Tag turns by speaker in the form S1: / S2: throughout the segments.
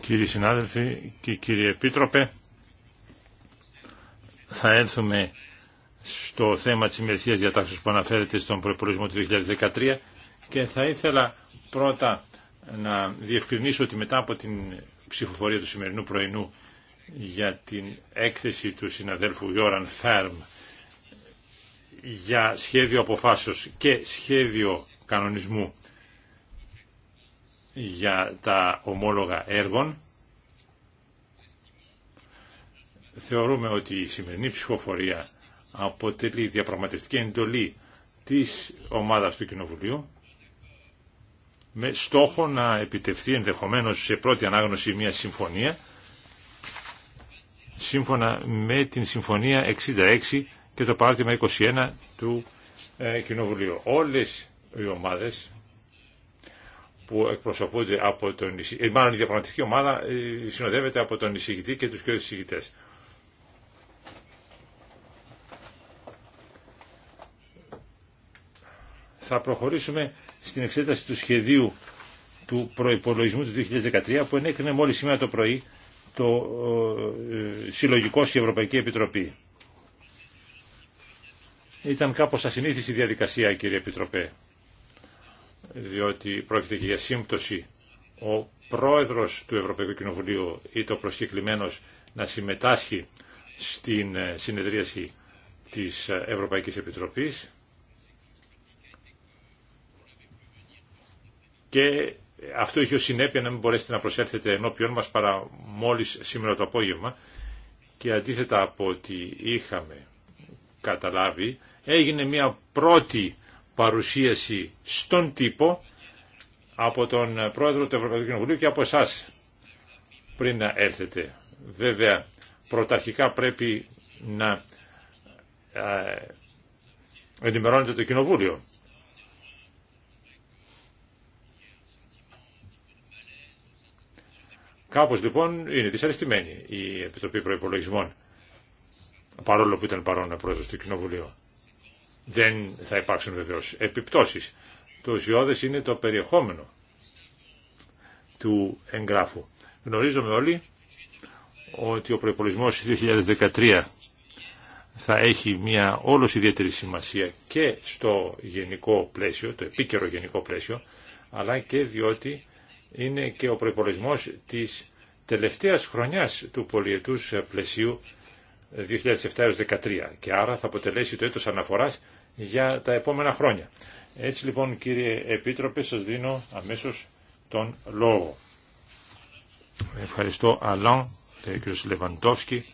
S1: Κύριοι συνάδελφοι και κύριε Επίτροπε, θα έρθουμε στο θέμα της ημερησίας διατάξεως που αναφέρεται στον προϋπολογισμό του 2013 και θα ήθελα πρώτα να διευκρινίσω ότι μετά από την ψηφοφορία του σημερινού πρωινού για την έκθεση του συναδέλφου Γιώραν Φέρμ για σχέδιο αποφάσεως και σχέδιο κανονισμού για τα ομόλογα έργων. Θεωρούμε ότι η σημερινή ψηφοφορία αποτελεί διαπραγματευτική εντολή της ομάδας του Κοινοβουλίου με στόχο να επιτευχθεί ενδεχομένως σε πρώτη ανάγνωση μια συμφωνία σύμφωνα με την Συμφωνία 66 και το παράδειγμα 21 του ε, Κοινοβουλίου. Όλες οι ομάδες που εκπροσωπούνται από τον εισηγητή, ε, μάλλον η ομάδα ε, συνοδεύεται από τον εισηγητή και τους κύριους εισηγητέ. Θα προχωρήσουμε στην εξέταση του σχεδίου του προϋπολογισμού του 2013 που ενέκρινε μόλις σήμερα το πρωί το ε, Συλλογικό και Ευρωπαϊκή Επιτροπή. Ήταν κάπως ασυνήθιση διαδικασία κύριε Επιτροπέ διότι πρόκειται και για σύμπτωση ο πρόεδρος του Ευρωπαϊκού Κοινοβουλίου ή το προσκεκλημένος να συμμετάσχει στην ε, συνεδρίαση της ε, Ευρωπαϊκής Επιτροπής και αυτό είχε ως συνέπεια να μην μπορέσετε να προσέλθετε ενώπιον μας παρά μόλις σήμερα το απόγευμα και αντίθετα από ότι είχαμε καταλάβει έγινε μια πρώτη παρουσίαση στον τύπο από τον πρόεδρο του Ευρωπαϊκού Κοινοβουλίου και από εσά πριν να έρθετε. Βέβαια, πρωταρχικά πρέπει να ε, ενημερώνετε το Κοινοβούλιο. Κάπως λοιπόν είναι δυσαρεστημένη η Επιτροπή Προϋπολογισμών, παρόλο που ήταν παρόν ο πρόεδρος του Κοινοβουλίου. Δεν θα υπάρξουν βεβαίω. επιπτώσεις. Το ουσιώδες είναι το περιεχόμενο του εγγράφου. Γνωρίζουμε όλοι ότι ο προϋπολισμός 2013 θα έχει μια όλος ιδιαίτερη σημασία και στο γενικό πλαίσιο, το επίκαιρο γενικό πλαίσιο, αλλά και διότι είναι και ο προϋπολισμός της τελευταίας χρονιάς του πολιετούς πλαισίου 2007-2013 και άρα θα αποτελέσει το έτος αναφοράς για τα επόμενα χρόνια. Έτσι λοιπόν κύριε Επίτροπε σας δίνω αμέσως τον λόγο. Ευχαριστώ Αλάν, κύριος Λεβαντόφσκι.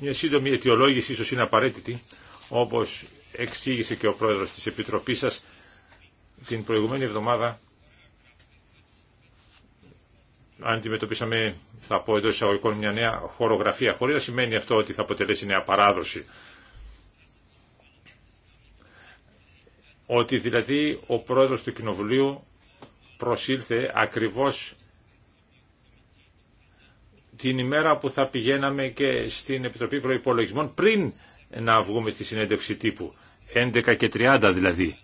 S1: Μια σύντομη αιτιολόγηση ίσως είναι απαραίτητη, όπως εξήγησε και ο πρόεδρος της Επιτροπής σας την προηγουμένη εβδομάδα αντιμετωπίσαμε, θα πω εντό εισαγωγικών, μια νέα χορογραφία. Χωρί να σημαίνει αυτό ότι θα αποτελέσει νέα παράδοση Ότι δηλαδή ο πρόεδρος του Κοινοβουλίου προσήλθε ακριβώς την ημέρα που θα πηγαίναμε και στην Επιτροπή Προϋπολογισμών πριν να βγούμε στη συνέντευξη τύπου, 11 και 30 δηλαδή,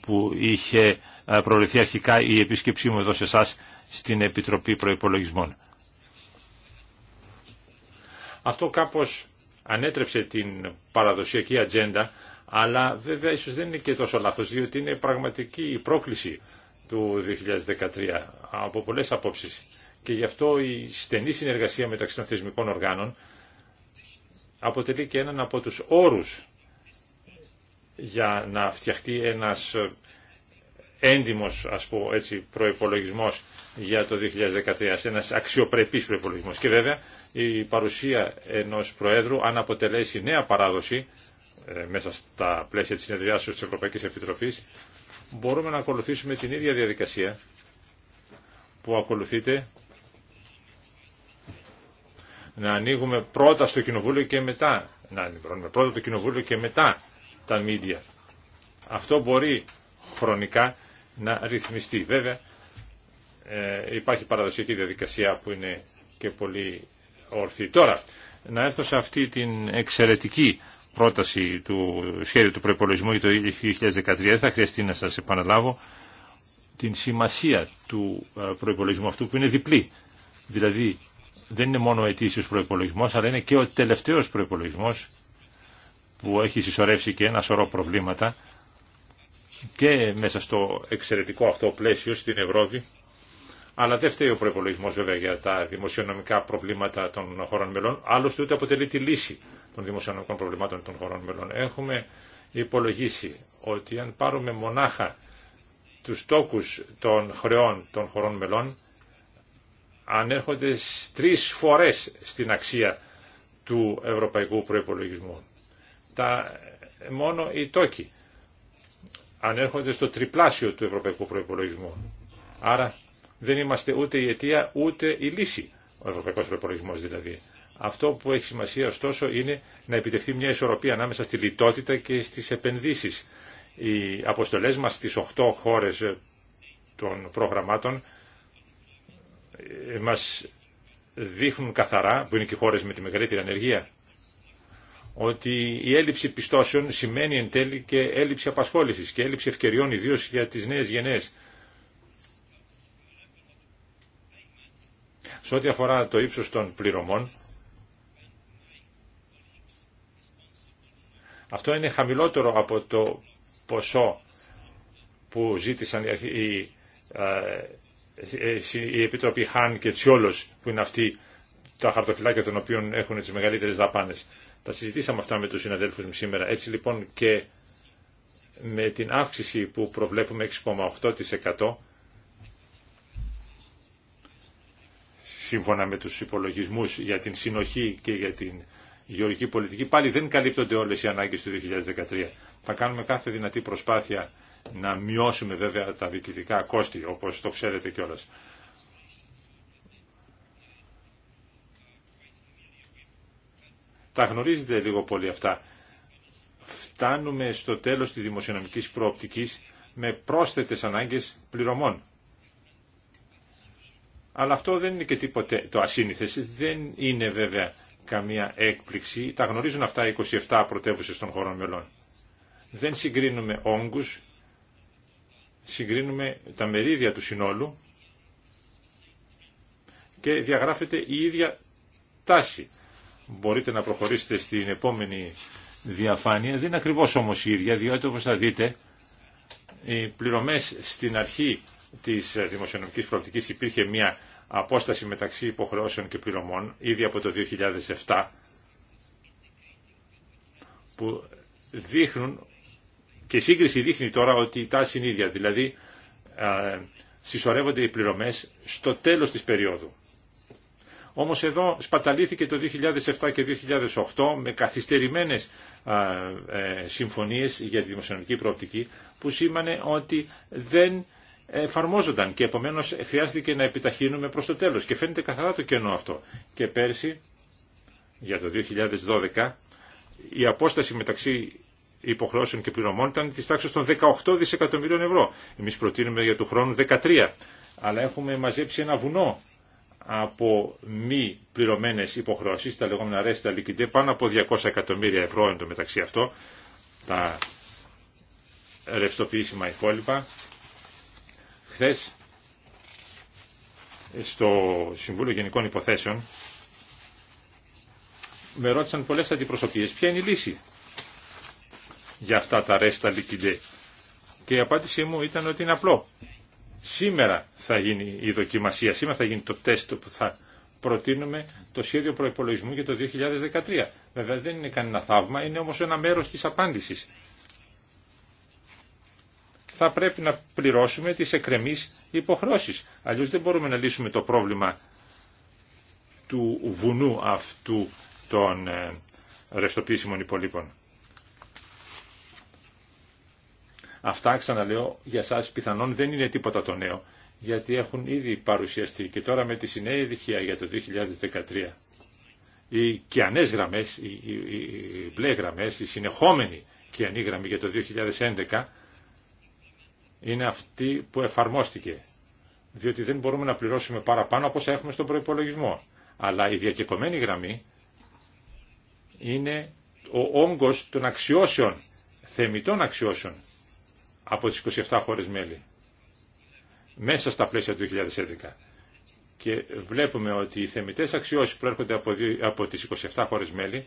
S1: που είχε ε, προωρηθεί αρχικά η επίσκεψή μου εδώ σε εσά στην Επιτροπή Προϋπολογισμών. Αυτό κάπως ανέτρεψε την παραδοσιακή ατζέντα αλλά βέβαια ίσως δεν είναι και τόσο λάθος, διότι είναι πραγματική η πρόκληση του 2013 από πολλές απόψεις. Και γι' αυτό η στενή συνεργασία μεταξύ των θεσμικών οργάνων αποτελεί και έναν από τους όρους για να φτιαχτεί ένας έντιμος ας πω έτσι προϋπολογισμός για το 2013, ένας αξιοπρεπής προϋπολογισμός. Και βέβαια η παρουσία ενός Προέδρου αν αποτελέσει νέα παράδοση ε, μέσα στα πλαίσια της συνεδριάσεως της Ευρωπαϊκής Επιτροπής μπορούμε να ακολουθήσουμε την ίδια διαδικασία που ακολουθείτε να ανοίγουμε πρώτα στο κοινοβούλιο και μετά να ανοίγουμε πρώτα το κοινοβούλιο και μετά τα μίντια. Αυτό μπορεί χρονικά να ρυθμιστεί. Βέβαια ε, υπάρχει παραδοσιακή διαδικασία που είναι και πολύ ορθή. Τώρα να έρθω σε αυτή την εξαιρετική πρόταση του σχέδιου του προπολογισμού για το 2013 θα χρειαστεί να σας επαναλάβω την σημασία του ε, προπολογισμού αυτού που είναι διπλή. Δηλαδή δεν είναι μόνο ο ετήσιος προπολογισμό, αλλά είναι και ο τελευταίος προπολογισμό που έχει συσσωρεύσει και ένα σωρό προβλήματα και μέσα στο εξαιρετικό αυτό πλαίσιο στην Ευρώπη αλλά δεν φταίει ο προπολογισμό βέβαια για τα δημοσιονομικά προβλήματα των χωρών μελών. Άλλωστε ούτε αποτελεί τη λύση των δημοσιονομικών προβλημάτων των χωρών μελών. Έχουμε υπολογίσει ότι αν πάρουμε μονάχα τους τόκους των χρεών των χωρών μελών ανέρχονται τρεις φορές στην αξία του ευρωπαϊκού προϋπολογισμού. Τα, μόνο οι τόκοι ανέρχονται στο τριπλάσιο του ευρωπαϊκού προϋπολογισμού. Άρα δεν είμαστε ούτε η αιτία ούτε η λύση, ο ευρωπαϊκό προπολογισμό δηλαδή. Αυτό που έχει σημασία ωστόσο είναι να επιτευχθεί μια ισορροπία ανάμεσα στη λιτότητα και στι επενδύσει. Οι αποστολέ μα στις 8 χώρε ε, των προγραμμάτων ε, μα δείχνουν καθαρά, που είναι και χώρε με τη μεγαλύτερη ανεργία, ότι η έλλειψη πιστώσεων σημαίνει εν τέλει και έλλειψη απασχόληση και έλλειψη ευκαιριών ιδίω για τι νέε γενναίε. Σε ό,τι αφορά το ύψος των πληρωμών, αυτό είναι χαμηλότερο από το ποσό που ζήτησαν οι, ε, ε, οι Επίτροποι Χάν και Τσιόλος, που είναι αυτοί τα χαρτοφυλάκια των οποίων έχουν τις μεγαλύτερες δαπάνες. Τα συζητήσαμε αυτά με τους συναδέλφους μου σήμερα. Έτσι λοιπόν και με την αύξηση που προβλέπουμε 6,8% σύμφωνα με τους υπολογισμούς για την συνοχή και για την γεωργική πολιτική, πάλι δεν καλύπτονται όλες οι ανάγκες του 2013. Θα κάνουμε κάθε δυνατή προσπάθεια να μειώσουμε βέβαια τα διοικητικά κόστη, όπως το ξέρετε κιόλας. Τα γνωρίζετε λίγο πολύ αυτά. Φτάνουμε στο τέλος της δημοσιονομικής προοπτικής με πρόσθετες ανάγκες πληρωμών. Αλλά αυτό δεν είναι και τίποτε το ασύνηθες. Δεν είναι βέβαια καμία έκπληξη. Τα γνωρίζουν αυτά 27 πρωτεύουσε των χωρών μελών. Δεν συγκρίνουμε όγκους, συγκρίνουμε τα μερίδια του συνόλου και διαγράφεται η ίδια τάση. Μπορείτε να προχωρήσετε στην επόμενη διαφάνεια. Δεν είναι ακριβώς όμως η ίδια, διότι όπως θα δείτε οι πληρωμές στην αρχή της ε, δημοσιονομικής προοπτικής υπήρχε μια απόσταση μεταξύ υποχρεώσεων και πληρωμών ήδη από το 2007 που δείχνουν και η σύγκριση δείχνει τώρα ότι η τάση είναι ίδια, δηλαδή ε, συσσωρεύονται οι πληρωμές στο τέλος της περίοδου. Όμως εδώ σπαταλήθηκε το 2007 και 2008 με καθυστερημένες α, ε, συμφωνίες για τη δημοσιονομική προοπτική που σήμανε ότι δεν εφαρμόζονταν και επομένως χρειάστηκε να επιταχύνουμε προς το τέλος και φαίνεται καθαρά το κενό αυτό. Και πέρσι, για το 2012, η απόσταση μεταξύ υποχρεώσεων και πληρωμών ήταν τη τάξη των 18 δισεκατομμυρίων ευρώ. Εμείς προτείνουμε για του χρόνου 13, αλλά έχουμε μαζέψει ένα βουνό από μη πληρωμένε υποχρεώσει. τα λεγόμενα τα λικιντέ, πάνω από 200 εκατομμύρια ευρώ εντωμεταξύ αυτό, τα ρευστοποιήσιμα υπόλοιπα, Χθε, στο Συμβούλιο Γενικών Υποθέσεων με ρώτησαν πολλές αντιπροσωπείες ποια είναι η λύση για αυτά τα ρέστα λικιντέ. Και η απάντησή μου ήταν ότι είναι απλό. Σήμερα θα γίνει η δοκιμασία, σήμερα θα γίνει το τεστ που θα προτείνουμε το σχέδιο προϋπολογισμού για το 2013. Βέβαια δεν είναι κανένα θαύμα, είναι όμως ένα μέρος της απάντησης θα πρέπει να πληρώσουμε τις εκκρεμείς υποχρώσεις. Αλλιώς δεν μπορούμε να λύσουμε το πρόβλημα του βουνού αυτού των ε, ρευστοποιήσιμων υπολείπων. Αυτά ξαναλέω για σας πιθανόν δεν είναι τίποτα το νέο, γιατί έχουν ήδη παρουσιαστεί και τώρα με τη ειδικία για το 2013. Οι κιανές γραμμές, οι, οι, οι, οι μπλε γραμμές, οι συνεχόμενοι κιανοί για το 2011 είναι αυτή που εφαρμόστηκε. Διότι δεν μπορούμε να πληρώσουμε παραπάνω από όσα έχουμε στον προπολογισμό. Αλλά η διακεκομένη γραμμή είναι ο όγκος των αξιώσεων, θεμητών αξιώσεων από τις 27 χώρες μέλη μέσα στα πλαίσια του 2011. Και βλέπουμε ότι οι θεμητές αξιώσεις που έρχονται από, από τις 27 χώρες μέλη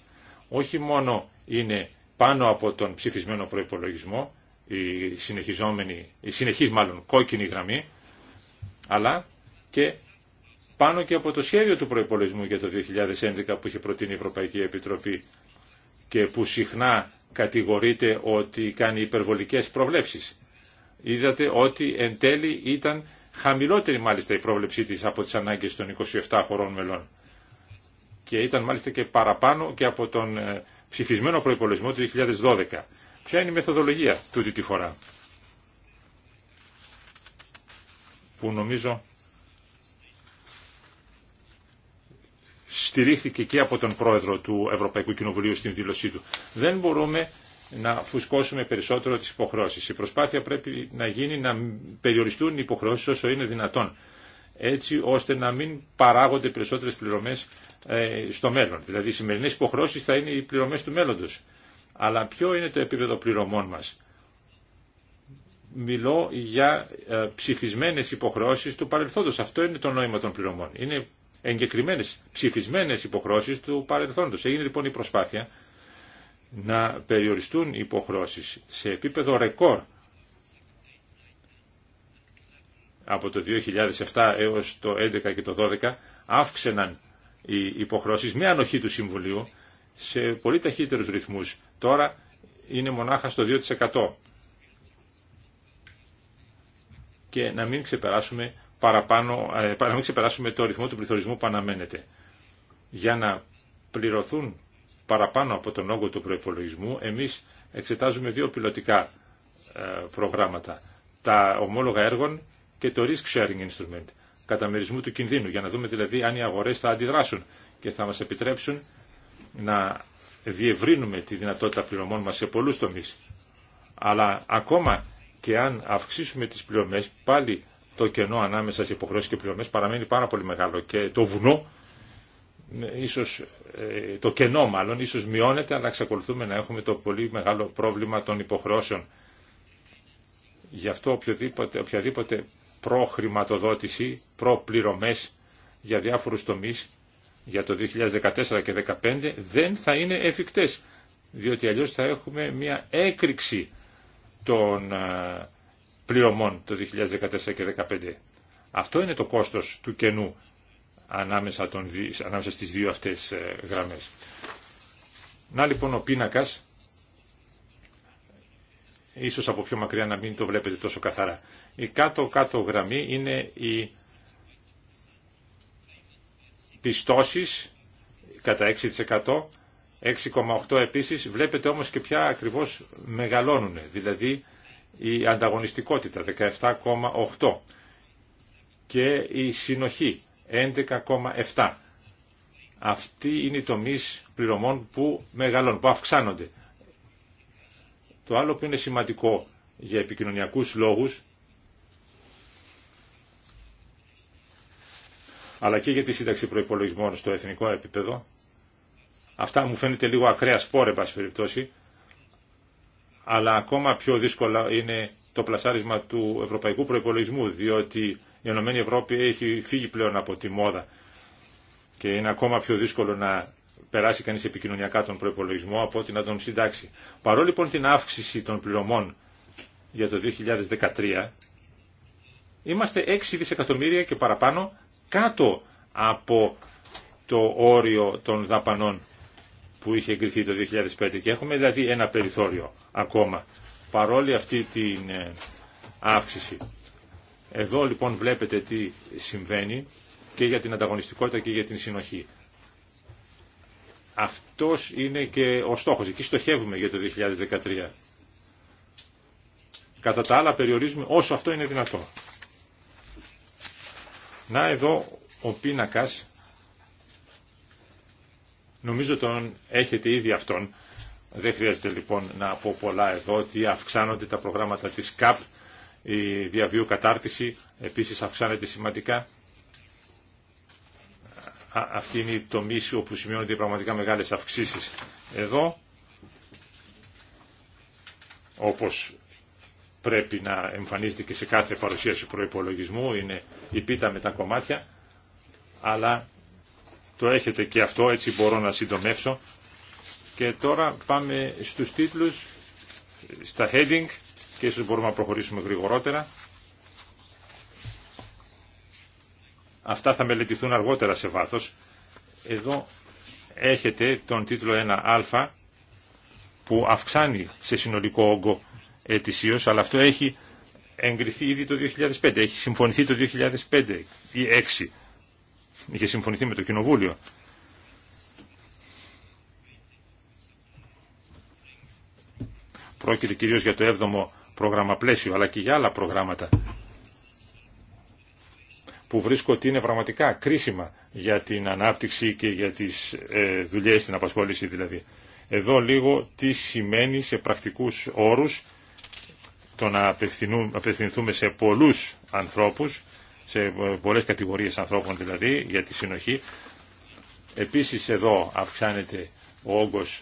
S1: όχι μόνο είναι πάνω από τον ψηφισμένο προϋπολογισμό, η συνεχιζόμενη, η συνεχής μάλλον κόκκινη γραμμή, αλλά και πάνω και από το σχέδιο του προϋπολογισμού για το 2011 που είχε προτείνει η Ευρωπαϊκή Επιτροπή και που συχνά κατηγορείται ότι κάνει υπερβολικές προβλέψεις. Είδατε ότι εν τέλει ήταν χαμηλότερη μάλιστα η πρόβλεψή της από τις ανάγκες των 27 χωρών μελών και ήταν μάλιστα και παραπάνω και από τον ε, ψηφισμένο προπολογισμό του 2012. Ποια είναι η μεθοδολογία τούτη τη φορά που νομίζω στηρίχθηκε και από τον πρόεδρο του Ευρωπαϊκού Κοινοβουλίου στην δήλωσή του. Δεν μπορούμε να φουσκώσουμε περισσότερο τις υποχρεώσεις. Η προσπάθεια πρέπει να γίνει να περιοριστούν οι υποχρεώσεις όσο είναι δυνατόν, έτσι ώστε να μην παράγονται περισσότερες πληρωμές ε, στο μέλλον. Δηλαδή οι σημερινές υποχρώσεις θα είναι οι πληρωμές του μέλλοντος. Αλλά ποιο είναι το επίπεδο πληρωμών μας. Μιλώ για ε, ψηφισμένες υποχρώσεις του παρελθόντος. Αυτό είναι το νόημα των πληρωμών. Είναι εγκεκριμένες ψηφισμένες υποχρώσεις του παρελθόντος. Έγινε λοιπόν η προσπάθεια να περιοριστούν οι υποχρώσεις σε επίπεδο ρεκόρ από το 2007 έως το 2011 και το 2012 αύξαιναν οι υποχρεώσεις με ανοχή του Συμβουλίου σε πολύ ταχύτερους ρυθμούς. Τώρα είναι μονάχα στο 2% και να μην ξεπεράσουμε, παραπάνω, ε, να ξεπεράσουμε το ρυθμό του πληθωρισμού που αναμένεται. Για να πληρωθούν παραπάνω από τον όγκο του προϋπολογισμού, εμείς εξετάζουμε δύο πιλωτικά ε, προγράμματα. Τα ομόλογα έργων και το risk sharing instrument καταμερισμού του κινδύνου, για να δούμε δηλαδή αν οι αγορές θα αντιδράσουν και θα μας επιτρέψουν να διευρύνουμε τη δυνατότητα πληρωμών μας σε πολλούς τομείς. Αλλά ακόμα και αν αυξήσουμε τις πληρωμές, πάλι το κενό ανάμεσα σε υποχρεώσεις και πληρωμές παραμένει πάρα πολύ μεγάλο και το βουνό, ε, ίσως, ε, το κενό μάλλον, ίσως μειώνεται, αλλά εξακολουθούμε να έχουμε το πολύ μεγάλο πρόβλημα των υποχρεώσεων Γι' αυτό οποιαδήποτε προχρηματοδότηση, προπληρωμές για διάφορους τομείς για το 2014 και 2015 δεν θα είναι εφικτές, διότι αλλιώς θα έχουμε μια έκρηξη των ε, πληρωμών το 2014 και 2015. Αυτό είναι το κόστος του κενού ανάμεσα, των, ανάμεσα στις δύο αυτές ε, γραμμές. Να λοιπόν ο πίνακας ίσως από πιο μακριά να μην το βλέπετε τόσο καθαρά. Η κάτω-κάτω γραμμή είναι οι πιστώσεις κατά 6%, 6,8% επίσης, βλέπετε όμως και ποια ακριβώς μεγαλώνουν, δηλαδή η ανταγωνιστικότητα 17,8% και η συνοχή 11,7%. Αυτοί είναι οι τομείς πληρωμών που μεγαλώνουν, που αυξάνονται. Το άλλο που είναι σημαντικό για επικοινωνιακούς λόγους, αλλά και για τη σύνταξη προϋπολογισμών στο εθνικό επίπεδο, αυτά μου φαίνεται λίγο ακραία σπόρε σε περιπτώσει, αλλά ακόμα πιο δύσκολα είναι το πλασάρισμα του ευρωπαϊκού προϋπολογισμού, διότι η ΕΕ Ευρώπη έχει φύγει πλέον από τη μόδα και είναι ακόμα πιο δύσκολο να περάσει κανείς επικοινωνιακά τον προπολογισμό από ότι να τον συντάξει. Παρόλο λοιπόν την αύξηση των πληρωμών για το 2013, είμαστε 6 δισεκατομμύρια και παραπάνω κάτω από το όριο των δαπανών που είχε εγκριθεί το 2005 και έχουμε δηλαδή ένα περιθώριο ακόμα παρόλη αυτή την ε, αύξηση. Εδώ λοιπόν βλέπετε τι συμβαίνει και για την ανταγωνιστικότητα και για την συνοχή. Αυτός είναι και ο στόχος. Εκεί στοχεύουμε για το 2013. Κατά τα άλλα περιορίζουμε όσο αυτό είναι δυνατό. Να εδώ ο πίνακας, νομίζω τον έχετε ήδη αυτόν, δεν χρειάζεται λοιπόν να πω πολλά εδώ ότι αυξάνονται τα προγράμματα της ΚΑΠ, η διαβίου κατάρτιση επίσης αυξάνεται σημαντικά αυτή είναι η τομή όπου σημειώνονται πραγματικά μεγάλες αυξήσεις. Εδώ, όπως πρέπει να εμφανίζεται και σε κάθε παρουσίαση προϋπολογισμού, είναι η πίτα με τα κομμάτια, αλλά το έχετε και αυτό, έτσι μπορώ να συντομεύσω. Και τώρα πάμε στους τίτλους, στα heading και ίσως μπορούμε να προχωρήσουμε γρηγορότερα. Αυτά θα μελετηθούν αργότερα σε βάθος. Εδώ έχετε τον τίτλο 1α που αυξάνει σε συνολικό όγκο ετησίως, αλλά αυτό έχει εγκριθεί ήδη το 2005, έχει συμφωνηθεί το 2005 ή 6. Είχε συμφωνηθεί με το Κοινοβούλιο. Πρόκειται κυρίως για το 7ο πρόγραμμα πλαίσιο, αλλά και για άλλα προγράμματα που βρίσκω ότι είναι πραγματικά κρίσιμα για την ανάπτυξη και για τις ε, δουλειές, την απασχόληση δηλαδή. Εδώ λίγο τι σημαίνει σε πρακτικούς όρους το να απευθυνθούμε σε πολλούς ανθρώπους, σε ε, πολλές κατηγορίες ανθρώπων δηλαδή, για τη συνοχή. Επίσης εδώ αυξάνεται ο όγκος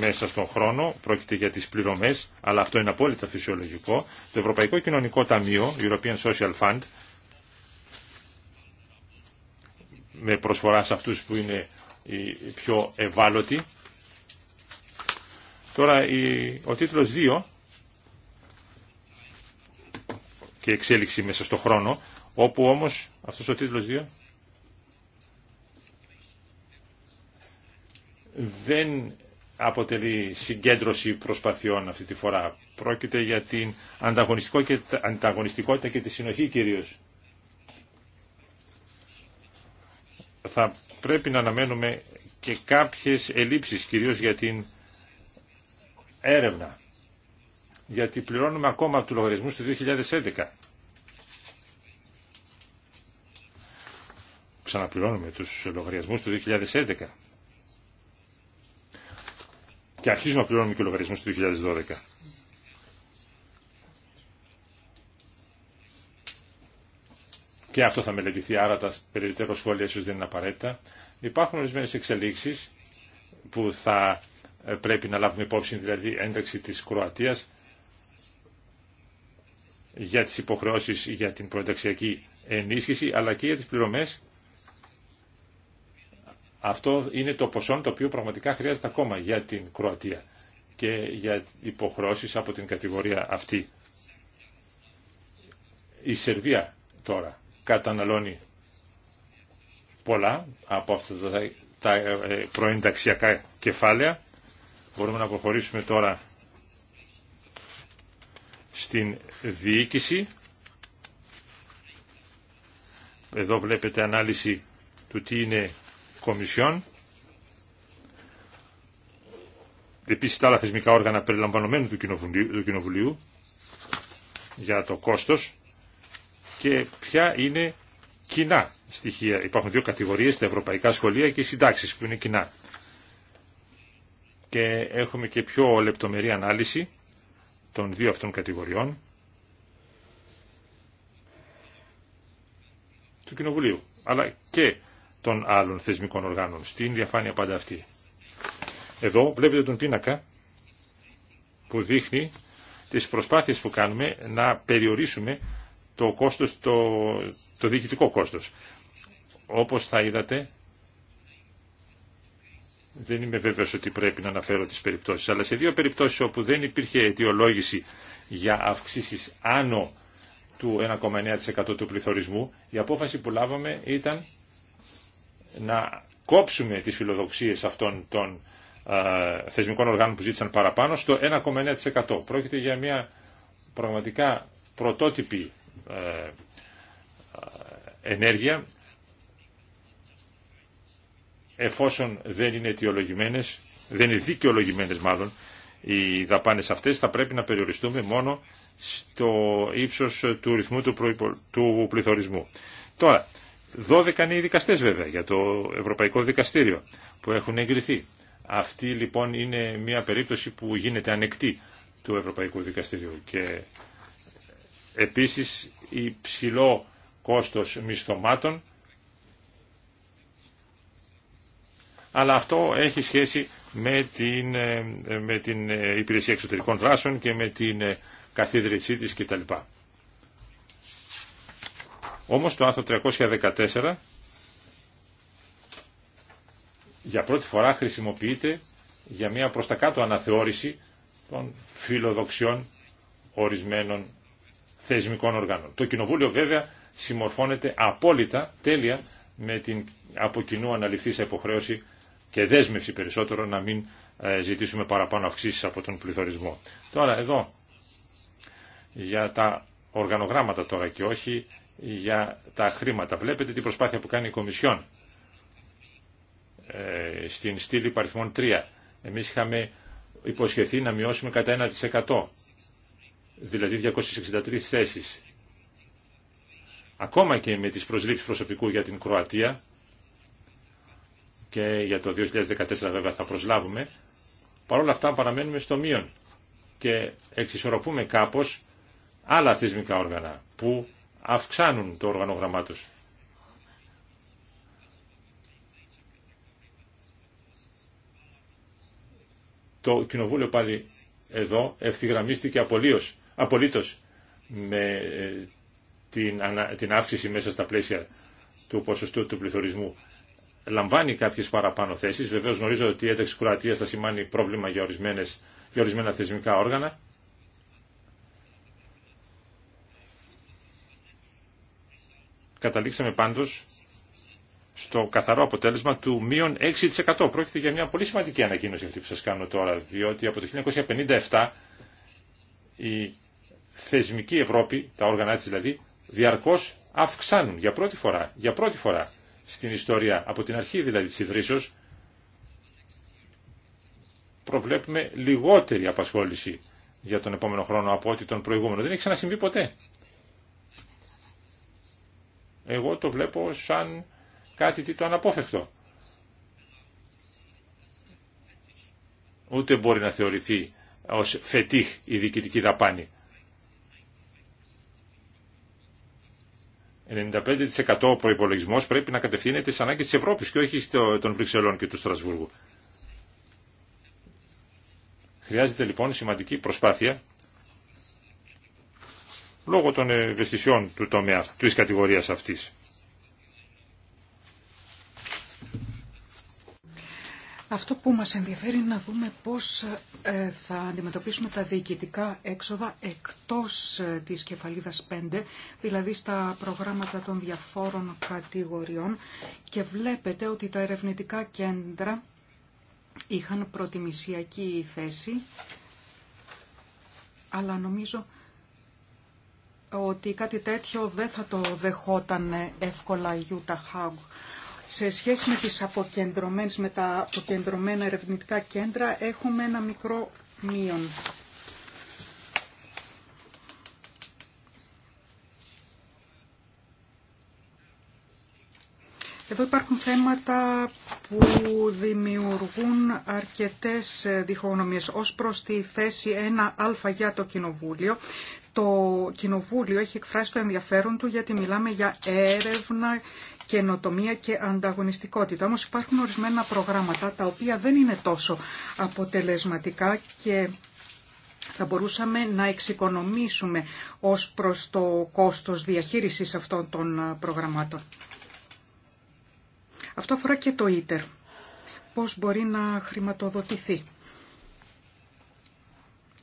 S1: μέσα στον χρόνο, πρόκειται για τις πληρωμές, αλλά αυτό είναι απόλυτα φυσιολογικό. Το Ευρωπαϊκό Κοινωνικό Ταμείο, European Social Fund, με προσφορά σε αυτούς που είναι οι πιο ευάλωτοι. Τώρα ο τίτλος 2 και εξέλιξη μέσα στο χρόνο, όπου όμως αυτός ο τίτλος 2 δεν αποτελεί συγκέντρωση προσπαθειών αυτή τη φορά. Πρόκειται για την ανταγωνιστικότητα και τη συνοχή κυρίως. θα πρέπει να αναμένουμε και κάποιες ελλείψεις, κυρίως για την έρευνα. Γιατί πληρώνουμε ακόμα από του λογαριασμού του 2011. Ξαναπληρώνουμε τους λογαριασμούς του 2011. Και αρχίζουμε να πληρώνουμε και λογαριασμούς του 2012. και αυτό θα μελετηθεί, άρα τα περαιτέρω σχόλια ίσως δεν είναι απαραίτητα. Υπάρχουν ορισμένε εξελίξεις που θα ε, πρέπει να λάβουμε υπόψη, δηλαδή ένταξη της Κροατίας για τις υποχρεώσεις για την προενταξιακή ενίσχυση, αλλά και για τις πληρωμές. Αυτό είναι το ποσό το οποίο πραγματικά χρειάζεται ακόμα για την Κροατία και για υποχρεώσεις από την κατηγορία αυτή. Η Σερβία τώρα καταναλώνει πολλά από αυτά τα ε, προενταξιακά κεφάλαια. Μπορούμε να προχωρήσουμε τώρα στην διοίκηση. Εδώ βλέπετε ανάλυση του τι είναι κομισιόν. Επίσης τα άλλα θεσμικά όργανα περιλαμβανομένου του Κοινοβουλίου, του Κοινοβουλίου για το κόστος και ποια είναι κοινά στοιχεία. Υπάρχουν δύο κατηγορίες, τα ευρωπαϊκά σχολεία και οι συντάξεις που είναι κοινά. Και έχουμε και πιο λεπτομερή ανάλυση των δύο αυτών κατηγοριών του Κοινοβουλίου, αλλά και των άλλων θεσμικών οργάνων, στην διαφάνεια πάντα αυτή. Εδώ βλέπετε τον πίνακα που δείχνει τις προσπάθειες που κάνουμε να περιορίσουμε το κόστος, το, το διοικητικό κόστος. Όπως θα είδατε, δεν είμαι βέβαιος ότι πρέπει να αναφέρω τις περιπτώσεις, αλλά σε δύο περιπτώσεις όπου δεν υπήρχε αιτιολόγηση για αυξήσεις άνω του 1,9% του πληθωρισμού, η απόφαση που λάβαμε ήταν να κόψουμε τις φιλοδοξίες αυτών των α, θεσμικών οργάνων που ζήτησαν παραπάνω στο 1,9%. Πρόκειται για μια πραγματικά πρωτότυπη ε, ε, ενέργεια εφόσον δεν είναι αιτιολογημένες, δεν είναι δικαιολογημένες μάλλον οι δαπάνες αυτές θα πρέπει να περιοριστούμε μόνο στο ύψος του ρυθμού του, προϋπο... του πληθωρισμού. Τώρα, 12 είναι οι δικαστές βέβαια για το Ευρωπαϊκό Δικαστήριο που έχουν εγκριθεί. Αυτή λοιπόν είναι μια περίπτωση που γίνεται ανεκτή του Ευρωπαϊκού Δικαστηρίου και Επίσης υψηλό κόστος μισθωμάτων, αλλά αυτό έχει σχέση με την, ε, με την ε, υπηρεσία εξωτερικών δράσεων και με την ε, καθίδρυσή της κτλ. Όμως το άρθρο 314 για πρώτη φορά χρησιμοποιείται για μια προς τα κάτω αναθεώρηση των φιλοδοξιών ορισμένων θεσμικών οργάνων. Το Κοινοβούλιο βέβαια συμμορφώνεται απόλυτα τέλεια με την από κοινού αναλυφθεί υποχρέωση και δέσμευση περισσότερο να μην ε, ζητήσουμε παραπάνω αυξήσει από τον πληθωρισμό. Τώρα εδώ για τα οργανογράμματα τώρα και όχι για τα χρήματα. Βλέπετε την προσπάθεια που κάνει η Κομισιόν ε, στην στήλη παριθμών 3. Εμείς είχαμε υποσχεθεί να μειώσουμε κατά 1% δηλαδή 263 θέσεις. Ακόμα και με τις προσλήψεις προσωπικού για την Κροατία και για το 2014 βέβαια θα προσλάβουμε, παρόλα αυτά παραμένουμε στο μείον και εξισορροπούμε κάπως άλλα θεσμικά όργανα που αυξάνουν το οργανόγραμμά τους. Το Κοινοβούλιο πάλι εδώ ευθυγραμμίστηκε απολύως απολύτως με ε, την, την αύξηση μέσα στα πλαίσια του ποσοστού του πληθωρισμού. Λαμβάνει κάποιες παραπάνω θέσεις. Βεβαίως γνωρίζω ότι η ένταξη κουρατίας θα σημάνει πρόβλημα για, ορισμένες, ορισμένα θεσμικά όργανα. Καταλήξαμε πάντως στο καθαρό αποτέλεσμα του μείον 6%. Πρόκειται για μια πολύ σημαντική ανακοίνωση αυτή που σας κάνω τώρα, διότι από το 1957 η θεσμική Ευρώπη, τα όργανα της δηλαδή, διαρκώς αυξάνουν για πρώτη φορά, για πρώτη φορά στην ιστορία, από την αρχή δηλαδή της ιδρύσεως, προβλέπουμε λιγότερη απασχόληση για τον επόμενο χρόνο από ό,τι τον προηγούμενο. Δεν έχει ξανασυμβεί ποτέ. Εγώ το βλέπω σαν κάτι τι το αναπόφευκτο. Ούτε μπορεί να θεωρηθεί ως φετίχ η διοικητική δαπάνη. 95% ο προπολογισμό πρέπει να κατευθύνεται στι ανάγκε τη Ευρώπη και όχι των Βρυξελών και του Στρασβούργου. Χρειάζεται λοιπόν σημαντική προσπάθεια λόγω των ευαισθησιών του τομέα, της κατηγορίας αυτής.
S2: Αυτό που μας ενδιαφέρει είναι να δούμε πώς ε, θα αντιμετωπίσουμε τα διοικητικά έξοδα εκτός ε, της κεφαλίδας 5, δηλαδή στα προγράμματα των διαφόρων κατηγοριών και βλέπετε ότι τα ερευνητικά κέντρα είχαν προτιμησιακή θέση, αλλά νομίζω ότι κάτι τέτοιο δεν θα το δεχόταν εύκολα η Utah σε σχέση με, τις αποκεντρωμένες, με τα αποκεντρωμένα ερευνητικά κέντρα έχουμε ένα μικρό μείον. Εδώ υπάρχουν θέματα που δημιουργούν αρκετές διχογνωμίες. Ως προς τη θέση 1α για το Κοινοβούλιο, το Κοινοβούλιο έχει εκφράσει το ενδιαφέρον του γιατί μιλάμε για έρευνα καινοτομία και ανταγωνιστικότητα. Όμως υπάρχουν ορισμένα προγράμματα τα οποία δεν είναι τόσο αποτελεσματικά και θα μπορούσαμε να εξοικονομήσουμε ως προς το κόστος διαχείρισης αυτών των προγραμμάτων. Αυτό αφορά και το ίτερ. Πώς μπορεί να χρηματοδοτηθεί.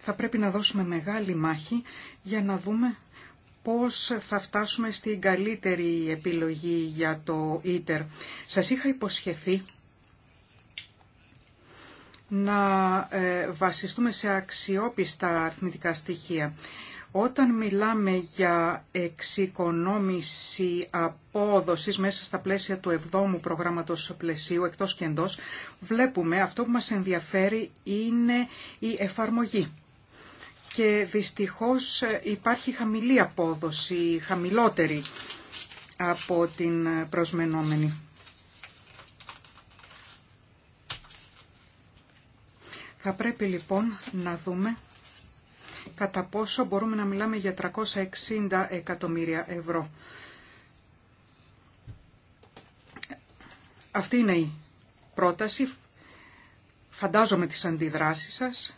S2: Θα πρέπει να δώσουμε μεγάλη μάχη για να δούμε πώς θα φτάσουμε στην καλύτερη επιλογή για το ίτερ. Σας είχα υποσχεθεί να ε, βασιστούμε σε αξιόπιστα αριθμητικά στοιχεία. Όταν μιλάμε για εξοικονόμηση απόδοσης μέσα στα πλαίσια του 7ου προγράμματος πλαισίου, εκτός και εντός, βλέπουμε αυτό που μας ενδιαφέρει είναι η εφαρμογή και δυστυχώς ε, υπάρχει χαμηλή απόδοση, χαμηλότερη από την ε, προσμενόμενη. Θα πρέπει λοιπόν να δούμε κατά πόσο μπορούμε να μιλάμε για 360 εκατομμύρια ευρώ. Αυτή είναι η πρόταση. Φαντάζομαι τις αντιδράσεις σας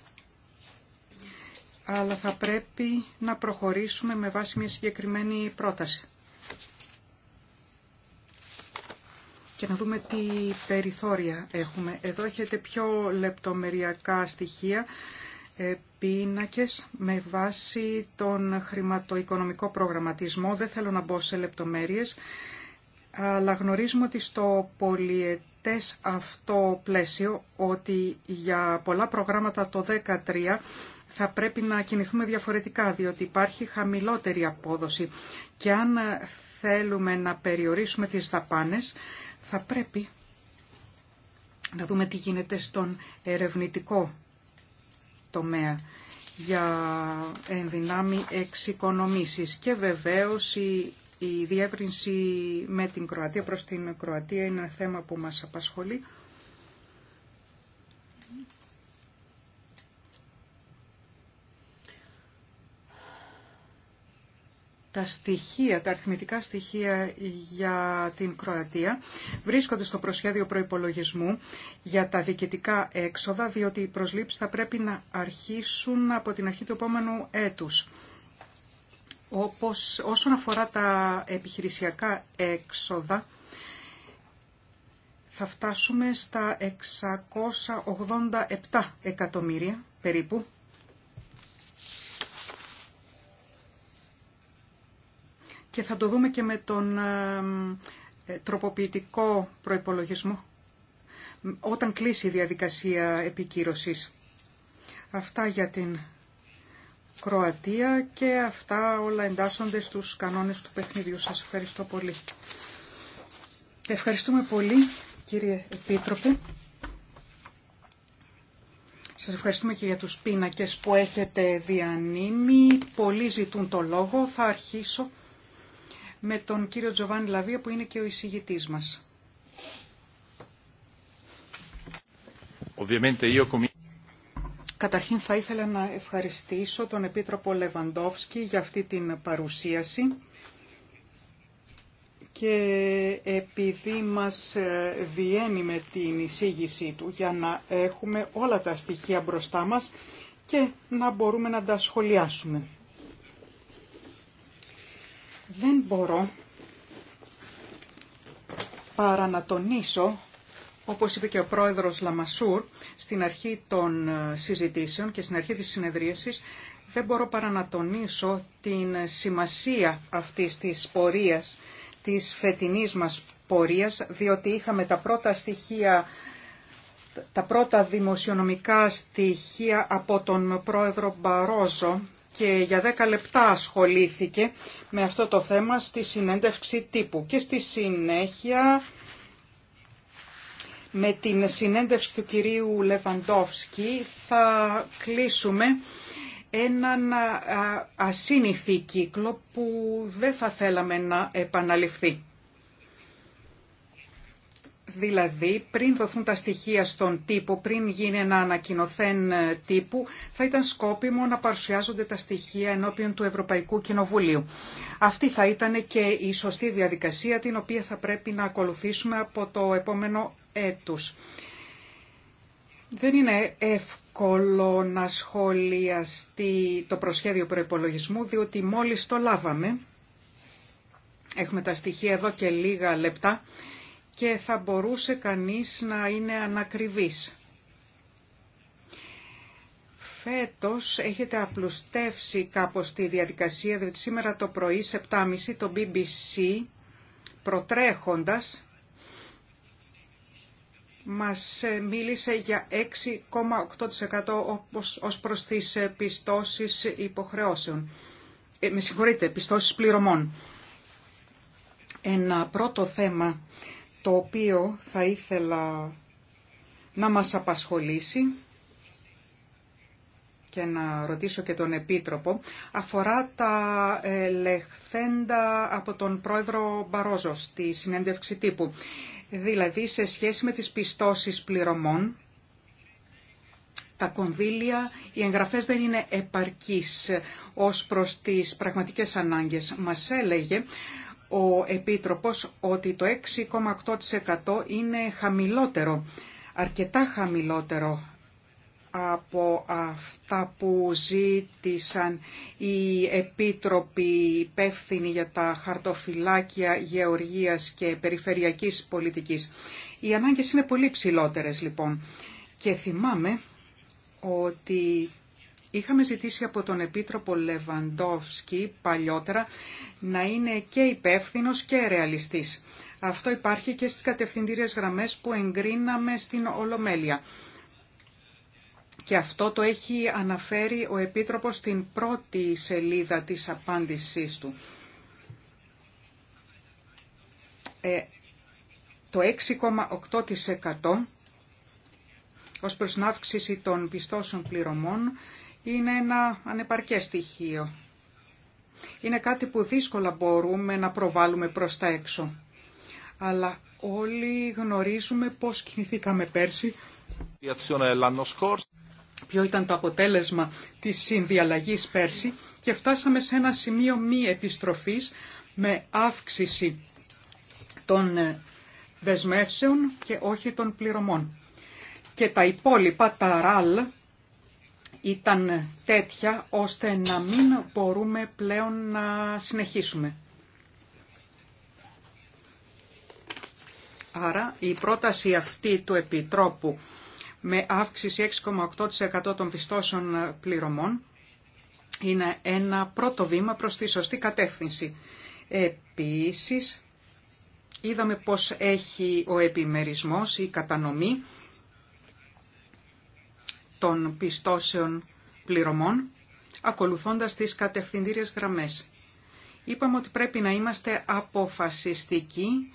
S2: αλλά θα πρέπει να προχωρήσουμε με βάση μια συγκεκριμένη πρόταση. Και να δούμε τι περιθώρια έχουμε. Εδώ έχετε πιο λεπτομεριακά στοιχεία, ε, πίνακες με βάση τον χρηματοοικονομικό προγραμματισμό. Δεν θέλω να μπω σε λεπτομέρειες, αλλά γνωρίζουμε ότι στο πολιετές αυτό πλαίσιο, ότι για πολλά προγράμματα το 13 θα πρέπει να κινηθούμε διαφορετικά, διότι υπάρχει χαμηλότερη απόδοση και αν θέλουμε να περιορίσουμε τις δαπάνες, θα πρέπει να δούμε τι γίνεται στον ερευνητικό τομέα για ενδυνάμει εξοικονομήσεις και βεβαίως η, η διεύρυνση με την Κροατία προς την Κροατία είναι ένα θέμα που μας απασχολεί. τα στοιχεία, τα αριθμητικά στοιχεία για την Κροατία βρίσκονται στο προσχέδιο προϋπολογισμού για τα διοικητικά έξοδα, διότι οι προσλήψεις θα πρέπει να αρχίσουν από την αρχή του επόμενου έτους. Όπως, όσον αφορά τα επιχειρησιακά έξοδα, θα φτάσουμε στα 687 εκατομμύρια περίπου και θα το δούμε και με τον ε, τροποποιητικό προϋπολογισμό όταν κλείσει η διαδικασία επικύρωσης. Αυτά για την Κροατία και αυτά όλα εντάσσονται στους κανόνες του παιχνιδιού. Σας ευχαριστώ πολύ. Ευχαριστούμε πολύ κύριε Επίτροπε. Σας ευχαριστούμε και για τους πίνακες που έχετε διανύμει. Πολλοί ζητούν το λόγο. Θα αρχίσω με τον κύριο Τζοβάνι Λαβία που είναι και ο εισηγητής μας. Καταρχήν θα ήθελα να ευχαριστήσω τον Επίτροπο Λεβαντόφσκι για αυτή την παρουσίαση και επειδή μας ε, διένει με την εισήγησή του για να έχουμε όλα τα στοιχεία μπροστά μας και να μπορούμε να τα σχολιάσουμε. Δεν μπορώ παρά να τονίσω, όπως είπε και ο πρόεδρος Λαμασούρ στην αρχή των ε, συζητήσεων και στην αρχή της συνεδρίασης, δεν μπορώ παρά να τονίσω την σημασία αυτής της πορείας, της φετινής μας πορείας, διότι είχαμε τα πρώτα στοιχεία τα πρώτα δημοσιονομικά στοιχεία από τον πρόεδρο Μπαρόζο και για 10 λεπτά ασχολήθηκε με αυτό το θέμα στη συνέντευξη τύπου και στη συνέχεια με την συνέντευξη του κυρίου Λεβαντόφσκι θα κλείσουμε έναν ασύνηθη κύκλο που δεν θα θέλαμε να επαναληφθεί. Δηλαδή, πριν δοθούν τα στοιχεία στον τύπο, πριν γίνει ένα ανακοινωθέν ε, τύπου, θα ήταν σκόπιμο να παρουσιάζονται τα στοιχεία ενώπιον του Ευρωπαϊκού Κοινοβουλίου. Αυτή θα ήταν και η σωστή διαδικασία την οποία θα πρέπει να ακολουθήσουμε από το επόμενο έτους. Δεν είναι εύκολο να σχολιαστεί το προσχέδιο προϋπολογισμού, διότι μόλις το λάβαμε, έχουμε τα στοιχεία εδώ και λίγα λεπτά, και θα μπορούσε κανείς να είναι ανακριβής. Φέτος έχετε απλουστεύσει κάπως τη διαδικασία, διότι σήμερα το πρωί, σε 7.30, το BBC, προτρέχοντας, μας ε, μίλησε για 6,8% ως προς τις ε, πιστώσεις υποχρεώσεων. Ε, με συγχωρείτε, πιστώσεις πληρωμών. Ένα πρώτο θέμα το οποίο θα ήθελα να μας απασχολήσει και να ρωτήσω και τον Επίτροπο, αφορά τα λεχθέντα από τον πρόεδρο Μπαρόζο στη συνέντευξη τύπου. Δηλαδή σε σχέση με τις πιστώσεις πληρωμών, τα κονδύλια, οι εγγραφές δεν είναι επαρκείς ως προς τις πραγματικές ανάγκες. Μας έλεγε ο Επίτροπος ότι το 6,8% είναι χαμηλότερο, αρκετά χαμηλότερο από αυτά που ζήτησαν οι επίτροποι υπεύθυνοι για τα χαρτοφυλάκια γεωργίας και περιφερειακής πολιτικής. Οι ανάγκες είναι πολύ ψηλότερες λοιπόν και θυμάμαι ότι Είχαμε ζητήσει από τον Επίτροπο Λεβαντόφσκι παλιότερα να είναι και υπεύθυνο και ρεαλιστής. Αυτό υπάρχει και στις κατευθυντήριες γραμμές που εγκρίναμε στην Ολομέλεια. Και αυτό το έχει αναφέρει ο Επίτροπος στην πρώτη σελίδα της απάντησής του. Ε, το 6,8% ως προς την αύξηση των πιστώσεων πληρωμών είναι ένα ανεπαρκές στοιχείο. Είναι κάτι που δύσκολα μπορούμε να προβάλλουμε προς τα έξω. Αλλά όλοι γνωρίζουμε πώς κινηθήκαμε πέρσι. Ποιο ήταν το αποτέλεσμα της συνδιαλλαγής πέρσι και φτάσαμε σε ένα σημείο μη επιστροφής με αύξηση των ε, δεσμεύσεων και όχι των πληρωμών. Και τα υπόλοιπα, τα ραλ, ήταν τέτοια ώστε να μην μπορούμε πλέον να συνεχίσουμε. Άρα η πρόταση αυτή του Επιτρόπου με αύξηση 6,8% των πιστώσεων πληρωμών είναι ένα πρώτο βήμα προς τη σωστή κατεύθυνση. Επίσης, είδαμε πως έχει ο επιμερισμός, η κατανομή των πιστώσεων πληρωμών, ακολουθώντας τις κατευθυντήριες γραμμές. Είπαμε ότι πρέπει να είμαστε αποφασιστικοί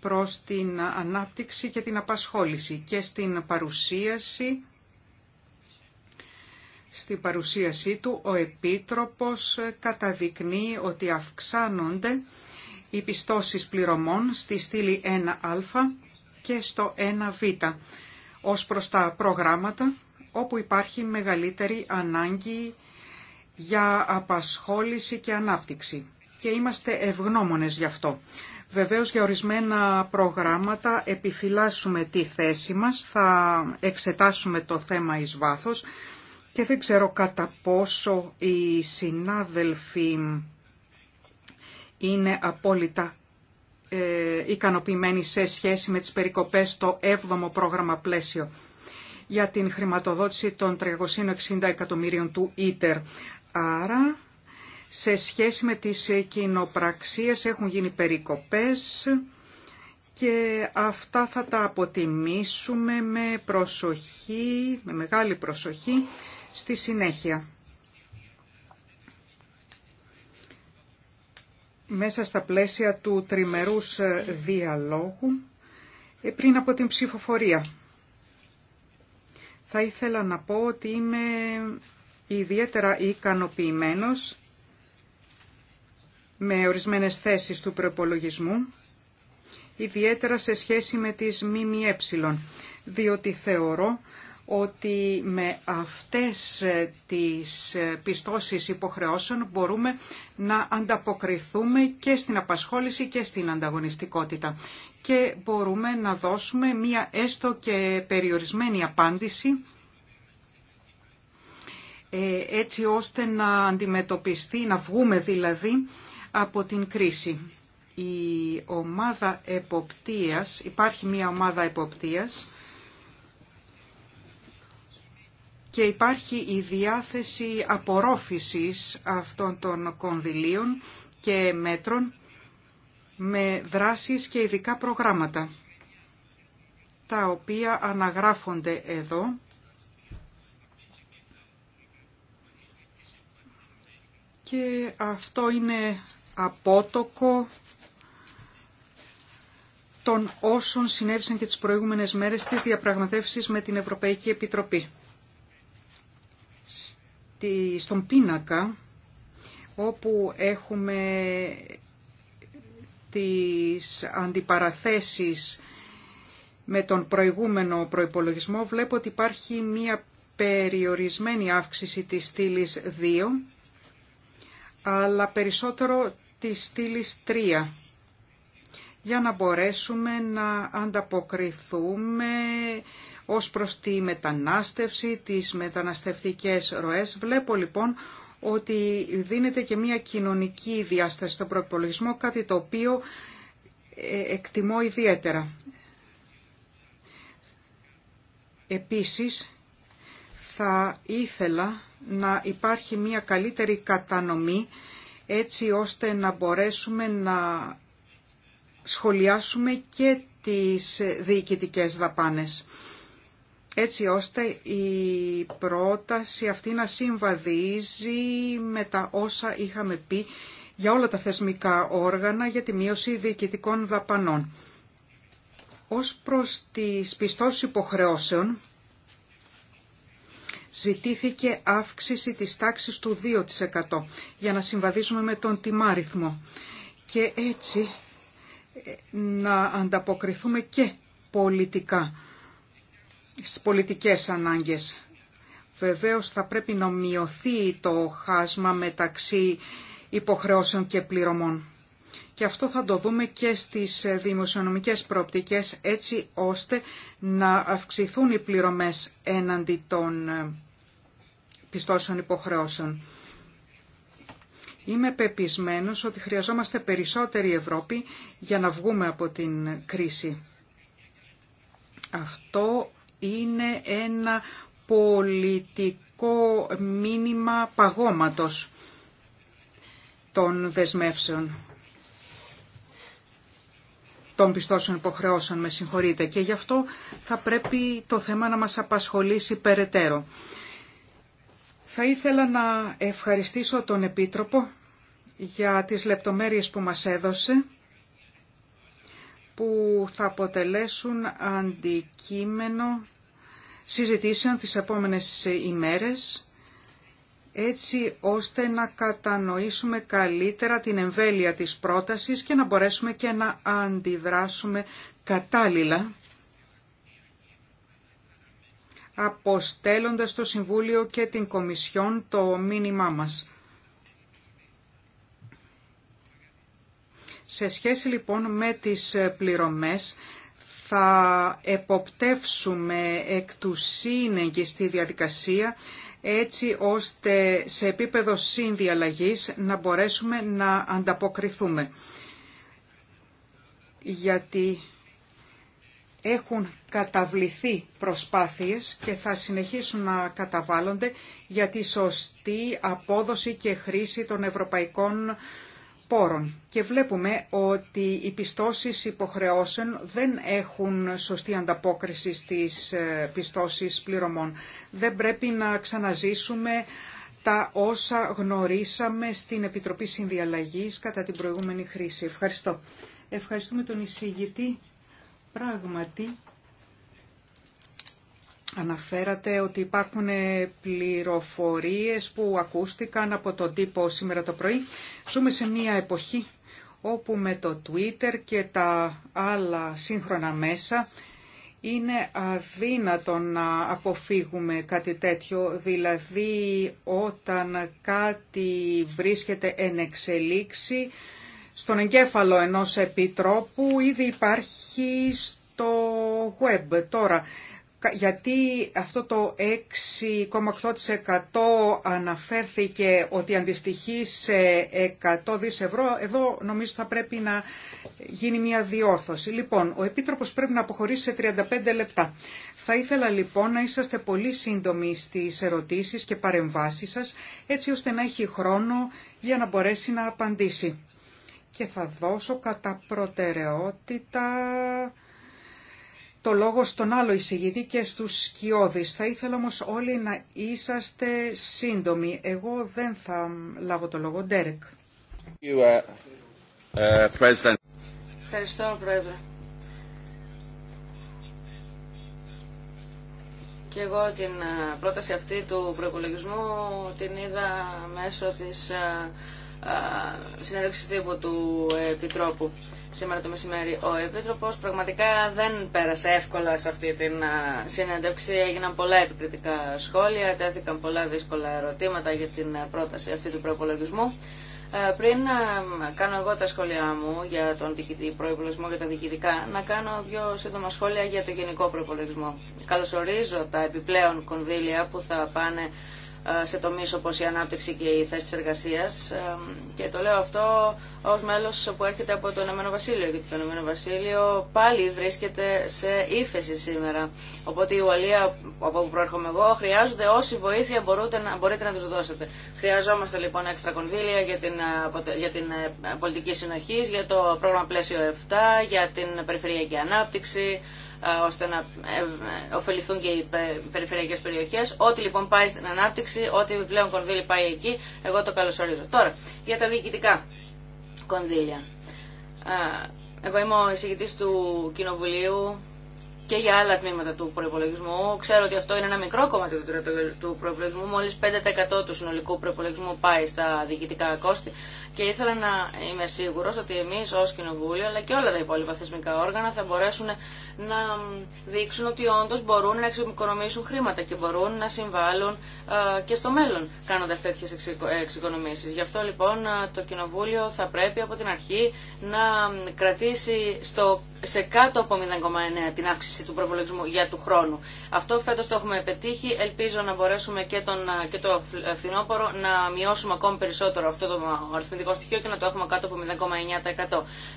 S2: προς την ανάπτυξη και την απασχόληση και στην παρουσίαση στην παρουσίασή του ο Επίτροπος καταδεικνύει ότι αυξάνονται οι πιστώσεις πληρωμών στη στήλη 1α και στο 1β ως προς τα προγράμματα όπου υπάρχει μεγαλύτερη ανάγκη για απασχόληση και ανάπτυξη. Και είμαστε ευγνώμονες γι' αυτό. Βεβαίως για ορισμένα προγράμματα επιφυλάσσουμε τη θέση μας, θα εξετάσουμε το θέμα εις βάθος και δεν ξέρω κατά πόσο οι συνάδελφοι είναι απόλυτα ε, ικανοποιημένοι σε σχέση με τις περικοπές στο 7ο πρόγραμμα πλαίσιο για την χρηματοδότηση των 360 εκατομμύριων του ΊΤΕΡ. Άρα, σε σχέση με τις κοινοπραξίες έχουν γίνει περικοπές και αυτά θα τα αποτιμήσουμε με προσοχή, με μεγάλη προσοχή στη συνέχεια. Μέσα στα πλαίσια του τριμερούς διαλόγου ε, πριν από την ψηφοφορία. Θα ήθελα να πω ότι είμαι ιδιαίτερα ικανοποιημένος με ορισμένες θέσεις του προπολογισμού, ιδιαίτερα σε σχέση με τις ΜΜΕ, διότι θεωρώ ότι με αυτές τις πιστώσεις υποχρεώσεων μπορούμε να ανταποκριθούμε και στην απασχόληση και στην ανταγωνιστικότητα και μπορούμε να δώσουμε μία έστω και περιορισμένη απάντηση ε, έτσι ώστε να αντιμετωπιστεί, να βγούμε δηλαδή από την κρίση. Η ομάδα εποπτείας, υπάρχει μία ομάδα εποπτείας και υπάρχει η διάθεση απορρόφησης αυτών των κονδυλίων και μέτρων με δράσεις και ειδικά προγράμματα, τα οποία αναγράφονται εδώ. Και αυτό είναι απότοκο των όσων συνέβησαν και τις προηγούμενες μέρες της διαπραγματεύσεις με την Ευρωπαϊκή Επιτροπή. Στη, στον πίνακα, όπου έχουμε τις αντιπαραθέσεις με τον προηγούμενο προϋπολογισμό βλέπω ότι υπάρχει μία περιορισμένη αύξηση της στήλη 2 αλλά περισσότερο της στήλη 3 για να μπορέσουμε να ανταποκριθούμε ως προς τη μετανάστευση, τις μεταναστευτικές ροές. Βλέπω λοιπόν ότι δίνεται και μια κοινωνική διάσταση στον προπολογισμό, κάτι το οποίο ε, εκτιμώ ιδιαίτερα. Επίσης, θα ήθελα να υπάρχει μια καλύτερη κατανομή έτσι ώστε να μπορέσουμε να σχολιάσουμε και τις διοικητικές δαπάνες έτσι ώστε η πρόταση αυτή να συμβαδίζει με τα όσα είχαμε πει για όλα τα θεσμικά όργανα για τη μείωση διοικητικών δαπανών. Ως προς τις πιστώσεις υποχρεώσεων, ζητήθηκε αύξηση της τάξης του 2% για να συμβαδίσουμε με τον τιμάριθμο και έτσι ε, να ανταποκριθούμε και πολιτικά στις πολιτικές ανάγκες. Βεβαίως θα πρέπει να μειωθεί το χάσμα μεταξύ υποχρεώσεων και πληρωμών. Και αυτό θα το δούμε και στις δημοσιονομικές προοπτικές έτσι ώστε να αυξηθούν οι πληρωμές έναντι των ε, πιστώσεων υποχρεώσεων. Είμαι πεπισμένος ότι χρειαζόμαστε περισσότερη Ευρώπη για να βγούμε από την κρίση. Αυτό είναι ένα πολιτικό μήνυμα παγώματος των δεσμεύσεων των πιστώσεων υποχρεώσεων, με συγχωρείτε. Και γι' αυτό θα πρέπει το θέμα να μας απασχολήσει περαιτέρω. Θα ήθελα να ευχαριστήσω τον Επίτροπο για τις λεπτομέρειες που μας έδωσε που θα αποτελέσουν αντικείμενο συζητήσεων τις επόμενες ημέρες έτσι ώστε να κατανοήσουμε καλύτερα την εμβέλεια της πρότασης και να μπορέσουμε και να αντιδράσουμε κατάλληλα αποστέλλοντας το Συμβούλιο και την Κομισιόν το μήνυμά μας. Σε σχέση λοιπόν με τις ε, πληρωμές, θα εποπτεύσουμε εκ του σύνεγγι στη διαδικασία έτσι ώστε σε επίπεδο συνδιαλλαγής να μπορέσουμε να ανταποκριθούμε. Γιατί έχουν καταβληθεί προσπάθειες και θα συνεχίσουν να καταβάλλονται για τη σωστή απόδοση και χρήση των ευρωπαϊκών και βλέπουμε ότι οι πιστώσεις υποχρεώσεων δεν έχουν σωστή ανταπόκριση στις ε, πιστώσεις πληρωμών. Δεν πρέπει να ξαναζήσουμε τα όσα γνωρίσαμε στην Επιτροπή Συνδιαλλαγής κατά την προηγούμενη χρήση. Ευχαριστώ. Ευχαριστούμε τον εισηγητή. Πράγματι, Αναφέρατε ότι υπάρχουν πληροφορίες που ακούστηκαν από τον τύπο σήμερα το πρωί. Ζούμε σε μια εποχή όπου με το Twitter και τα άλλα σύγχρονα μέσα είναι αδύνατο να αποφύγουμε κάτι τέτοιο, δηλαδή όταν κάτι βρίσκεται εν εξελίξη στον εγκέφαλο ενός επιτρόπου ήδη υπάρχει στο web τώρα γιατί αυτό το 6,8% αναφέρθηκε ότι αντιστοιχεί σε 100 δις ευρώ, εδώ νομίζω θα πρέπει να γίνει μια διόρθωση. Λοιπόν, ο Επίτροπος πρέπει να αποχωρήσει σε 35 λεπτά. Θα ήθελα λοιπόν να είσαστε πολύ σύντομοι στις ερωτήσεις και παρεμβάσεις σας, έτσι ώστε να έχει χρόνο για να μπορέσει να απαντήσει. Και θα δώσω κατά προτεραιότητα το λόγο στον άλλο εισηγητή και στους σκιώδεις. Θα ήθελα όμως όλοι να είσαστε σύντομοι. Εγώ δεν θα λάβω το λόγο. Ντέρεκ. Uh,
S3: Ευχαριστώ, Πρόεδρε. Και εγώ την uh, πρόταση αυτή του προεκολογισμού την είδα μέσω της uh, συνεντεύξης τύπου του Επιτρόπου σήμερα το μεσημέρι ο επίτροπο, Πραγματικά δεν πέρασε εύκολα σε αυτή την συνέντευξη. Έγιναν πολλά επικριτικά σχόλια, τέθηκαν πολλά δύσκολα ερωτήματα για την πρόταση αυτή του προπολογισμού. Ε, πριν κάνω εγώ τα σχόλιά μου για τον προπολογισμό για τα διοικητικά, να κάνω δύο σύντομα σχόλια για το γενικό προπολογισμό. Καλωσορίζω τα επιπλέον κονδύλια που θα πάνε ε, σε τομείς όπως η ανάπτυξη και οι θέσει εργασία. Ε, και το λέω αυτό ως μέλος που έρχεται από το Ηνωμένο Βασίλειο, γιατί το Ηνωμένο Βασίλειο πάλι βρίσκεται σε ύφεση σήμερα. Οπότε η Ουαλία, από όπου προέρχομαι εγώ, χρειάζονται όση βοήθεια μπορείτε να, μπορείτε να τους δώσετε. Χρειαζόμαστε λοιπόν έξτρα κονδύλια για την, ε, για την πολιτική συνοχή, για το πρόγραμμα πλαίσιο 7, για την περιφερειακή ανάπτυξη, ε, ώστε να ε, ωφεληθούν και οι περιφερειακές περιοχές. Ό,τι λοιπόν πάει στην ανάπτυξη, ό,τι επιπλέον κονδύλι πάει εκεί, εγώ το καλωσορίζω. Τώρα, για τα διοικητικά κονδύλια. Ε, εγώ είμαι ο εισηγητής του Κοινοβουλίου και για άλλα τμήματα του προπολογισμού. Ξέρω ότι αυτό είναι ένα μικρό κομμάτι του προπολογισμού, μόλι 5% του συνολικού προπολογισμού πάει στα διοικητικά κόστη και ήθελα να είμαι σίγουρο ότι εμεί ω Κοινοβούλιο αλλά και όλα τα υπόλοιπα θεσμικά όργανα θα μπορέσουν να δείξουν ότι όντω μπορούν να εξοικονομήσουν χρήματα και μπορούν να συμβάλλουν και στο μέλλον κάνοντα τέτοιε εξοικονομήσει. Γι' αυτό λοιπόν το Κοινοβούλιο θα πρέπει από την αρχή να κρατήσει στο, σε κάτω από 0,9 την αύξηση αύξηση του προβολισμού για του χρόνου. Αυτό φέτος το έχουμε πετύχει. Ελπίζω να μπορέσουμε και, τον, και το ε, φθινόπωρο να μειώσουμε ακόμη περισσότερο αυτό το αριθμητικό στοιχείο και να το έχουμε κάτω από 0,9%.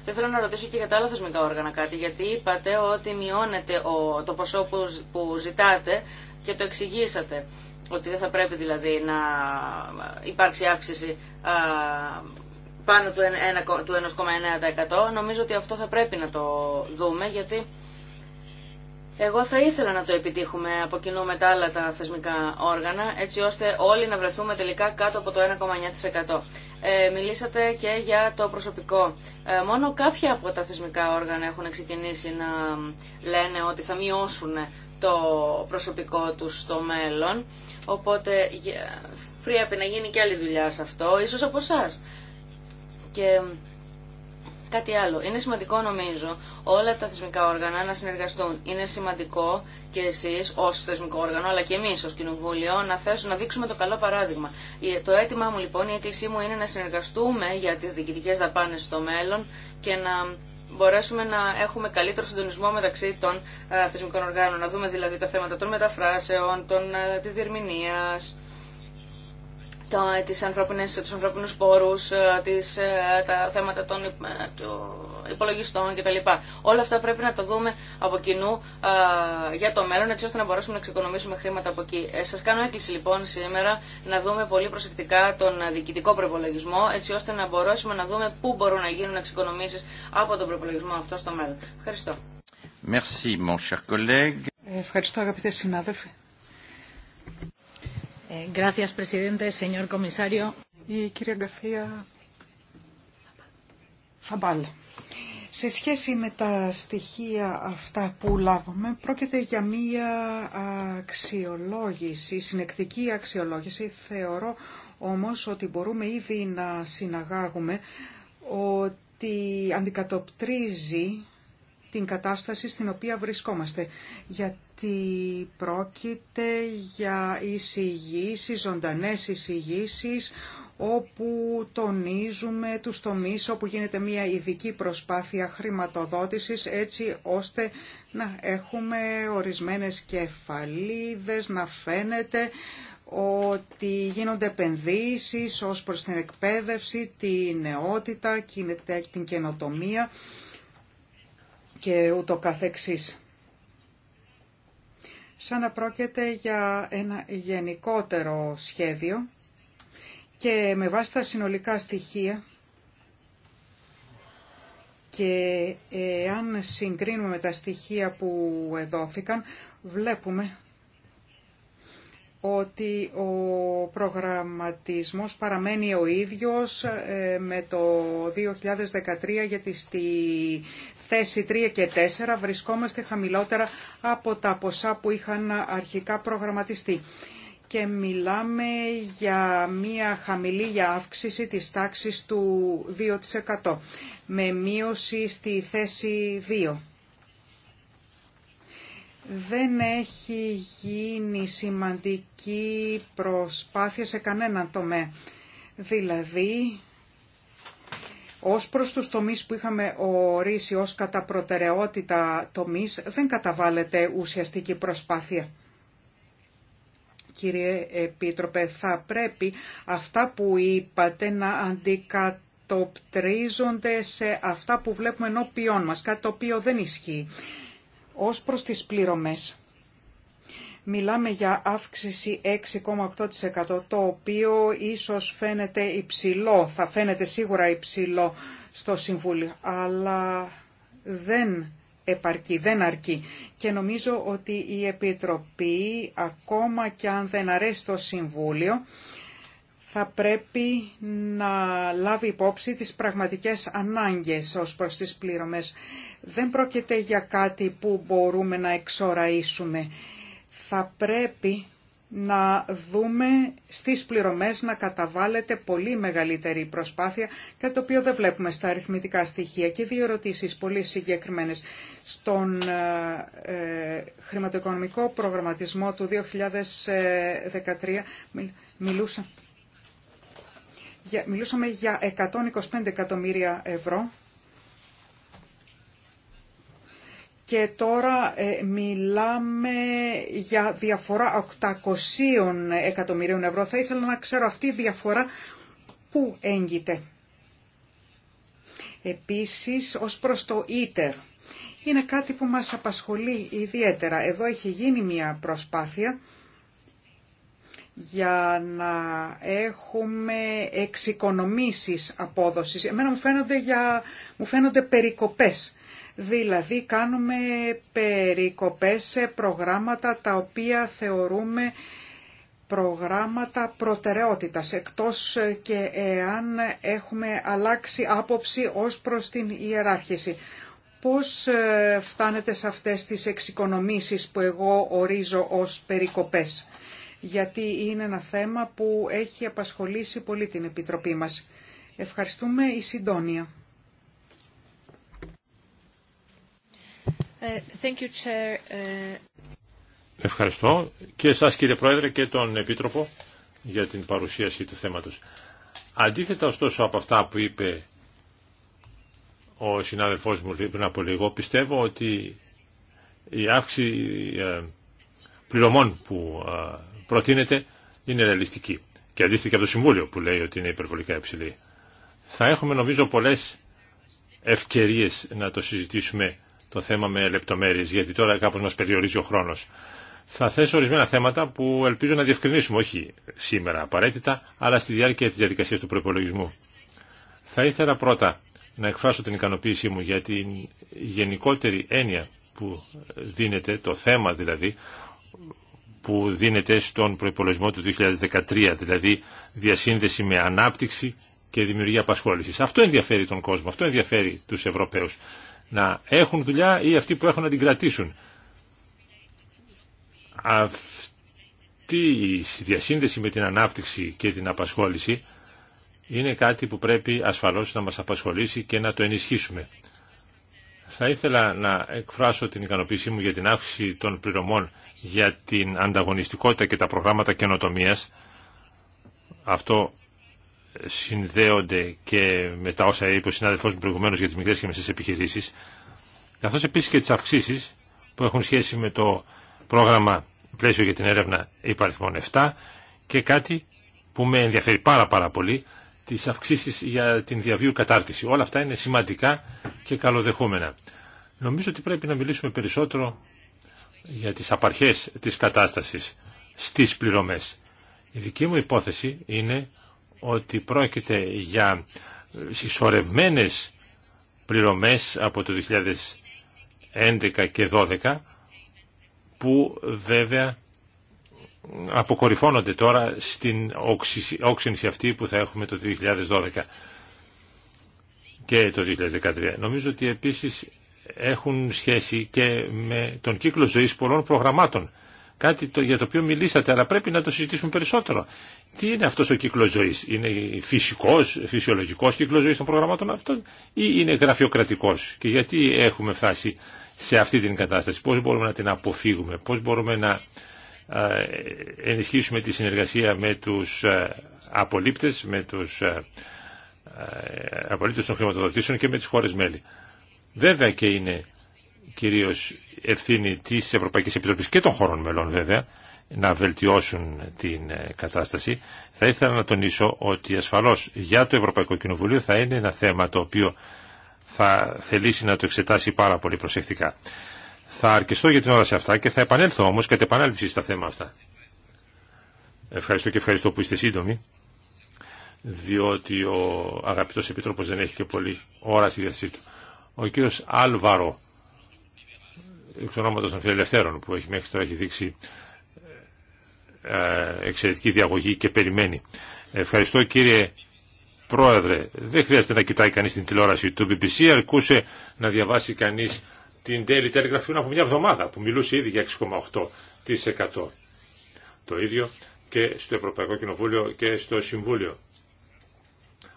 S3: Θα ήθελα να ρωτήσω και για τα άλλα θεσμικά όργανα κάτι, γιατί είπατε ότι μειώνεται ο, το ποσό που, που ζητάτε και το εξηγήσατε ότι δεν θα πρέπει δηλαδή να υπάρξει αύξηση πάνω του 1,9%. Νομίζω ότι αυτό θα πρέπει να το δούμε γιατί εγώ θα ήθελα να το επιτύχουμε από κοινού με τα άλλα τα θεσμικά όργανα, έτσι ώστε όλοι να βρεθούμε τελικά κάτω από το 1,9%. Ε, μιλήσατε και για το προσωπικό. Ε, μόνο κάποια από τα θεσμικά όργανα έχουν ξεκινήσει να λένε ότι θα μειώσουν το προσωπικό τους στο μέλλον, οπότε πρέπει να γίνει και άλλη δουλειά σε αυτό, ίσως από εσά. Και κάτι άλλο. Είναι σημαντικό νομίζω όλα τα θεσμικά όργανα να συνεργαστούν. Είναι σημαντικό και εσεί ω θεσμικό όργανο, αλλά και εμεί ω κοινοβούλιο να, θέσω να δείξουμε το καλό παράδειγμα. Το αίτημά μου λοιπόν, η έκκλησή μου είναι να συνεργαστούμε για τι διοικητικέ δαπάνε στο μέλλον και να μπορέσουμε να έχουμε καλύτερο συντονισμό μεταξύ των ε, θεσμικών οργάνων. Να δούμε δηλαδή τα θέματα των μεταφράσεων, ε, τη διερμηνία, τα, τις ανθρώπινες, τους ανθρώπινους πόρους, ε, ε, τα θέματα των ε, υπολογιστών κτλ. Όλα αυτά πρέπει να τα δούμε από κοινού για το μέλλον, έτσι ώστε να μπορέσουμε να ξεκονομήσουμε χρήματα από εκεί. Ε, σας κάνω έκκληση λοιπόν σήμερα να δούμε πολύ προσεκτικά τον διοικητικό προπολογισμό, έτσι ώστε να μπορέσουμε να δούμε πού μπορούν να γίνουν εξοικονομήσεις από τον προπολογισμό αυτό στο μέλλον. Ευχαριστώ.
S2: Ευχαριστώ αγαπητέ συνάδελφοι. Ε, presidente, señor comisario. κυρία Σε σχέση με τα στοιχεία αυτά που λάβουμε πρόκειται για μία αξιολόγηση, συνεκτική αξιολόγηση. Θεωρώ όμως ότι μπορούμε ήδη να συναγάγουμε ότι αντικατοπτρίζει την κατάσταση στην οποία βρισκόμαστε. Γιατί ότι πρόκειται για εισηγήσεις, ζωντανές εισηγήσεις, όπου τονίζουμε τους τομείς όπου γίνεται μια ειδική προσπάθεια χρηματοδότησης έτσι ώστε να έχουμε ορισμένες κεφαλίδες, να φαίνεται ότι γίνονται επενδύσεις ως προς την εκπαίδευση, τη νεότητα, την καινοτομία και ούτω καθεξής σαν να πρόκειται για ένα γενικότερο σχέδιο και με βάση τα συνολικά στοιχεία και ε, αν συγκρίνουμε με τα στοιχεία που εδόθηκαν, βλέπουμε ότι ο προγραμματισμός παραμένει ο ίδιος ε, με το 2013 γιατί στη θέση 3 και 4 βρισκόμαστε χαμηλότερα από τα ποσά που είχαν αρχικά προγραμματιστεί και μιλάμε για μία χαμηλή για αύξηση της τάξης του 2% με μείωση στη θέση 2. Δεν έχει γίνει σημαντική προσπάθεια σε κανέναν τομέα. Δηλαδή, ως προς τους τομείς που είχαμε ορίσει ως κατά προτεραιότητα τομείς, δεν καταβάλλεται ουσιαστική προσπάθεια. Κύριε Επίτροπε, θα πρέπει αυτά που είπατε να αντικατοπτρίζονται σε αυτά που βλέπουμε ενώπιόν μας, κάτι το οποίο δεν ισχύει. Ως προς τις πληρωμές, Μιλάμε για αύξηση 6,8% το οποίο ίσως φαίνεται υψηλό, θα φαίνεται σίγουρα υψηλό στο Συμβούλιο, αλλά δεν επαρκεί, δεν αρκεί. Και νομίζω ότι η Επιτροπή, ακόμα και αν δεν αρέσει το Συμβούλιο, θα πρέπει να λάβει υπόψη τις πραγματικές ανάγκες ως προς τις πληρωμές. Δεν πρόκειται για κάτι που μπορούμε να εξοραίσουμε θα πρέπει να δούμε στις πληρωμές να καταβάλλεται πολύ μεγαλύτερη προσπάθεια, κάτι το οποίο δεν βλέπουμε στα αριθμητικά στοιχεία. Και δύο ερωτήσεις πολύ συγκεκριμένες. Στον ε, ε, χρηματοοικονομικό προγραμματισμό του 2013 για, μιλούσαμε για 125 εκατομμύρια ευρώ και τώρα ε, μιλάμε για διαφορά 800 εκατομμυρίων ευρώ. Θα ήθελα να ξέρω αυτή η διαφορά πού έγκυται. Επίσης, ως προς το ίτερ. Είναι κάτι που μας απασχολεί ιδιαίτερα. Εδώ έχει γίνει μια προσπάθεια για να έχουμε εξοικονομήσεις απόδοσης. Εμένα μου φαίνονται, για... μου φαίνονται περικοπές Δηλαδή κάνουμε περικοπές σε προγράμματα τα οποία θεωρούμε προγράμματα προτεραιότητας, εκτός και εάν έχουμε αλλάξει άποψη ως προς την ιεράρχηση. Πώς ε, φτάνετε σε αυτές τις εξοικονομήσεις που εγώ ορίζω ως περικοπές, γιατί είναι ένα θέμα που έχει απασχολήσει πολύ την Επιτροπή μας. Ευχαριστούμε η Συντόνια.
S3: Ε, ε.
S1: Ευχαριστώ και εσάς κύριε Πρόεδρε και τον Επίτροπο για την παρουσίαση του θέματος. Αντίθετα ωστόσο από αυτά που είπε ο συνάδελφός μου πριν από λίγο, πιστεύω ότι η αύξηση ε, πληρωμών που προτείνεται είναι ρεαλιστική. Και και από το Συμβούλιο που λέει ότι είναι υπερβολικά υψηλή. Θα έχουμε νομίζω πολλές ευκαιρίες να το συζητήσουμε το θέμα με λεπτομέρειες, γιατί τώρα κάπως μας περιορίζει ο χρόνος. Θα θέσω ορισμένα θέματα που ελπίζω να διευκρινίσουμε, όχι σήμερα απαραίτητα, αλλά στη διάρκεια της διαδικασίας του προπολογισμού. Θα ήθελα πρώτα να εκφράσω την ικανοποίησή μου για την γενικότερη έννοια που δίνεται, το θέμα δηλαδή, που δίνεται στον προπολογισμό του 2013, δηλαδή διασύνδεση με ανάπτυξη και δημιουργία απασχόλησης. Αυτό ενδιαφέρει τον κόσμο, αυτό ενδιαφέρει τους Ευρωπαίους να έχουν δουλειά ή αυτοί που έχουν να την κρατήσουν. Αυτή η διασύνδεση με την ανάπτυξη και την απασχόληση είναι κάτι που πρέπει ασφαλώς να μας απασχολήσει και να το ενισχύσουμε. Θα ήθελα να εκφράσω την ικανοποίησή μου για την αύξηση των πληρωμών για την ανταγωνιστικότητα και τα προγράμματα καινοτομίας. Αυτό συνδέονται και με τα όσα είπε ο συνάδελφός μου για τις μικρές και μεσές επιχειρήσεις, καθώς επίσης και τις αυξήσεις που έχουν σχέση με το πρόγραμμα πλαίσιο για την έρευνα υπαριθμών 7 και κάτι που με ενδιαφέρει πάρα πάρα πολύ, τις αυξήσεις για την διαβίου κατάρτιση. Όλα αυτά είναι σημαντικά και καλοδεχούμενα. Νομίζω ότι πρέπει να μιλήσουμε περισσότερο για τις απαρχές της κατάστασης στις πληρωμές. Η δική μου υπόθεση είναι ότι πρόκειται για συσσωρευμένες πληρωμές από το 2011 και 2012 που βέβαια αποκορυφώνονται τώρα στην όξυνση αυτή που θα έχουμε το 2012 και το 2013. Νομίζω ότι επίσης έχουν σχέση και με τον κύκλο ζωής πολλών προγραμμάτων κάτι το, για το οποίο μιλήσατε, αλλά πρέπει να το συζητήσουμε περισσότερο. Τι είναι αυτός ο κύκλος ζωής, είναι φυσικός, φυσιολογικός κύκλος ζωής των προγραμμάτων αυτών ή είναι γραφειοκρατικός και γιατί έχουμε φτάσει σε αυτή την κατάσταση, πώς μπορούμε να την αποφύγουμε, πώς μπορούμε να ε, ενισχύσουμε τη συνεργασία με τους ε, απολύπτες, με τους ε, απολύπτες των χρηματοδοτήσεων και με τις χώρες μέλη. Βέβαια και είναι κυρίως ευθύνη της Ευρωπαϊκής Επιτροπής και των χωρών μελών βέβαια να βελτιώσουν την ε, κατάσταση. Θα ήθελα να τονίσω ότι ασφαλώς για το Ευρωπαϊκό Κοινοβουλίο θα είναι ένα θέμα το οποίο θα θελήσει να το εξετάσει πάρα πολύ προσεκτικά. Θα αρκεστώ για την ώρα σε αυτά και θα επανέλθω όμως κατ' επανάληψη στα θέματα αυτά. Ευχαριστώ και ευχαριστώ που είστε σύντομοι, διότι ο αγαπητός Επίτροπος δεν έχει και πολύ ώρα στη διάθεσή Ο κύριος Άλβαρο εξ ονόματος των φιλελευθέρων που έχει μέχρι τώρα έχει δείξει ε, εξαιρετική διαγωγή και περιμένει. Ευχαριστώ κύριε Πρόεδρε. Δεν χρειάζεται να κοιτάει κανείς την τηλεόραση του BBC, αρκούσε να διαβάσει κανείς την Daily Telegraph από μια εβδομάδα που μιλούσε ήδη για 6,8%. Το ίδιο και στο Ευρωπαϊκό Κοινοβούλιο και στο Συμβούλιο.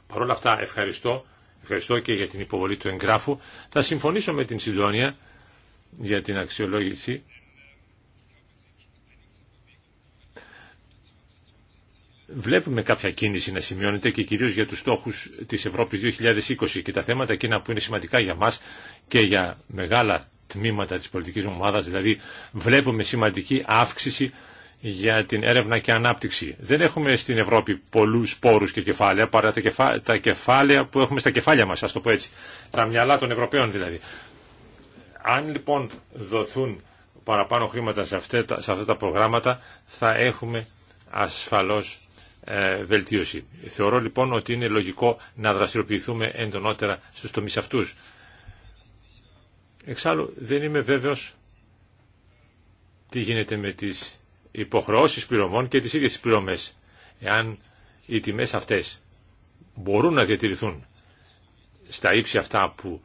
S1: Παρ' όλα αυτά ευχαριστώ, ευχαριστώ και για την υποβολή του εγγράφου. Θα συμφωνήσω με την Συντόνια για την αξιολόγηση βλέπουμε κάποια κίνηση να σημειώνεται και κυρίως για τους στόχους της Ευρώπης 2020 και τα θέματα εκείνα που είναι σημαντικά για μας και για μεγάλα τμήματα της πολιτικής ομάδας, δηλαδή βλέπουμε σημαντική αύξηση για την έρευνα και ανάπτυξη. Δεν έχουμε στην Ευρώπη πολλούς πόρους και κεφάλαια παρά τα κεφάλαια που έχουμε στα κεφάλια μας, ας το πω έτσι, τα μυαλά των Ευρωπαίων δηλαδή. Αν λοιπόν δοθούν παραπάνω χρήματα σε αυτά, τα προγράμματα θα έχουμε ασφαλώς ε, βελτίωση. Θεωρώ λοιπόν ότι είναι λογικό να δραστηριοποιηθούμε εντονότερα στους τομείς αυτούς. Εξάλλου δεν είμαι βέβαιος τι γίνεται με τις υποχρεώσεις πληρωμών και τις ίδιες πληρωμές. Εάν οι τιμές αυτές μπορούν να διατηρηθούν στα ύψη αυτά που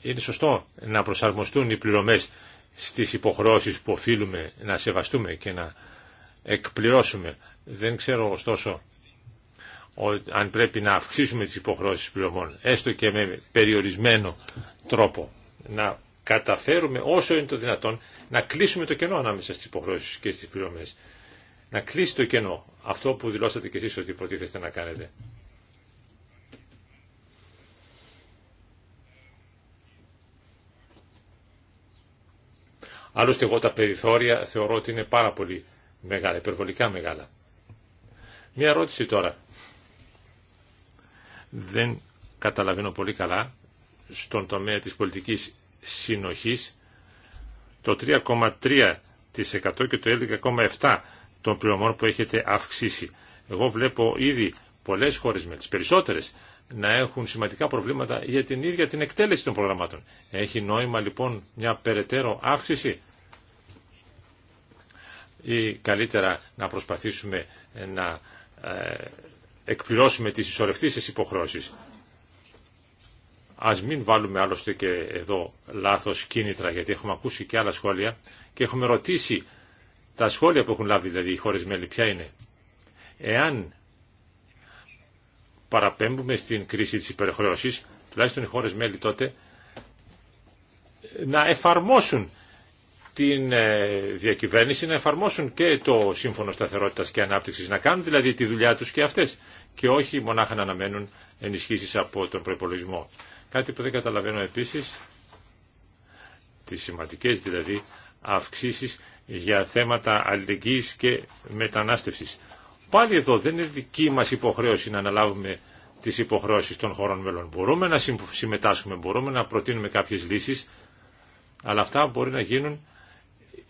S1: είναι σωστό να προσαρμοστούν οι πληρωμές στις υποχρεώσεις που οφείλουμε να σεβαστούμε και να εκπληρώσουμε. Δεν ξέρω ωστόσο αν πρέπει να αυξήσουμε τις υποχρεώσεις πληρωμών, έστω και με περιορισμένο τρόπο, να καταφέρουμε όσο είναι το δυνατόν να κλείσουμε το κενό ανάμεσα στις υποχρεώσεις και στις πληρωμές. Να κλείσει το κενό, αυτό που δηλώσατε και εσείς ότι υποτίθεστε να κάνετε. Άλλωστε εγώ τα περιθώρια θεωρώ ότι είναι πάρα πολύ μεγάλα, υπερβολικά μεγάλα. Μία ερώτηση τώρα. Δεν καταλαβαίνω πολύ καλά στον τομέα της πολιτικής συνοχής το 3,3% και το 11,7% των πληρωμών που έχετε αυξήσει. Εγώ βλέπω ήδη πολλές χώρες με τις περισσότερες να έχουν σημαντικά προβλήματα για την ίδια την εκτέλεση των προγραμμάτων. Έχει νόημα λοιπόν μια περαιτέρω αύξηση ή καλύτερα να προσπαθήσουμε ε, να ε, εκπληρώσουμε τις ισορρευτήσεις υποχρεώσεις. Ας μην βάλουμε άλλωστε και εδώ λάθος κίνητρα γιατί έχουμε ακούσει και άλλα σχόλια και έχουμε ρωτήσει τα σχόλια που έχουν λάβει δηλαδή οι χώρες μέλη ποια είναι. Εάν παραπέμπουμε στην κρίση της υπερχρέωσης, τουλάχιστον οι χώρες μέλη τότε, να εφαρμόσουν την ε, διακυβέρνηση, να εφαρμόσουν και το Σύμφωνο Σταθερότητας και Ανάπτυξης, να κάνουν δηλαδή τη δουλειά τους και αυτές και όχι μονάχα να αναμένουν ενισχύσεις από τον προπολογισμό. Κάτι που δεν καταλαβαίνω επίσης, τις σημαντικές δηλαδή αυξήσεις για θέματα αλληλεγγύης και μετανάστευσης. Πάλι εδώ δεν είναι δική μας υποχρέωση να αναλάβουμε τις υποχρεώσεις των χωρών μελών. Μπορούμε να συμμετάσχουμε, μπορούμε να προτείνουμε κάποιες λύσεις, αλλά αυτά μπορεί να γίνουν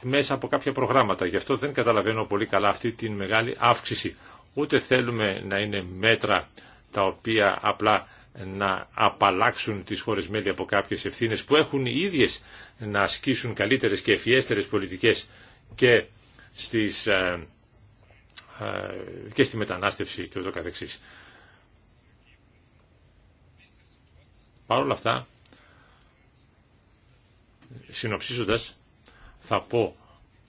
S1: μέσα από κάποια προγράμματα. Γι' αυτό δεν καταλαβαίνω πολύ καλά αυτή την μεγάλη αύξηση. Ούτε θέλουμε να είναι μέτρα τα οποία απλά να απαλλάξουν τις χώρες μέλη από κάποιες ευθύνες που έχουν οι ίδιες να ασκήσουν καλύτερες και ευφιέστερες πολιτικές και στις ε, ε, και στη μετανάστευση και ούτω καθεξής. Παρ' όλα αυτά, συνοψίζοντας, θα πω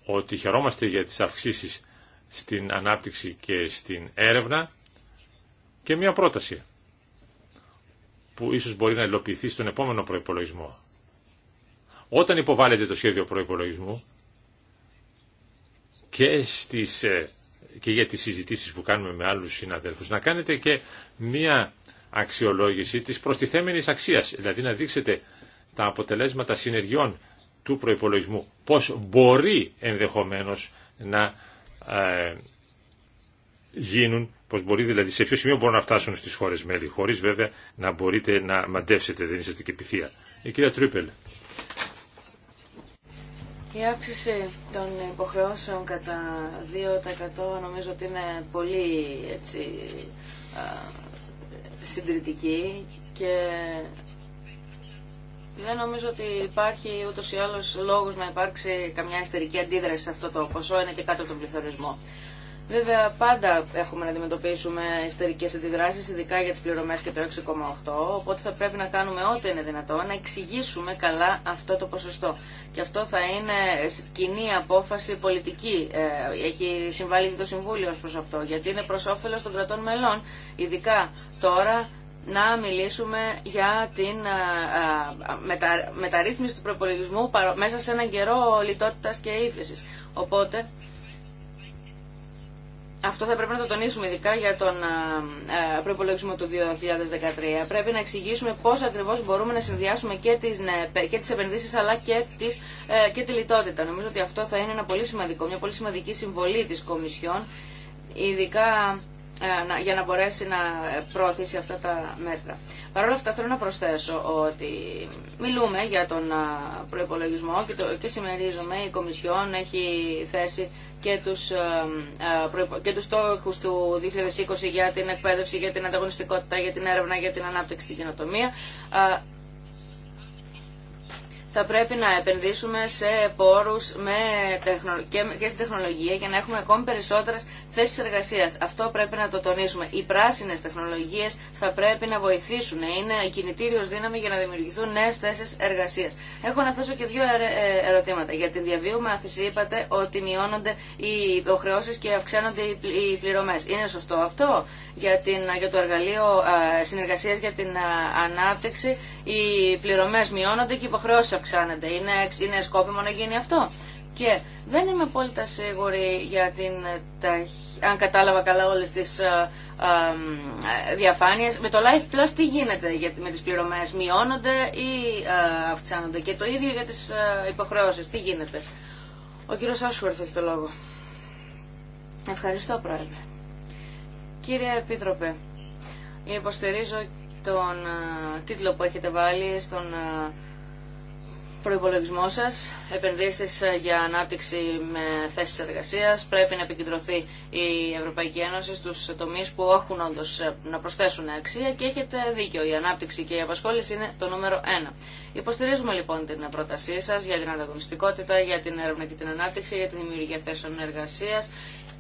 S1: ότι χαιρόμαστε για τις αυξήσεις στην ανάπτυξη και στην έρευνα και μια πρόταση που ίσως μπορεί να υλοποιηθεί στον επόμενο προϋπολογισμό. Όταν υποβάλλεται το σχέδιο προϋπολογισμού και στις ε, και για τις συζητήσεις που κάνουμε με άλλους συναδέλφους, να κάνετε και μία αξιολόγηση της προστιθέμενης αξίας, δηλαδή να δείξετε τα αποτελέσματα συνεργειών του προϋπολογισμού, πώς μπορεί ενδεχομένως να ε, γίνουν, πώς μπορεί δηλαδή, σε ποιο σημείο μπορούν να φτάσουν στις χώρες μέλη, χωρίς βέβαια να μπορείτε να μαντεύσετε, δεν είστε και πυθία. Η ε, κυρία Τρίπελ.
S3: Η αύξηση των υποχρεώσεων κατά 2% νομίζω ότι είναι πολύ έτσι, συντηρητική και δεν νομίζω ότι υπάρχει ούτως ή άλλως λόγος να υπάρξει καμιά ιστερική αντίδραση σε αυτό το ποσό, είναι και κάτω από τον πληθωρισμό. Βέβαια, πάντα έχουμε να αντιμετωπίσουμε ιστερικέ αντιδράσει, ειδικά για τι πληρωμέ και το 6,8. Οπότε θα πρέπει να κάνουμε ό,τι είναι δυνατό να εξηγήσουμε καλά αυτό το ποσοστό. Και αυτό θα είναι κοινή απόφαση πολιτική. Ε, έχει συμβάλει και το Συμβούλιο ω προ αυτό. Γιατί είναι προ όφελο των κρατών μελών, ειδικά τώρα να μιλήσουμε για την ε, ε, μεταρρύθμιση του προπολογισμού μέσα σε έναν καιρό λιτότητας και ύφεσης. Οπότε αυτό θα πρέπει να το τονίσουμε ειδικά για τον προπολογισμό του 2013. Πρέπει να εξηγήσουμε πώς ακριβώς μπορούμε να συνδυάσουμε και τις, ε, και τις επενδύσεις αλλά και, τις, ε, και τη λιτότητα. Νομίζω ότι αυτό θα είναι ένα πολύ σημαντικό, μια πολύ σημαντική συμβολή της Κομισιόν, ειδικά ε, για να μπορέσει να προωθήσει αυτά τα μέτρα. Παρ' όλα αυτά θέλω να προσθέσω ότι μιλούμε για τον προϋπολογισμό και, το, και συμμερίζομαι η Κομισιόν έχει θέσει και τους, ε, ε, και τους στόχους του 2020 για την εκπαίδευση, για την ανταγωνιστικότητα, για την έρευνα, για την ανάπτυξη, την κοινοτομία θα πρέπει να επενδύσουμε σε πόρου και στην τεχνολογία για να έχουμε ακόμη περισσότερε θέσει εργασία. Αυτό πρέπει να το τονίσουμε. Οι πράσινε τεχνολογίε θα πρέπει να βοηθήσουν. Είναι κινητήριο δύναμη για να δημιουργηθούν νέε θέσει εργασία. Έχω να θέσω και δύο ε, ερωτήματα. Για τη διαβίωμα μάθηση είπατε ότι μειώνονται οι υποχρεώσει και αυξάνονται οι πληρωμές. Είναι σωστό αυτό για, την, για το εργαλείο ε, συνεργασία για την ε, ανάπτυξη. Οι πληρωμέ μειώνονται και οι υποχρεώσεις αυξάνεται. Είναι, είναι σκόπιμο να γίνει αυτό. Και δεν είμαι απόλυτα σίγουρη για την ε, αν κατάλαβα καλά όλες τις α, ε, ε, διαφάνειες. Με το Life Plus τι γίνεται για, με τις πληρωμές, μειώνονται ή αυξάνονται. Και το ίδιο για τις υποχρεώσεις, τι γίνεται. Ο κύριος Άσουερθ έχει το λόγο. Ευχαριστώ πρόεδρε. Κύριε Επίτροπε, υποστηρίζω τον τίτλο που έχετε βάλει στον προπολογισμό σα, επενδύσει ε, για ανάπτυξη με θέσει εργασία. Πρέπει να επικεντρωθεί η Ευρωπαϊκή Ένωση στου τομεί που έχουν όντω ε, να προσθέσουν αξία και έχετε δίκιο. Η ανάπτυξη και η απασχόληση είναι το νούμερο ένα. Υποστηρίζουμε λοιπόν την πρότασή σα για την ανταγωνιστικότητα, για την έρευνα και την ανάπτυξη, για τη δημιουργία θέσεων εργασία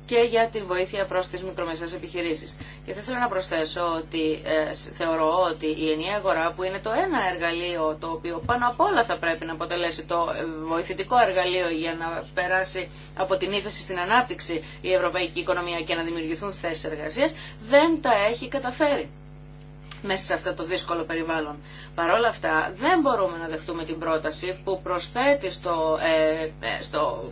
S3: και για τη βοήθεια προς τις μικρομεσαίες επιχειρήσεις. Και θα ήθελα να προσθέσω ότι ε, θεωρώ ότι η ενιαία αγορά που είναι το ένα εργαλείο το οποίο πάνω απ' όλα θα πρέπει να αποτελέσει το ε, βοηθητικό εργαλείο για να περάσει από την ύφεση στην ανάπτυξη η ευρωπαϊκή οικονομία και να δημιουργηθούν θέσει εργασία, δεν τα έχει καταφέρει μέσα σε αυτό το δύσκολο περιβάλλον. Παρ' όλα αυτά δεν μπορούμε να δεχτούμε την πρόταση που προσθέτει στο, ε, ε στο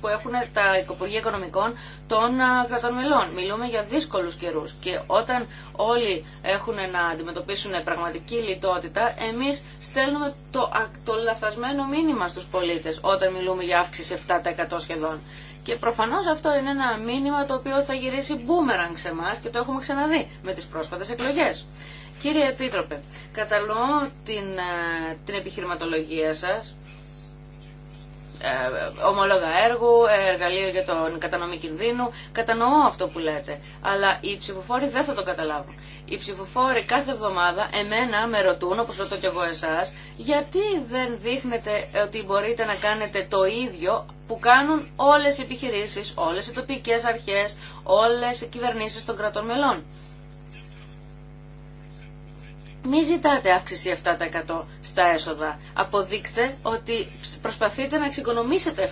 S3: που έχουν τα Υπουργεία Οικονομικών των ε, κρατών μελών. Μιλούμε για δύσκολους καιρούς και όταν όλοι έχουν να αντιμετωπίσουν πραγματική λιτότητα εμείς στέλνουμε το, το λαθασμένο μήνυμα στους πολίτες όταν μιλούμε για αύξηση 7% σχεδόν. Και προφανώς αυτό είναι ένα μήνυμα το οποίο θα γυρίσει μπούμερανγκ σε εμά και το έχουμε ξαναδεί με τις πρόσφατες εκλογές. Κύριε Επίτροπε, καταλώ την, ε, την επιχειρηματολογία σας, ε, ομολόγα έργου, ε, εργαλείο για τον κατανομή κινδύνου. Κατανοώ αυτό που λέτε, αλλά οι ψηφοφόροι δεν θα το καταλάβουν οι ψηφοφόροι κάθε εβδομάδα εμένα με ρωτούν, όπως ρωτώ κι εγώ εσάς, γιατί δεν δείχνετε ότι μπορείτε να κάνετε το ίδιο που κάνουν όλες οι επιχειρήσεις, όλες οι τοπικές αρχές, όλες οι κυβερνήσεις των κρατών μελών. Μην ζητάτε αύξηση 7% στα έσοδα. Αποδείξτε ότι προσπαθείτε να εξοικονομήσετε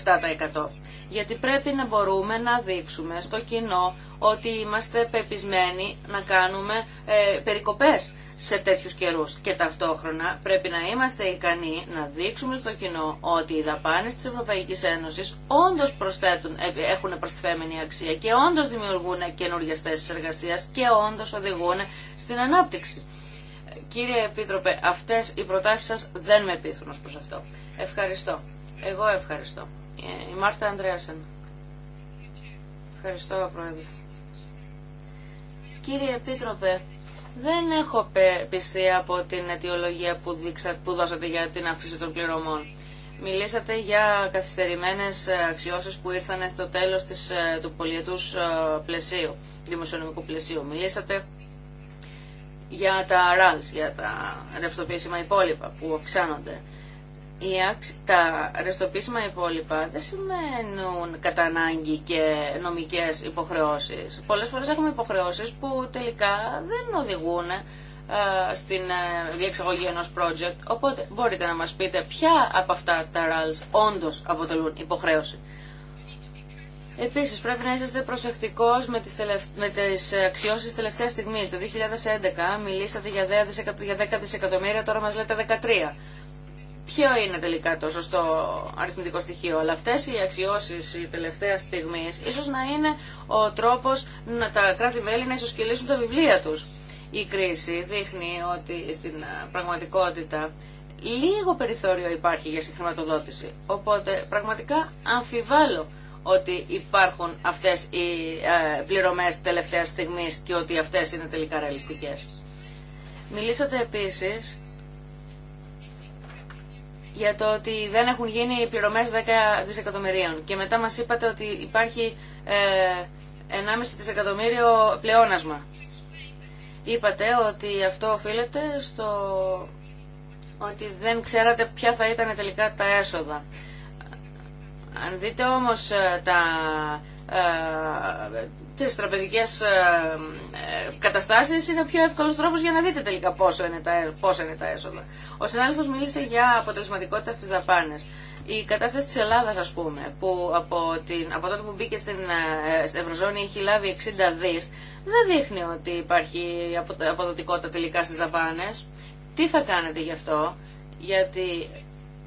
S3: 7%. Γιατί πρέπει να μπορούμε να δείξουμε στο κοινό ότι είμαστε πεπισμένοι να κάνουμε ε, περικοπές σε τέτοιους καιρούς. Και ταυτόχρονα πρέπει να είμαστε ικανοί να δείξουμε στο κοινό ότι οι δαπάνες της Ευρωπαϊκής Ένωσης όντως προσθέτουν, ε, έχουν προσθέμενη αξία και όντως δημιουργούν καινούργιες θέσεις εργασίας και όντως οδηγούν στην ανάπτυξη. Κύριε Επίτροπε, αυτές οι προτάσεις σας δεν με πείθουν ως προς αυτό. Ευχαριστώ. Εγώ ευχαριστώ. Ε, η Μάρτα Ανδρέασεν. Ευχαριστώ, Πρόεδρε. Κύριε Επίτροπε, δεν έχω πιστεί από την αιτιολογία που, που δώσατε για την αύξηση των πληρωμών. Μιλήσατε για καθυστερημένες ε, αξιώσεις που ήρθαν στο τέλος ε, του πολιετούς πλαισίου, δημοσιονομικού πλαισίου. Μιλήσατε για τα ραλς, για τα ρευστοποιήσιμα υπόλοιπα που αυξάνονται. τα ρευστοποιήσιμα υπόλοιπα δεν σημαίνουν κατά και νομικές υποχρεώσεις. Πολλές φορές έχουμε υποχρεώσεις που τελικά δεν οδηγούν ε, στην ε, διεξαγωγή ενός project. Οπότε μπορείτε να μας πείτε ποια από αυτά τα ραλς όντως αποτελούν υποχρέωση. Επίσης πρέπει να είσαστε προσεκτικός με τις, τελευ... με τις αξιώσεις τελευταίας στιγμής. Το 2011 μιλήσατε για 10 δισεκατομμύρια, τώρα μας λέτε 13. Ποιο είναι τελικά το σωστό αριθμητικό στοιχείο, αλλά αυτές οι αξιώσεις η τελευταία στιγμή ίσως να είναι ο τρόπος να τα κράτη-μέλη να ισοσκελίσουν τα βιβλία τους. Η κρίση δείχνει ότι στην πραγματικότητα λίγο περιθώριο υπάρχει για συγχρηματοδότηση, οπότε πραγματικά αμφιβάλλω ότι υπάρχουν αυτές οι ε, πληρωμές τελευταίας στιγμής και ότι αυτές είναι τελικά ρεαλιστικές. Μιλήσατε επίσης για το ότι δεν έχουν γίνει οι πληρωμές 10 δισεκατομμυρίων και μετά μας είπατε ότι υπάρχει 1,5 ε, δισεκατομμύριο πλεόνασμα. Είπατε ότι αυτό οφείλεται στο ότι δεν ξέρατε ποια θα ήταν τελικά τα έσοδα. Αν δείτε όμως ε, τα, ε, τις τραπεζικές ε, ε, καταστάσεις είναι ο πιο εύκολος τρόπος για να δείτε τελικά πόσο είναι τα, πόσο είναι τα έσοδα. Ο συνάδελφος μίλησε για αποτελεσματικότητα στις δαπάνες. Η κατάσταση της Ελλάδας ας πούμε που από, την, από τότε που μπήκε στην, στην Ευρωζώνη έχει λάβει 60 δις δεν δείχνει ότι υπάρχει αποδοτικότητα τελικά στις δαπάνες. Τι θα κάνετε γι' αυτό γιατί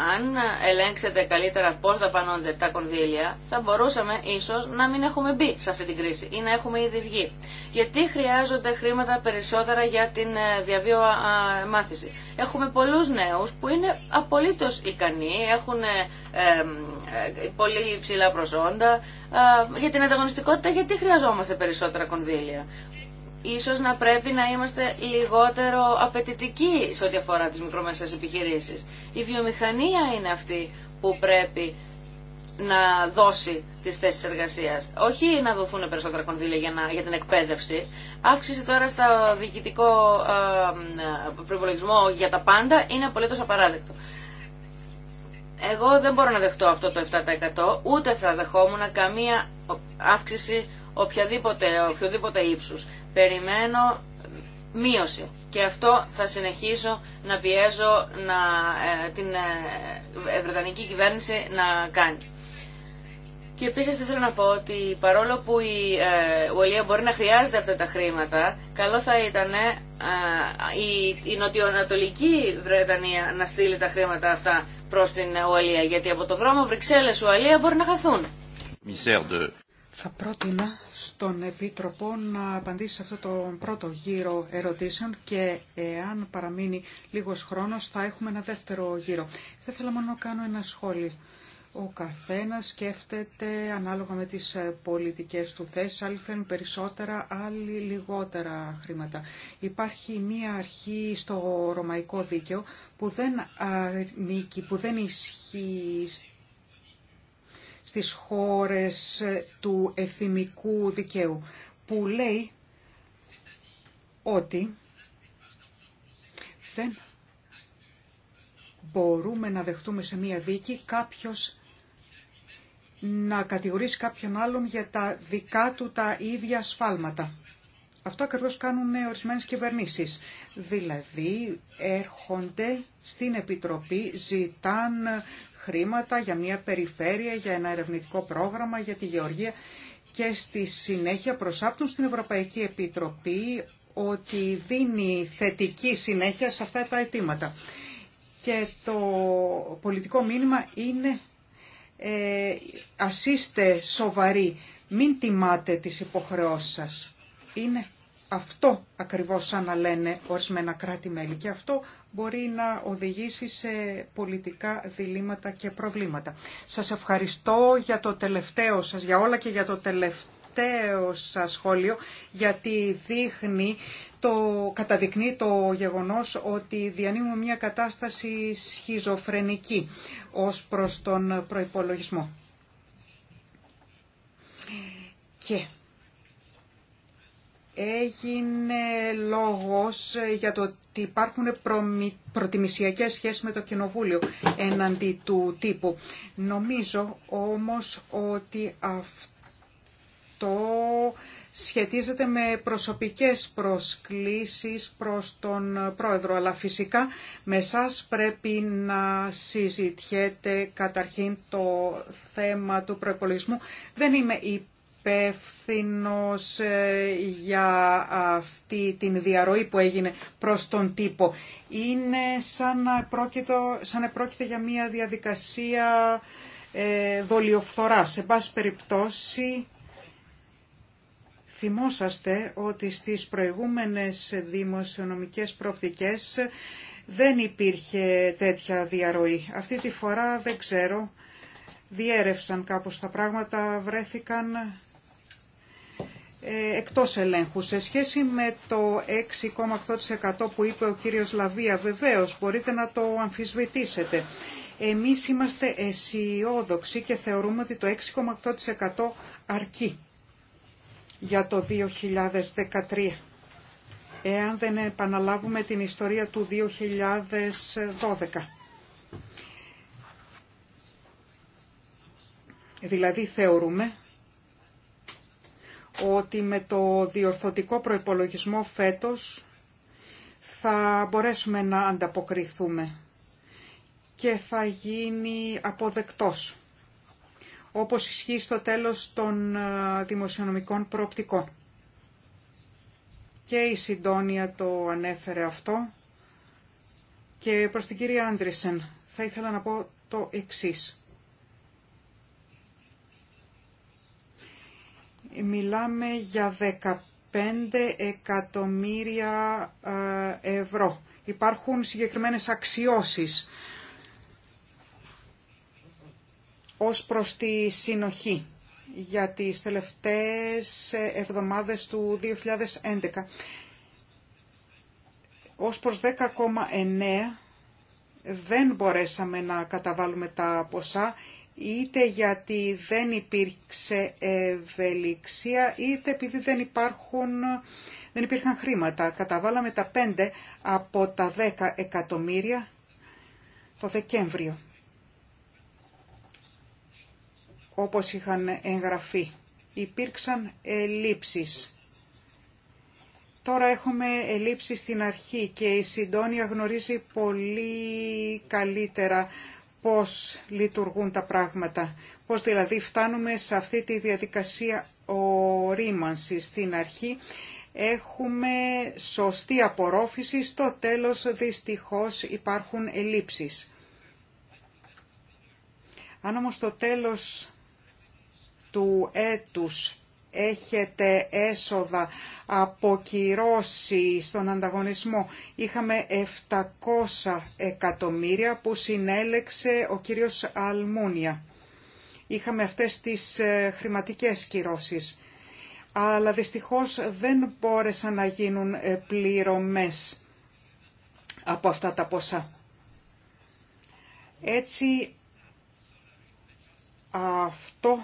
S3: αν ελέγξετε καλύτερα πώς δαπανώνται τα κονδύλια, θα μπορούσαμε ίσως να μην έχουμε μπει σε αυτή την κρίση ή να έχουμε ήδη βγει. Γιατί χρειάζονται χρήματα περισσότερα για την ε, διαβίω μάθηση. Έχουμε πολλούς νέους που είναι απολύτως ικανοί, έχουν ε, ε, πολύ υψηλά προσόντα. για την ανταγωνιστικότητα γιατί χρειαζόμαστε περισσότερα κονδύλια ίσως να πρέπει να είμαστε λιγότερο απαιτητικοί σε ό,τι αφορά τις μικρομεσαίες επιχειρήσεις. Η βιομηχανία είναι αυτή που πρέπει να δώσει τις θέσεις εργασίας. Όχι να δοθούν περισσότερα κονδύλια για, να, για την εκπαίδευση. Αύξηση τώρα στο διοικητικό ε, προπολογισμό για τα πάντα είναι απολύτως απαράδεκτο. Εγώ δεν μπορώ να δεχτώ αυτό το 7% ούτε θα δεχόμουν καμία αύξηση οποιαδήποτε, οποιοδήποτε ύψους. Περιμένω μείωση. Και αυτό θα συνεχίσω να πιέζω να, ε, την ε, Βρετανική κυβέρνηση να κάνει. Και επίσης θέλω να πω ότι παρόλο που ε, η Ουαλία μπορεί να χρειάζεται αυτά τα χρήματα, καλό θα ήταν η, η νοτιοανατολική Βρετανία να στείλει τα χρήματα αυτά προς την Ουαλία, γιατί από το δρόμο Βρυξέλλες-Ουαλία μπορεί να χαθούν.
S2: Θα πρότεινα στον Επίτροπο να απαντήσει σε αυτό το πρώτο γύρο ερωτήσεων και εάν παραμείνει λίγος χρόνος θα έχουμε ένα δεύτερο γύρο. Θα ήθελα μόνο να κάνω ένα σχόλιο. Ο καθένας σκέφτεται ανάλογα με τις πολιτικές του θέσεις, άλλοι θέλουν περισσότερα, άλλοι λιγότερα χρήματα. Υπάρχει μία αρχή στο ρωμαϊκό δίκαιο που δεν αρνίκει, που δεν ισχύει στις χώρες ε, του εθιμικού δικαίου που λέει ότι δεν μπορούμε να δεχτούμε σε μία δίκη κάποιος να κατηγορήσει κάποιον άλλον για τα δικά του τα ίδια σφάλματα. Αυτό ακριβώς κάνουν ορισμένες κυβερνήσεις. Δηλαδή έρχονται στην Επιτροπή, ζητάν χρήματα για μια περιφέρεια, για ένα ερευνητικό πρόγραμμα, για τη γεωργία και στη συνέχεια προσάπτουν στην Ευρωπαϊκή Επιτροπή ότι δίνει θετική συνέχεια σε αυτά τα αιτήματα. Και το πολιτικό μήνυμα είναι ε, ας είστε σοβαροί, μην τιμάτε τις υποχρεώσεις σας. Είναι αυτό ακριβώς σαν να λένε ορισμένα κράτη-μέλη και αυτό μπορεί να οδηγήσει σε πολιτικά διλήμματα και προβλήματα. Σας ευχαριστώ για το τελευταίο σας, για όλα και για το τελευταίο σας σχόλιο, γιατί δείχνει το, καταδεικνύει το γεγονός ότι διανύουμε μια κατάσταση σχιζοφρενική ως προς τον προϋπολογισμό. Και έγινε λόγος για το ότι υπάρχουν προτιμησιακές σχέσεις με το Κοινοβούλιο εναντί του τύπου. Νομίζω όμως ότι αυτό σχετίζεται με προσωπικές προσκλήσεις προς τον πρόεδρο, αλλά φυσικά με σας πρέπει να συζητιέται καταρχήν το θέμα του προϋπολογισμού. Δεν είμαι υπεύθυνο ε, για αυτή την διαρροή που έγινε προς τον τύπο. Είναι σαν να πρόκειται, σαν για μια διαδικασία ε, δολιοφθορά. Σε πάση περιπτώσει, θυμόσαστε ότι στις προηγούμενες δημοσιονομικές προοπτικές δεν υπήρχε τέτοια διαρροή. Αυτή τη φορά δεν ξέρω, διέρευσαν κάπως τα πράγματα, βρέθηκαν ε, εκτός ελέγχου. Σε σχέση με το 6,8% που είπε ο κύριος Λαβία, βεβαίως μπορείτε να το αμφισβητήσετε. Εμείς είμαστε αισιόδοξοι και θεωρούμε ότι το 6,8% αρκεί για το 2013. Εάν δεν επαναλάβουμε την ιστορία του 2012. Δηλαδή θεωρούμε ότι με το διορθωτικό προϋπολογισμό φέτος θα μπορέσουμε να ανταποκριθούμε και θα γίνει αποδεκτός, όπως ισχύει στο τέλος των ε, δημοσιονομικών προοπτικών. Και η Συντόνια το ανέφερε αυτό. Και προς την κυρία Άντρισεν θα ήθελα να πω το εξής. Μιλάμε για 15 εκατομμύρια ε, ευρώ. Υπάρχουν συγκεκριμένες αξιώσεις ως προς τη συνοχή για τις τελευταίες εβδομάδες του 2011. Ως προς 10,9 δεν μπορέσαμε να καταβάλουμε τα ποσά είτε γιατί δεν υπήρξε ευελιξία, είτε επειδή δεν, υπάρχουν, δεν υπήρχαν χρήματα. Καταβάλαμε τα 5 από τα 10 εκατομμύρια το Δεκέμβριο, όπως είχαν εγγραφεί. Υπήρξαν ελλείψεις. Τώρα έχουμε ελλείψεις στην αρχή και η Συντόνια γνωρίζει πολύ καλύτερα πώς λειτουργούν τα πράγματα, πώς δηλαδή φτάνουμε σε αυτή τη διαδικασία ορίμανσης. στην αρχή. Έχουμε σωστή απορρόφηση, στο τέλος δυστυχώς υπάρχουν ελλείψεις. Αν όμως το τέλος του έτους έχετε έσοδα από κυρώσει στον ανταγωνισμό. Είχαμε 700 εκατομμύρια που συνέλεξε ο κύριος Αλμούνια. Είχαμε αυτές τις ε, χρηματικές κυρώσεις. Αλλά δυστυχώς δεν μπόρεσαν να γίνουν ε, πληρωμές από αυτά τα ποσά. Έτσι αυτό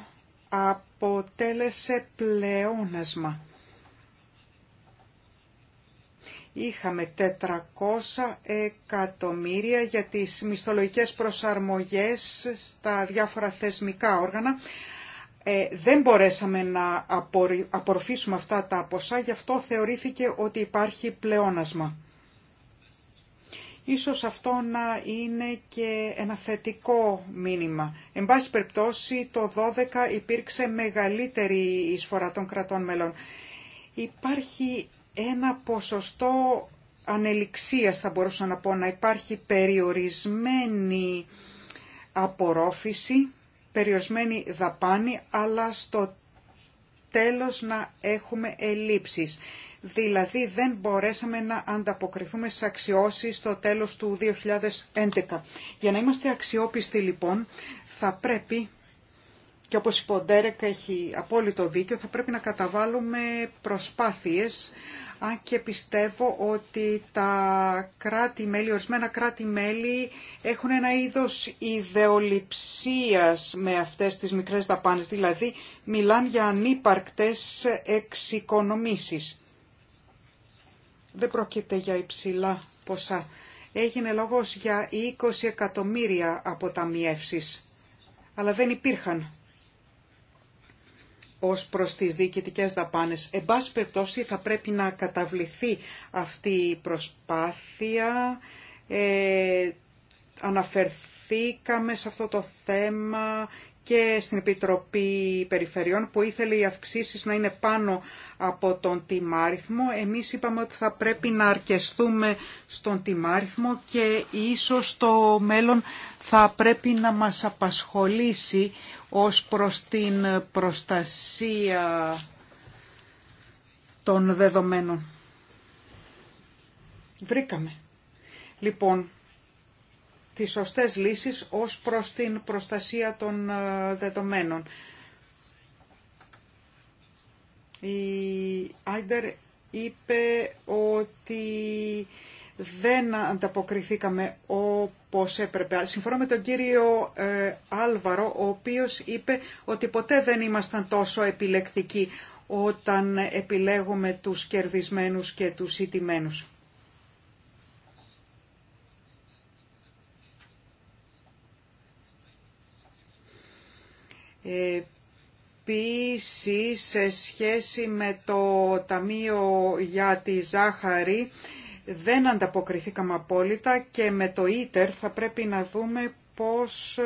S2: αποτέλεσε πλεόνασμα. Είχαμε 400 εκατομμύρια για τις μισθολογικές προσαρμογές στα διάφορα θεσμικά όργανα. Ε, δεν μπορέσαμε να απορροφήσουμε αυτά τα ποσά, γι' αυτό θεωρήθηκε ότι υπάρχει πλεόνασμα. Ίσως αυτό να είναι και ένα θετικό μήνυμα. Εν πάση περιπτώσει, το 12 υπήρξε μεγαλύτερη εισφορά των κρατών μελών. Υπάρχει ένα ποσοστό ανελιξίας, θα μπορούσα να πω, να υπάρχει περιορισμένη απορρόφηση, περιορισμένη δαπάνη, αλλά στο τέλος να έχουμε ελλείψεις δηλαδή δεν μπορέσαμε να ανταποκριθούμε στις αξιώσεις στο τέλος του 2011. Για να είμαστε αξιόπιστοι λοιπόν θα πρέπει και όπως είπε ο έχει απόλυτο δίκιο, θα πρέπει να καταβάλουμε προσπάθειες, αν και πιστεύω ότι τα κράτη-μέλη, ορισμένα κράτη-μέλη έχουν ένα είδος ιδεολειψίας με αυτές τις μικρές δαπάνες, δηλαδή μιλάν για ανύπαρκτες εξοικονομήσεις δεν πρόκειται για υψηλά ποσά. Έγινε λόγος για 20 εκατομμύρια αποταμιεύσεις, αλλά δεν υπήρχαν ως προς τις διοικητικές δαπάνες. Εν πάση περιπτώσει θα πρέπει να καταβληθεί αυτή η προσπάθεια. Ε, αναφερθήκαμε σε αυτό το θέμα και στην Επιτροπή Περιφερειών που ήθελε οι αυξήσεις να είναι πάνω από τον τιμάριθμο. Εμείς είπαμε ότι θα πρέπει να αρκεστούμε στον τιμάριθμο και ίσως το μέλλον θα πρέπει να μας απασχολήσει ως προς την προστασία των δεδομένων. Βρήκαμε. Λοιπόν, τις σωστές λύσεις ως προς την προστασία των ε, δεδομένων. Η Άιντερ είπε ότι δεν ανταποκριθήκαμε όπως έπρεπε. Συμφωνώ με τον κύριο ε, Άλβαρο, ο οποίος είπε ότι ποτέ δεν ήμασταν τόσο επιλεκτικοί όταν επιλέγουμε τους κερδισμένους και τους ιτημένους. Επίση, σε σχέση με το Ταμείο για τη Ζάχαρη, δεν ανταποκριθήκαμε απόλυτα και με το ίτερ θα πρέπει να δούμε πώς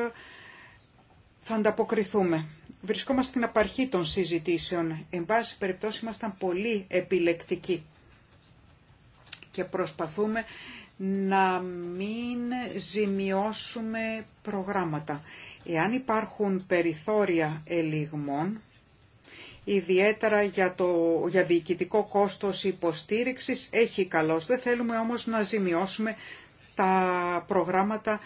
S2: θα ανταποκριθούμε. Βρισκόμαστε στην απαρχή των συζητήσεων. Εν πάση περιπτώσει ήμασταν πολύ επιλεκτικοί και προσπαθούμε να μην ζημιώσουμε προγράμματα. Εάν υπάρχουν περιθώρια ελιγμών, ιδιαίτερα για, το, για διοικητικό κόστος υποστήριξης, έχει καλός. Δεν θέλουμε όμως να ζημιώσουμε τα προγράμματα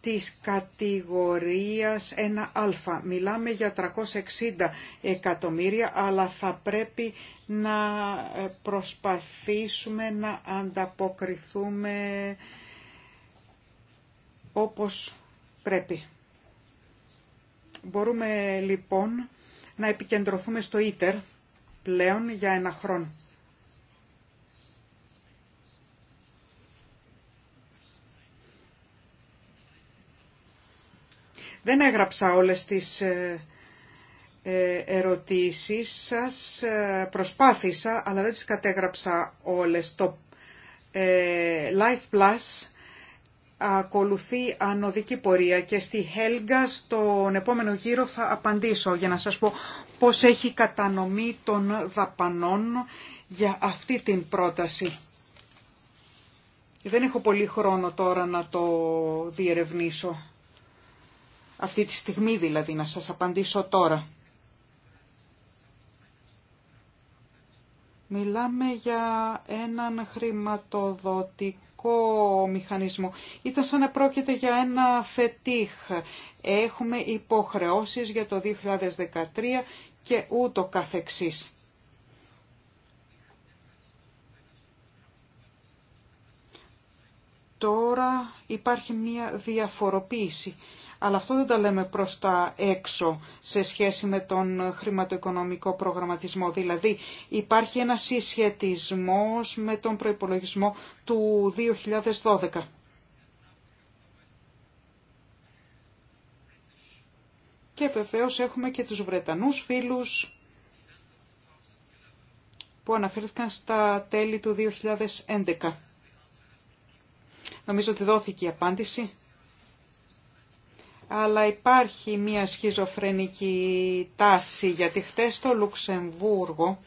S2: της κατηγορίας 1α. Μιλάμε για 360 εκατομμύρια, αλλά θα πρέπει να ε, προσπαθήσουμε να ανταποκριθούμε όπως πρέπει. Μπορούμε λοιπόν να επικεντρωθούμε στο ίτερ πλέον για ένα χρόνο. Δεν έγραψα όλες τις ε, ε, ερωτήσεις σας, ε, προσπάθησα, αλλά δεν τις κατέγραψα όλες. Το Life Plus ακολουθεί ανωδική πορεία και στη Χέλγκα στον επόμενο γύρο θα απαντήσω για να σας πω πώς έχει κατανομή των δαπανών για αυτή την πρόταση. Δεν έχω πολύ χρόνο τώρα να το διερευνήσω. Αυτή τη στιγμή δηλαδή, να σας απαντήσω τώρα. Μιλάμε για έναν χρηματοδότη μηχανισμό. Ήταν σαν να πρόκειται για ένα φετίχ. Έχουμε υποχρεώσεις για το 2013 και ούτω καθεξής. Τώρα υπάρχει μία διαφοροποίηση αλλά αυτό δεν τα λέμε προς τα έξω σε σχέση με τον χρηματοοικονομικό προγραμματισμό. Δηλαδή υπάρχει ένα συσχετισμός με τον προϋπολογισμό του 2012. Και βεβαίως έχουμε και τους Βρετανούς φίλους που αναφέρθηκαν στα τέλη του 2011. Νομίζω ότι δόθηκε η απάντηση αλλά υπάρχει μια σχιζοφρενική τάση, γιατί χτες στο Λουξεμβούργο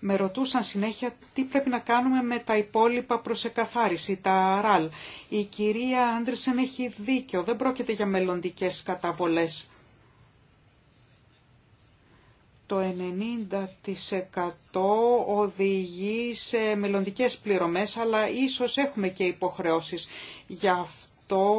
S2: με ρωτούσαν συνέχεια τι πρέπει να κάνουμε με τα υπόλοιπα προς τα ραλ. Η κυρία Άντρισεν έχει δίκιο, δεν πρόκειται για μελλοντικές καταβολές. Το 90% οδηγεί σε μελλοντικές πληρωμές, αλλά ίσως έχουμε και υποχρεώσεις. Γι' αυτό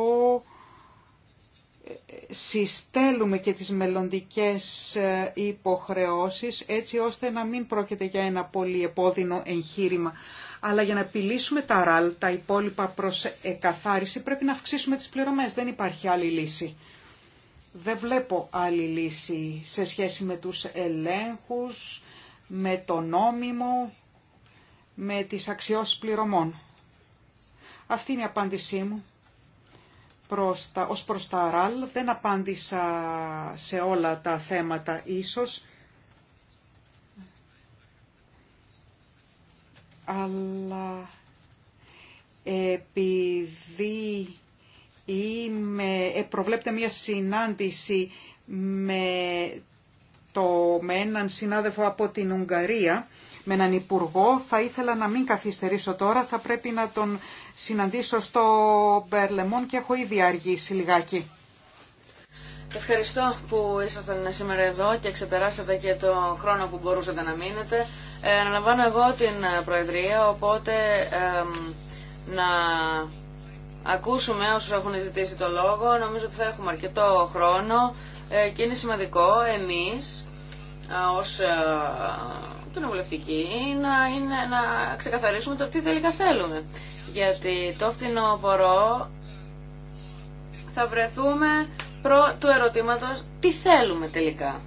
S2: συστέλουμε και τις μελλοντικές ε, υποχρεώσεις έτσι ώστε να μην πρόκειται για ένα πολύ επώδυνο εγχείρημα. Αλλά για να επιλύσουμε τα ραλ, τα υπόλοιπα προς εκαθάριση, πρέπει να αυξήσουμε τις πληρωμές. Δεν υπάρχει άλλη λύση. Δεν βλέπω άλλη λύση σε σχέση με τους ελέγχους, με το νόμιμο, με τις αξιώσεις πληρωμών. Αυτή είναι η απάντησή μου προς τα, ως προς τα ΡΑΛ. Δεν απάντησα σε όλα τα θέματα ίσως. Αλλά επειδή είμαι, ε, μια συνάντηση με το με έναν συνάδελφο από την Ουγγαρία, με έναν υπουργό. Θα ήθελα να μην καθυστερήσω τώρα, θα πρέπει να τον συναντήσω στο Μπερλεμόν και έχω ήδη αργήσει λιγάκι.
S3: Ευχαριστώ που ήσασταν σήμερα εδώ και ξεπεράσατε και το χρόνο που μπορούσατε να μείνετε. Ε, αναλαμβάνω εγώ την Προεδρία, οπότε να ακούσουμε όσους έχουν ζητήσει το λόγο. Νομίζω ότι θα έχουμε αρκετό χρόνο. Ε, και είναι σημαντικό εμείς ε, ως ε, κοινοβουλευτικοί να, είναι, να ξεκαθαρίσουμε το τι τελικά θέλουμε. Γιατί το φθινόπωρο θα βρεθούμε προ του ερωτήματος τι θέλουμε τελικά.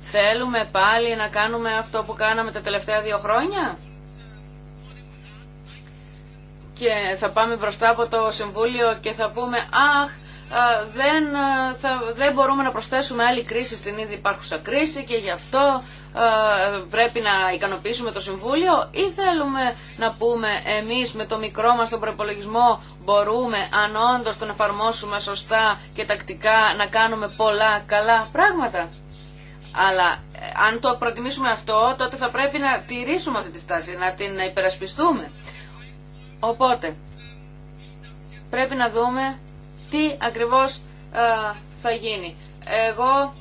S3: Θέλουμε πάλι να κάνουμε αυτό που κάναμε τα τελευταία δύο χρόνια και θα πάμε μπροστά από το Συμβούλιο και θα πούμε «Αχ, ε, δεν, ε, θα, δεν μπορούμε να προσθέσουμε άλλη κρίση στην ήδη υπάρχουσα κρίση και γι' αυτό ε, πρέπει να ικανοποιήσουμε το Συμβούλιο ή θέλουμε να πούμε εμείς με το μικρό μας τον προπολογισμό μπορούμε αν όντω τον εφαρμόσουμε σωστά και τακτικά να κάνουμε πολλά καλά πράγματα. Αλλά αν το προτιμήσουμε αυτό τότε θα πρέπει να τηρήσουμε αυτή τη στάση, να την υπερασπιστούμε. Οπότε πρέπει να δούμε τι ακριβώς ε, θα γίνει. Εγώ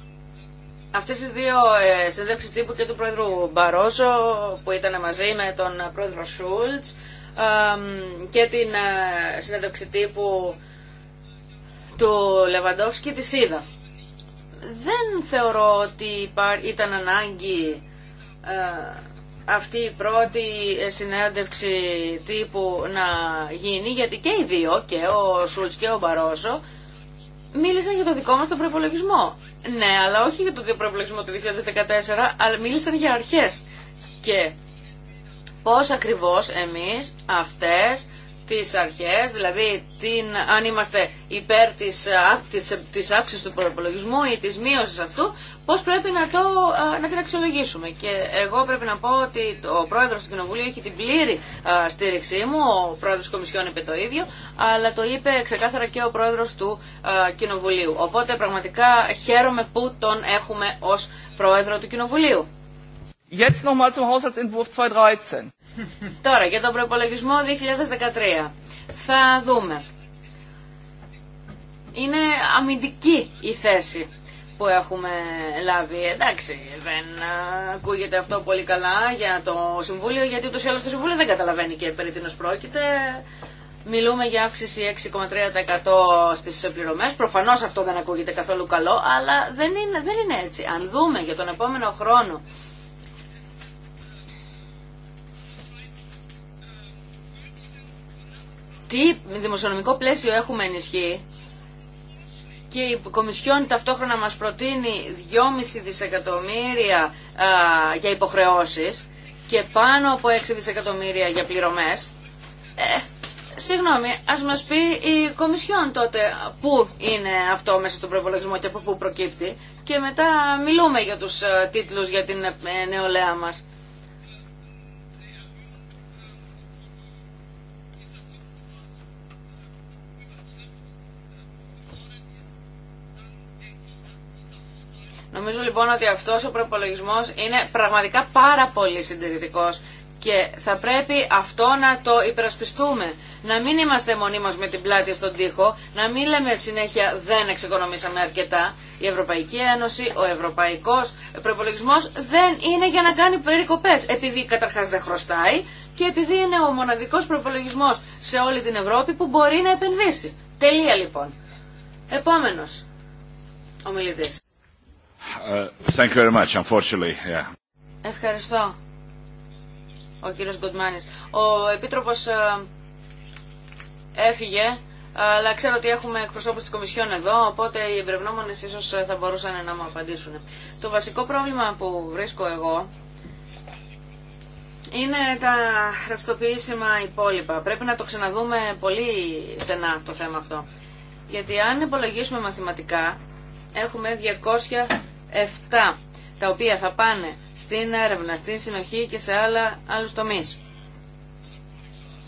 S3: αυτές τις δύο ε, τύπου και του πρόεδρου Μπαρόζο που ήταν μαζί με τον ε, πρόεδρο Σούλτς και την ε, συνέντευξη τύπου του Λεβαντόφσκη της είδα. Δεν θεωρώ ότι ήταν ανάγκη αυτή η πρώτη ε, συνέντευξη τύπου να γίνει, γιατί και οι δύο, και ο Σούλτς και ο Μπαρόσο, μίλησαν για το δικό μας το προπολογισμό. Ναι, αλλά όχι για το προπολογισμό του 2014, αλλά μίλησαν για αρχές. Και πώς ακριβώς εμείς αυτές τις αρχές, δηλαδή την, αν είμαστε υπέρ της, της, αύξησης του προπολογισμού ή της μείωσης αυτού, πώς πρέπει να, το, να την αξιολογήσουμε. Και εγώ πρέπει να πω ότι ο πρόεδρος του Κοινοβουλίου έχει την πλήρη στήριξή μου, ο πρόεδρος της Κομισιόν είπε το ίδιο, αλλά το είπε ξεκάθαρα και ο πρόεδρος του Κοινοβουλίου. Οπότε πραγματικά χαίρομαι που τον έχουμε ως πρόεδρο του Κοινοβουλίου. Jetzt noch zum Haushaltsentwurf
S2: 2013.
S3: Τώρα για τον προπολογισμό 2013. Θα δούμε. Είναι αμυντική η θέση που έχουμε λάβει. Εντάξει, δεν ακούγεται αυτό πολύ καλά για το Συμβούλιο, γιατί ούτως ή άλλως το Συμβούλιο δεν καταλαβαίνει και περί τίνος πρόκειται. Μιλούμε για αύξηση 6,3% στις πληρωμές. Προφανώς αυτό δεν ακούγεται καθόλου καλό, αλλά δεν είναι, δεν είναι έτσι. Αν δούμε για τον επόμενο χρόνο τι δημοσιονομικό πλαίσιο έχουμε ενισχύει και η Κομισιόν ταυτόχρονα μας προτείνει 2,5 δισεκατομμύρια για υποχρεώσεις και πάνω από 6 δισεκατομμύρια για πληρωμές. Ε, συγγνώμη, ας μας πει η Κομισιόν τότε πού είναι αυτό μέσα στον προπολογισμό και από πού προκύπτει και μετά μιλούμε για τους ε, τίτλους για την ε, νεολαία μας. Νομίζω λοιπόν ότι αυτός ο προπολογισμό είναι πραγματικά πάρα πολύ συντηρητικός και θα πρέπει αυτό να το υπερασπιστούμε. Να μην είμαστε μονίμως με την πλάτη στον τοίχο, να μην λέμε συνέχεια δεν εξοικονομήσαμε αρκετά. Η Ευρωπαϊκή Ένωση, ο ευρωπαϊκός προπολογισμό δεν είναι για να κάνει περικοπές, επειδή καταρχάς δεν χρωστάει και επειδή είναι ο μοναδικός προπολογισμό σε όλη την Ευρώπη που μπορεί να επενδύσει. Τελεία λοιπόν. Επόμενος, ο Uh, Ευχαριστώ, ο κύριος Γκοντμάνης. Ο Επίτροπος ε, έφυγε, αλλά ξέρω ότι έχουμε εκπροσώπους της Κομισιόν εδώ, οπότε οι εμπρευνόμονες ίσως θα μπορούσαν να μου απαντήσουν. Το βασικό πρόβλημα που βρίσκω εγώ είναι τα ρευστοποιήσιμα υπόλοιπα. Πρέπει να το ξαναδούμε πολύ στενά το θέμα αυτό. Γιατί αν υπολογίσουμε μαθηματικά, έχουμε 207 τα οποία θα πάνε στην έρευνα, στην συνοχή και σε άλλα, άλλους τομείς.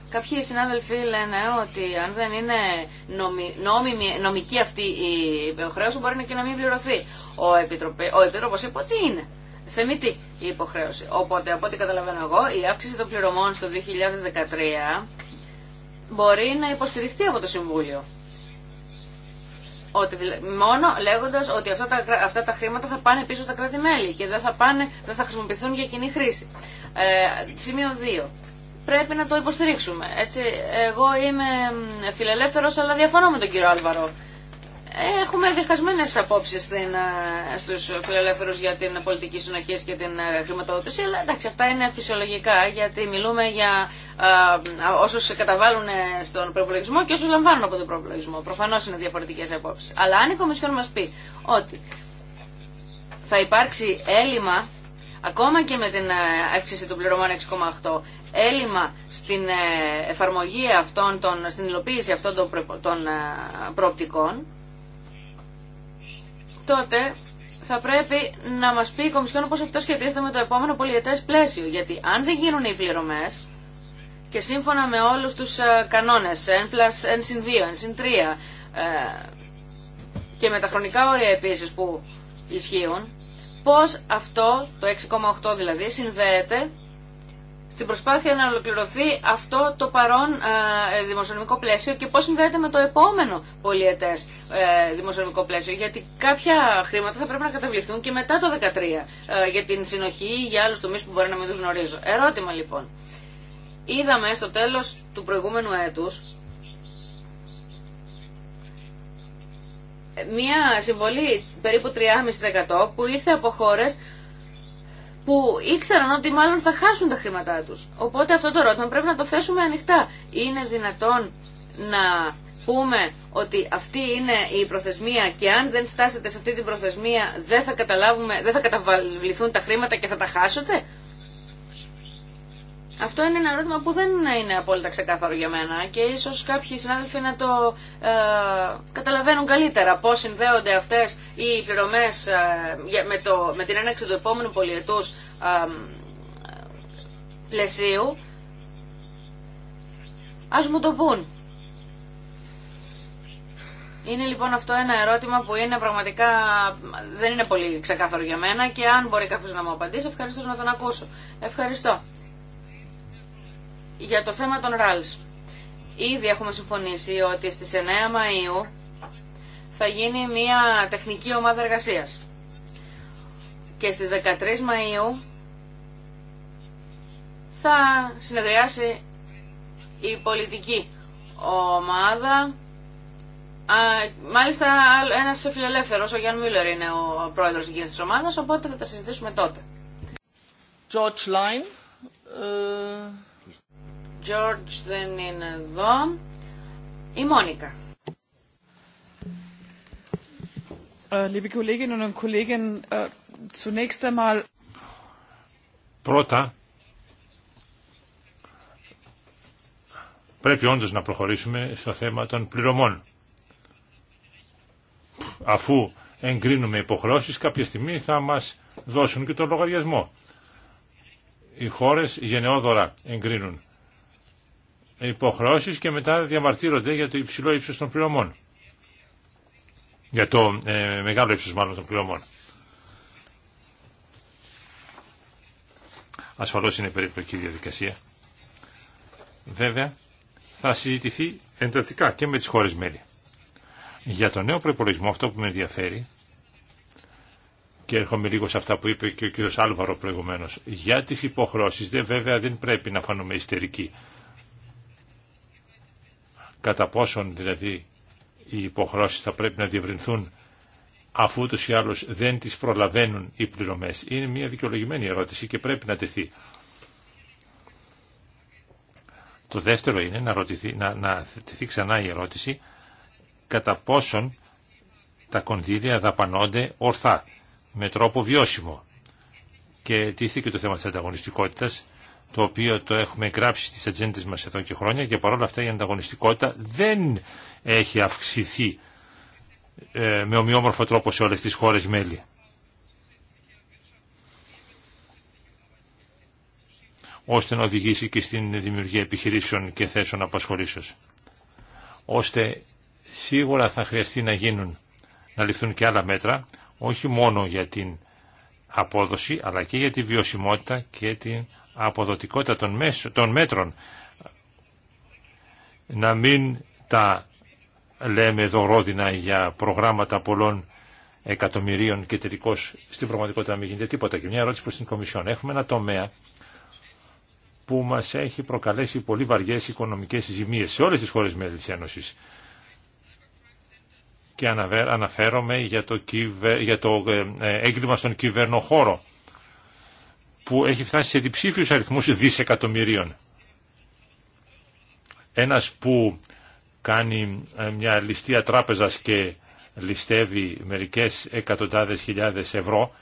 S3: Κάποιοι συνάδελφοι λένε ότι αν δεν είναι νομική αυτή η υποχρέωση μπορεί και να μην πληρωθεί. Ο, Επιτροπε, ο Επιτρόπος είπε ότι είναι θεμητή η υποχρέωση. Οπότε από ό,τι καταλαβαίνω εγώ η αύξηση των πληρωμών στο 2013 μπορεί να υποστηριχθεί από το Συμβούλιο ότι, μόνο λέγοντα ότι αυτά τα, αυτά τα χρήματα θα πάνε πίσω στα κράτη-μέλη και δεν θα, πάνε, δεν θα χρησιμοποιηθούν για κοινή χρήση. Ε, σημείο 2 πρέπει να το υποστηρίξουμε. Έτσι, εγώ είμαι φιλελεύθερος, αλλά διαφωνώ με τον κύριο Άλβαρο. Έχουμε διχασμένε απόψει ε, στου φιλελεύθερου για την πολιτική συνοχή και την ε, χρηματοδότηση, αλλά εντάξει, αυτά είναι φυσιολογικά, γιατί μιλούμε για ε, όσου καταβάλουν στον προπολογισμό και όσου λαμβάνουν από τον προπολογισμό. Προφανώ είναι διαφορετικέ απόψει. Αλλά αν η Κομισιόν μα πει ότι θα υπάρξει έλλειμμα, ακόμα και με την αύξηση των πληρωμών 6,8, έλλειμμα στην εφαρμογή αυτών των, στην υλοποίηση αυτών των προοπτικών, τότε θα πρέπει να μας πει η Κομισιόν πώς αυτό σχετίζεται με το επόμενο πολιετές πλαίσιο. Γιατί αν δεν γίνουν οι πληρωμές και σύμφωνα με όλους τους ε, κανόνες, εν πλας, εν συν 2, εν συν 3 ε, και με τα χρονικά όρια επίσης που ισχύουν, πώς αυτό, το 6,8 δηλαδή, συνδέεται στην προσπάθεια να ολοκληρωθεί αυτό το παρόν ε, δημοσιονομικό πλαίσιο και πώς συνδέεται με το επόμενο πολιετές ε, δημοσιονομικό πλαίσιο. Γιατί κάποια χρήματα θα πρέπει να καταβληθούν και μετά το 2013 ε, για την συνοχή ή για άλλους τομείς που μπορεί να μην τους γνωρίζω. Ερώτημα λοιπόν. Είδαμε στο τέλος του προηγούμενου έτους μια συμβολή περίπου 3,5% που ήρθε από χώρες που ήξεραν ότι μάλλον θα χάσουν τα χρήματά τους. Οπότε αυτό το ερώτημα πρέπει να το θέσουμε ανοιχτά. Είναι δυνατόν να πούμε ότι αυτή είναι η προθεσμία και αν δεν φτάσετε σε αυτή την προθεσμία δεν θα, καταλάβουμε, δεν θα καταβληθούν τα χρήματα και θα τα χάσετε. Αυτό είναι ένα ερώτημα που δεν είναι απόλυτα ξεκάθαρο για μένα και ίσως κάποιοι συνάδελφοι να το ε, καταλαβαίνουν καλύτερα πώς συνδέονται αυτές οι πληρωμές ε, με, με την έναξη του επόμενου πολιετούς ε, πλαισίου. Ας μου το πούν. Είναι λοιπόν αυτό ένα ερώτημα που είναι πραγματικά δεν είναι πολύ ξεκάθαρο για μένα και αν μπορεί κάποιο να μου απαντήσει ευχαριστώ να τον ακούσω. Ευχαριστώ. Για το θέμα των ράλς. Ήδη έχουμε συμφωνήσει ότι στις 9 Μαΐου θα γίνει μια τεχνική ομάδα εργασίας. Και στις 13 Μαΐου θα συνεδριάσει η πολιτική ομάδα. μάλιστα ένας φιλελεύθερος, ο Γιάνν Μίλλερ είναι ο πρόεδρος εκείνης της ομάδας, οπότε θα τα συζητήσουμε τότε. George Line, George δεν είναι εδώ. Η Μόνικα.
S2: Ε, liebe Kolleginnen και Kollegen, ε, zunächst
S1: Πρώτα, πρέπει όντως να προχωρήσουμε στο θέμα των πληρωμών. Αφού εγκρίνουμε υποχρεώσεις, κάποια στιγμή θα μας δώσουν και τον λογαριασμό. Οι χώρες γενναιόδωρα εγκρίνουν υποχρεώσεις και μετά διαμαρτύρονται για το υψηλό ύψος των πληρωμών. Για το ε, μεγάλο ύψος μάλλον των πληρωμών. Ασφαλώς είναι περιπλοκή διαδικασία. Βέβαια, θα συζητηθεί εντατικά και με τις χώρες μέλη. Για το νέο προπολογισμό αυτό που με ενδιαφέρει και έρχομαι λίγο σε αυτά που είπε και ο κύριος Άλβαρο προηγουμένως για τις υποχρώσεις δεν βέβαια δεν πρέπει να φανούμε ιστερικοί κατά πόσον δηλαδή οι υποχρώσεις θα πρέπει να διευρυνθούν αφού ούτως ή άλλως δεν τις προλαβαίνουν οι πληρωμές. Είναι μια δικαιολογημένη ερώτηση και πρέπει να τεθεί. Το δεύτερο είναι να, ρωτηθεί, να, να τεθεί ξανά η ερώτηση κατά πόσον τα κονδύλια δαπανώνται ορθά, με τρόπο βιώσιμο. Και τίθηκε το θέμα της ανταγωνιστικότητας το οποίο το έχουμε γράψει στις ατζέντες μας εδώ και χρόνια και παρόλα αυτά η ανταγωνιστικότητα δεν έχει αυξηθεί ε, με ομοιόμορφο τρόπο σε όλες τις χώρες μέλη. ώστε να οδηγήσει και στην δημιουργία επιχειρήσεων και θέσεων απασχολήσεως. Ώστε σίγουρα θα χρειαστεί να γίνουν, να ληφθούν και άλλα μέτρα, όχι μόνο για την απόδοση, αλλά και για τη βιωσιμότητα και την αποδοτικότητα των, των μέτρων να μην τα λέμε ρόδινα για προγράμματα πολλών εκατομμυρίων και τελικώ στην πραγματικότητα μην γίνεται τίποτα. Και μια ερώτηση προς την Κομισιόν. Έχουμε ένα τομέα που μας έχει προκαλέσει πολύ βαριές οικονομικές ζημίες σε όλες τις χώρες μέλη της Ένωσης. Και αναφέρομαι για το, κυβε... για το ε, ε, έγκλημα στον κυβερνοχώρο που έχει φτάσει σε διψήφιους αριθμούς δισεκατομμυρίων. Ένας που κάνει ε, μια ληστεία τράπεζας και ληστεύει μερικές εκατοντάδες χιλιάδες ευρώ,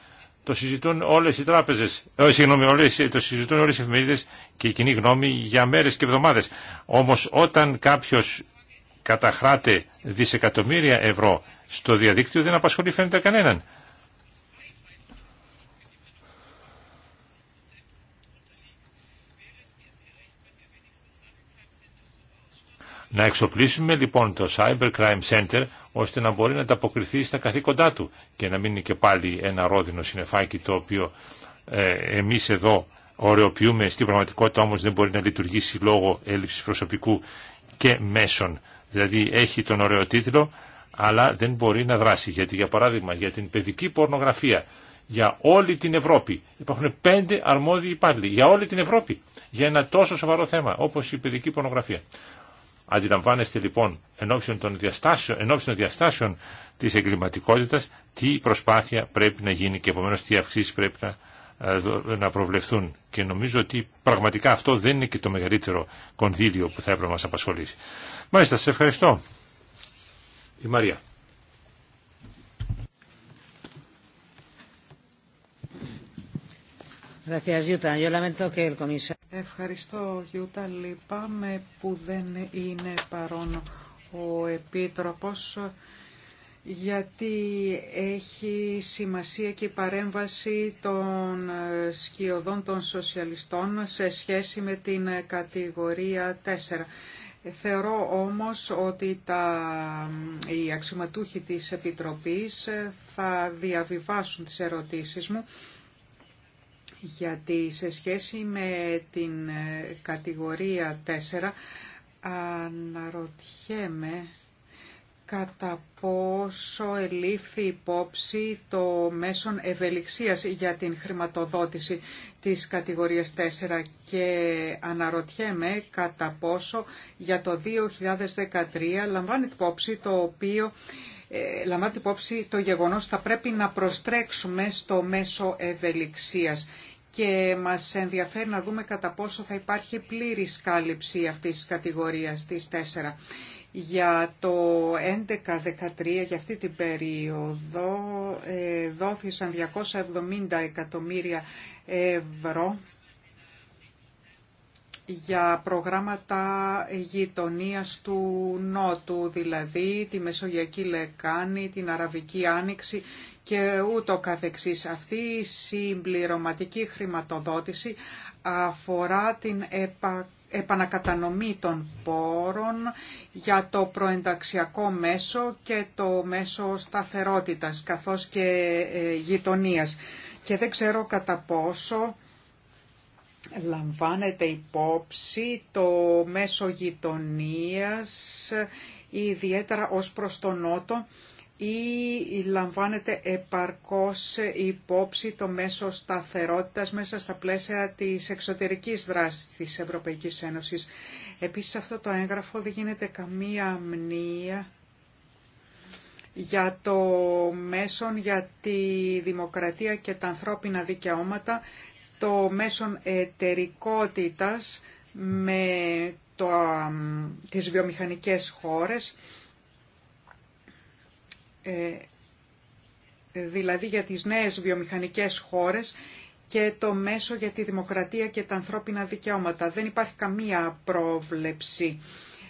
S1: το συζητούν όλες οι τράπεζες, ε, συγγνώμη, όλες, το συζητούν όλες οι εφημερίδες και η κοινή γνώμη για μέρες και εβδομάδες. Όμως όταν κάποιος καταχράται δισεκατομμύρια ευρώ στο διαδίκτυο δεν απασχολεί φαίνεται κανέναν. Να εξοπλίσουμε λοιπόν το Cyber Crime Center ώστε να μπορεί να ανταποκριθεί στα καθήκοντά του και να μην είναι και πάλι ένα ρόδινο συνεφάκι το οποίο ε, εμείς εδώ ωρεοποιούμε στην πραγματικότητα όμως δεν μπορεί να λειτουργήσει λόγω έλλειψης προσωπικού και μέσων. Δηλαδή έχει τον ωραίο τίτλο αλλά δεν μπορεί να δράσει γιατί για παράδειγμα για την παιδική πορνογραφία για όλη την Ευρώπη. Υπάρχουν πέντε αρμόδιοι υπάλληλοι για όλη την Ευρώπη για ένα τόσο σοβαρό θέμα όπως η παιδική πορνογραφία. Αντιλαμβάνεστε λοιπόν ενώπιον των διαστάσεων, τη της εγκληματικότητας τι προσπάθεια πρέπει να γίνει και επομένως τι αυξήσεις πρέπει ε, να, προβλεφθούν. Και νομίζω ότι πραγματικά αυτό δεν είναι και το μεγαλύτερο κονδύλιο που θα έπρεπε να μας απασχολήσει. Μάλιστα, σας ευχαριστώ. Η Μαρία.
S2: Ευχαριστώ Γιούτα. Λυπάμαι που δεν είναι παρόν ο Επίτροπος γιατί έχει σημασία και η παρέμβαση των σκιωδών των σοσιαλιστών σε σχέση με την κατηγορία 4. Θεωρώ όμως ότι τα, οι αξιωματούχοι της Επιτροπής θα διαβιβάσουν τις ερωτήσεις μου γιατί σε σχέση με την ε, κατηγορία 4 αναρωτιέμαι κατά πόσο ελήφθη υπόψη το μέσον ευελιξίας για την χρηματοδότηση της κατηγορίας 4 και αναρωτιέμαι κατά πόσο για το 2013 λαμβάνει υπόψη το οποίο ε, λαμβάνει υπόψη το γεγονός θα πρέπει να προστρέξουμε στο μέσο ευελιξίας και μας ενδιαφέρει να δούμε κατά πόσο θα υπάρχει πλήρης κάλυψη αυτής της κατηγορίας της 4. Για το 11-13, για αυτή την περίοδο, ε, δόθησαν 270 εκατομμύρια ευρώ για προγράμματα γειτονίας του Νότου, δηλαδή τη Μεσογειακή Λεκάνη, την Αραβική Άνοιξη και ούτω καθεξής. Αυτή η συμπληρωματική χρηματοδότηση αφορά την επανακατανομή των πόρων για το προενταξιακό μέσο και το μέσο σταθερότητας καθώς και ε, γειτονίας. Και δεν ξέρω κατά πόσο λαμβάνεται υπόψη το μέσο γειτονίας ιδιαίτερα ως προς τον Νότο ή λαμβάνεται επαρκώς υπόψη το μέσο σταθερότητας μέσα στα πλαίσια της εξωτερικής δράσης της Ευρωπαϊκής Ένωσης. Επίσης αυτό το έγγραφο δεν γίνεται καμία αμνία για το μέσον για τη δημοκρατία και τα ανθρώπινα δικαιώματα, το μέσον εταιρικότητας με το, τις βιομηχανικές χώρες, ε, δηλαδή για τις νέες βιομηχανικές χώρες και το μέσο για τη δημοκρατία και τα ανθρώπινα δικαιώματα. Δεν υπάρχει καμία πρόβλεψη.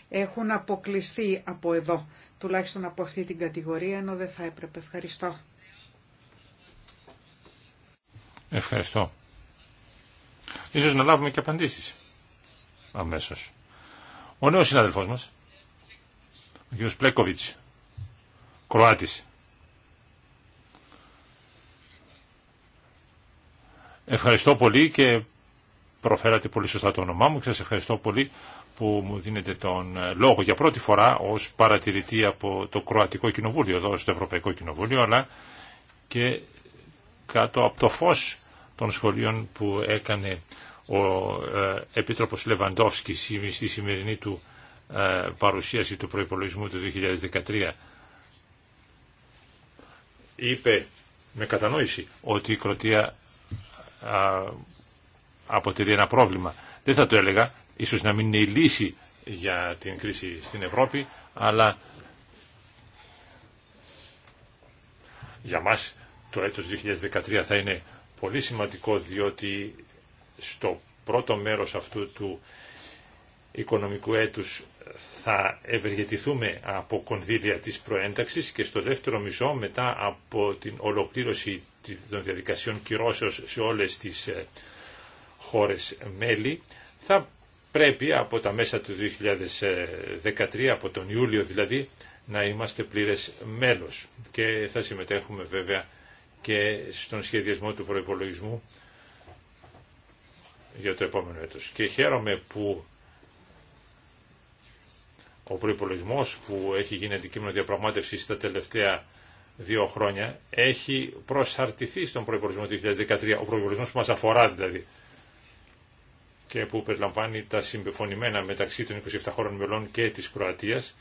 S2: Έχουν αποκλειστεί από εδώ, τουλάχιστον από αυτή την κατηγορία, ενώ δεν θα έπρεπε. Ευχαριστώ.
S1: Ευχαριστώ. Ίσως να λάβουμε και απαντήσεις αμέσως. Ο νέος συνάδελφός μας, ο κ. Πλέκοβιτς. Κροάτης. Ευχαριστώ πολύ και προφέρατε πολύ σωστά το όνομά μου και σας ευχαριστώ πολύ που μου δίνετε τον ε, λόγο για πρώτη φορά ως παρατηρητή από το Κροατικό Κοινοβούλιο εδώ στο Ευρωπαϊκό Κοινοβούλιο αλλά και κάτω από το φως των σχολείων που έκανε ο ε, Επίτροπος Λεβαντόφσκης στη σημερινή του ε, παρουσίαση του προϋπολογισμού του 2013 είπε με κατανόηση ότι η Κροατία αποτελεί ένα πρόβλημα. Δεν θα το έλεγα, ίσως να μην είναι η λύση για την κρίση στην Ευρώπη, αλλά για μας το έτος 2013 θα είναι πολύ σημαντικό διότι στο πρώτο μέρος αυτού του οικονομικού έτους θα ευεργετηθούμε από κονδύλια της προένταξης και στο δεύτερο μισό μετά από την ολοκλήρωση των διαδικασιών κυρώσεως σε όλες τις ε, χώρες μέλη θα πρέπει από τα μέσα του 2013, από τον Ιούλιο δηλαδή, να είμαστε πλήρες μέλος και θα συμμετέχουμε βέβαια και στον σχεδιασμό του προϋπολογισμού για το επόμενο έτος. Και χαίρομαι που ο προπολογισμό που έχει γίνει αντικείμενο διαπραγμάτευση τα τελευταία δύο χρόνια έχει προσαρτηθεί στον προπολογισμό του 2013, ο προπολογισμό που μα αφορά δηλαδή και που περιλαμβάνει τα συμπεφωνημένα μεταξύ των 27 χώρων μελών και της Κροατίας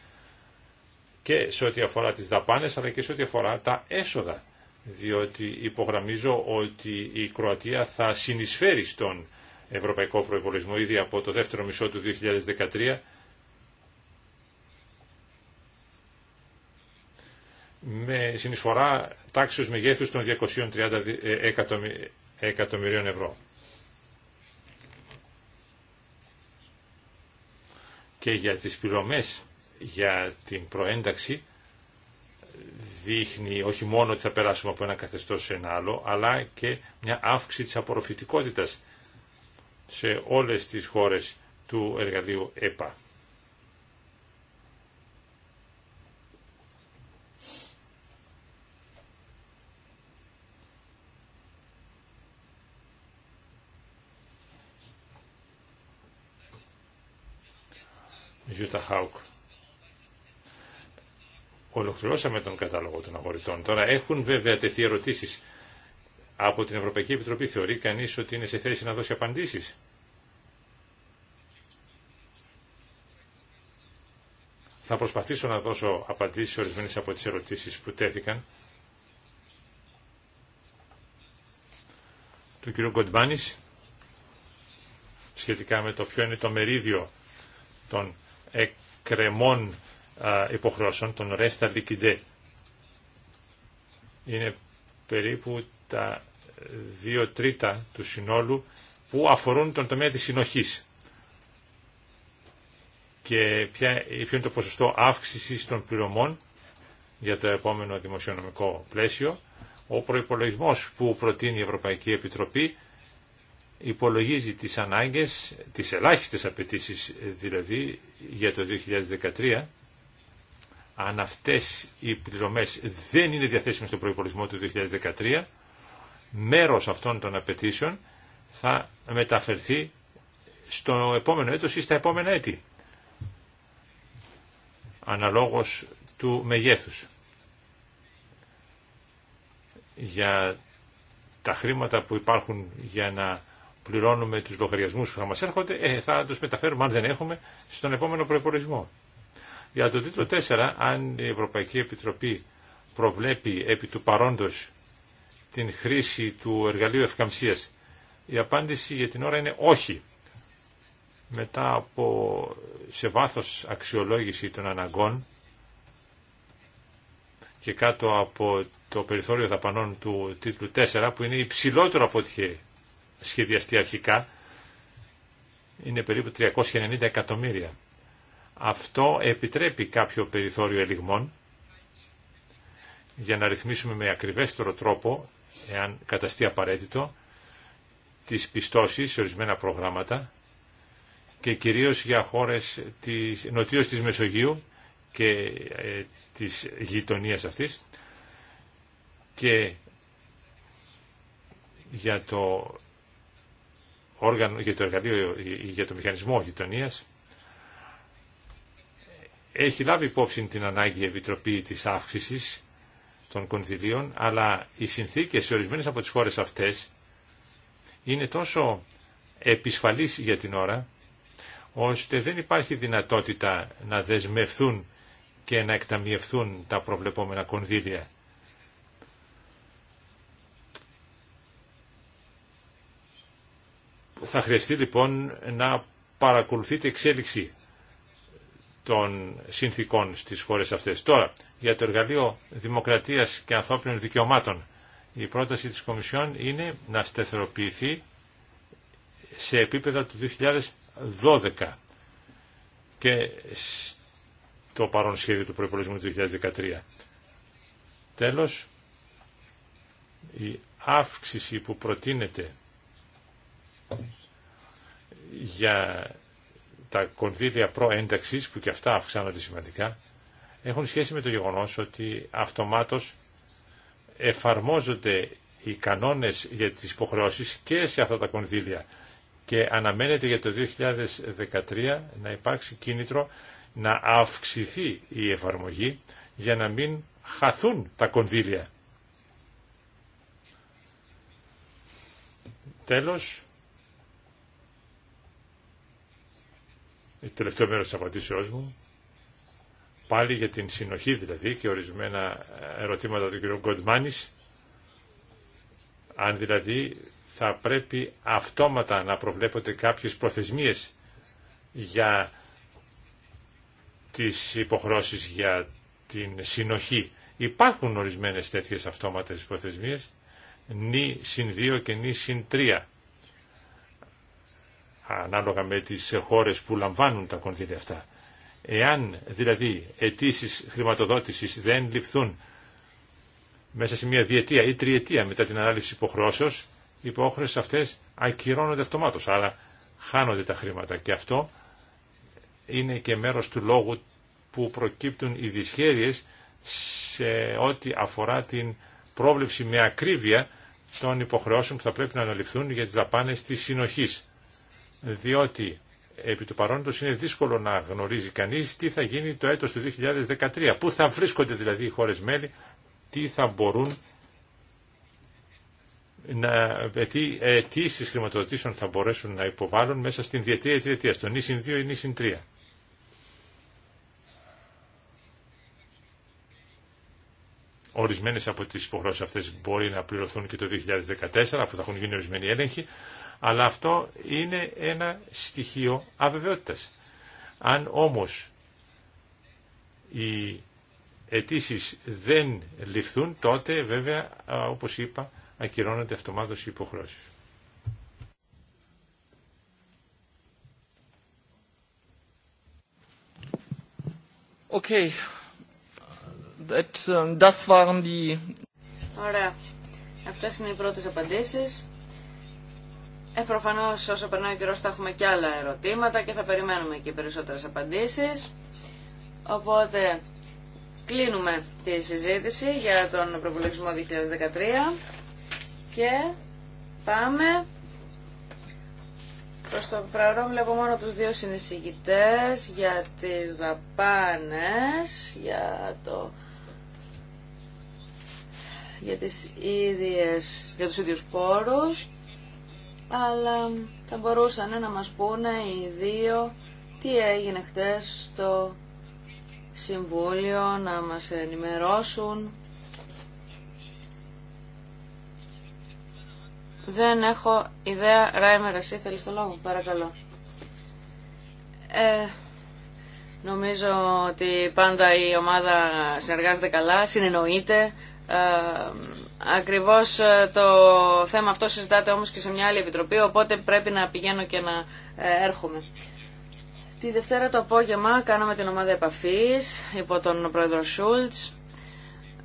S1: και σε ό,τι αφορά τις δαπάνες αλλά και σε ό,τι αφορά τα έσοδα διότι υπογραμμίζω ότι η Κροατία θα συνεισφέρει στον ευρωπαϊκό προϋπολογισμό ήδη από το δεύτερο μισό του 2013 με συνεισφορά τάξεως μεγέθους των 230 ε, εκατομμυρίων ευρώ. Και για τις πληρωμές για την προένταξη δείχνει όχι μόνο ότι θα περάσουμε από ένα καθεστώς σε ένα άλλο, αλλά και μια αύξηση της απορροφητικότητας σε όλες τις χώρες του εργαλείου ΕΠΑ. Γιούτα Χάουκ. Ολοκληρώσαμε τον κατάλογο των αγοριτών. Τώρα έχουν βέβαια τεθεί ερωτήσεις. Από την Ευρωπαϊκή Επιτροπή θεωρεί κανείς ότι είναι σε θέση να δώσει απαντήσεις. Θα προσπαθήσω να δώσω απαντήσεις ορισμένες από τις ερωτήσεις που τέθηκαν. Του κύριο Κοντμπάνης σχετικά με το ποιο είναι το μερίδιο των εκκρεμών υποχρεώσεων, των resta liquide. Είναι περίπου τα δύο τρίτα του συνόλου που αφορούν τον τομέα της συνοχής. Και ποιο είναι το ποσοστό αύξησης των πληρωμών για το επόμενο δημοσιονομικό πλαίσιο. Ο προϋπολογισμός που προτείνει η Ευρωπαϊκή Επιτροπή υπολογίζει τις ανάγκες, τις ελάχιστες απαιτήσει δηλαδή για το 2013, αν αυτές οι πληρωμές δεν είναι διαθέσιμες στο προϋπολογισμό του 2013, μέρος αυτών των απαιτήσεων θα μεταφερθεί στο επόμενο έτος ή στα επόμενα έτη, αναλόγως του μεγέθους. Για τα χρήματα που υπάρχουν για να πληρώνουμε τους λογαριασμούς που θα μας έρχονται, ε, θα τους μεταφέρουμε, αν δεν έχουμε, στον επόμενο προπολογισμό. Για το τίτλο 4, αν η Ευρωπαϊκή Επιτροπή προβλέπει επί του παρόντος την χρήση του εργαλείου ευκαμψίας, η απάντηση για την ώρα είναι όχι. Μετά από σε βάθος αξιολόγηση των αναγκών και κάτω από το περιθώριο δαπανών του τίτλου 4, που είναι υψηλότερο από ό,τι σχεδιαστεί αρχικά είναι περίπου 390 εκατομμύρια. Αυτό επιτρέπει κάποιο περιθώριο ελιγμών για να ρυθμίσουμε με ακριβέστερο τρόπο, εάν καταστεί απαραίτητο, τις πιστώσεις σε ορισμένα προγράμματα και κυρίως για χώρες της, νοτίως της Μεσογείου και ε, της γειτονίας αυτής και για το όργανο, για το για το μηχανισμό γειτονία. Έχει λάβει υπόψη την ανάγκη η Επιτροπή της αύξησης των κονδυλίων, αλλά οι συνθήκες σε ορισμένες από τις χώρες αυτές είναι τόσο επισφαλής για την ώρα, ώστε δεν υπάρχει δυνατότητα να δεσμευθούν και να εκταμιευθούν τα προβλεπόμενα κονδύλια. Θα χρειαστεί λοιπόν να παρακολουθείτε εξέλιξη των συνθήκων στις χώρες αυτές. Τώρα, για το εργαλείο δημοκρατίας και ανθρώπινων δικαιωμάτων, η πρόταση της Κομισιόν είναι να στεθεροποιηθεί σε επίπεδα του 2012 και το παρόν σχέδιο του προϋπολογισμού του 2013. Τέλος, η αύξηση που προτείνεται για τα κονδύλια προένταξης, που και αυτά αυξάνονται σημαντικά, έχουν σχέση με το γεγονός ότι αυτομάτως εφαρμόζονται οι κανόνες για τις υποχρεώσεις και σε αυτά τα κονδύλια και αναμένεται για το 2013 να υπάρξει κίνητρο να αυξηθεί η εφαρμογή για να μην χαθούν τα κονδύλια. Τέλος, Ε, τελευταίο μέρος της απαντήσεώς μου, πάλι για την συνοχή δηλαδή και ορισμένα ε, ερωτήματα του κ. Γκοντμάνης, αν δηλαδή θα πρέπει αυτόματα να προβλέπονται κάποιες προθεσμίες για τις υποχρώσεις για την συνοχή. Υπάρχουν ορισμένες τέτοιες αυτόματες προθεσμίες, νη συν 2 και νη συν 3 ανάλογα με τις χώρες που λαμβάνουν τα κονδύλια αυτά. Εάν δηλαδή αιτήσει χρηματοδότησης δεν ληφθούν μέσα σε μια διετία ή τριετία μετά την ανάληψη υποχρεώσεως, οι υποχρεώσεις αυτές ακυρώνονται αυτομάτως, άρα χάνονται τα χρήματα. Και αυτό είναι και μέρος του λόγου που προκύπτουν οι δυσχέρειες σε ό,τι αφορά την πρόβλεψη με ακρίβεια των υποχρεώσεων που θα πρέπει να αναλυφθούν για τις δαπάνες της συνοχής διότι επί του παρόντος είναι δύσκολο να γνωρίζει κανείς τι θα γίνει το έτος του 2013, πού θα βρίσκονται δηλαδή οι χώρες μέλη, τι θα μπορούν να, ε, τι αιτήσει χρηματοδοτήσεων θα μπορέσουν να υποβάλουν μέσα στην διετία τριετία, στον ίσιν 2 ή ίσιν 3. Ορισμένες από τις υποχρεώσεις αυτές μπορεί να πληρωθούν και το 2014, αφού θα έχουν γίνει ορισμένοι έλεγχοι, αλλά αυτό είναι ένα στοιχείο αβεβαιότητας. Αν όμως οι αιτήσει δεν ληφθούν, τότε βέβαια, όπως είπα, ακυρώνονται αυτομάτως οι υποχρώσεις.
S3: Okay. Um, das waren die... Ωραία. Αυτές είναι οι πρώτες απαντήσεις. Ε, προφανώς όσο περνάει ο καιρό θα έχουμε και άλλα ερωτήματα και θα περιμένουμε και περισσότερες απαντήσεις. Οπότε κλείνουμε τη συζήτηση για τον προπολογισμό 2013 και πάμε προς το παρόν βλέπω μόνο τους δύο συνεισηγητές για τις δαπάνες, για το για τις ίδιες, για τους ίδιους πόρους αλλά θα μπορούσαν να μας πούνε οι δύο τι έγινε χτες στο Συμβούλιο, να μας ενημερώσουν. Δεν έχω ιδέα. Ράιμερ, εσύ θέλεις το λόγο, παρακαλώ. Ε, νομίζω ότι πάντα η ομάδα συνεργάζεται καλά, συνεννοείται. Ε, Ακριβώς ε, το θέμα αυτό συζητάται όμως και σε μια άλλη επιτροπή, οπότε πρέπει να πηγαίνω και να ε, έρχομαι. Τη Δευτέρα το απόγευμα κάναμε την ομάδα επαφής υπό τον πρόεδρο Σούλτς.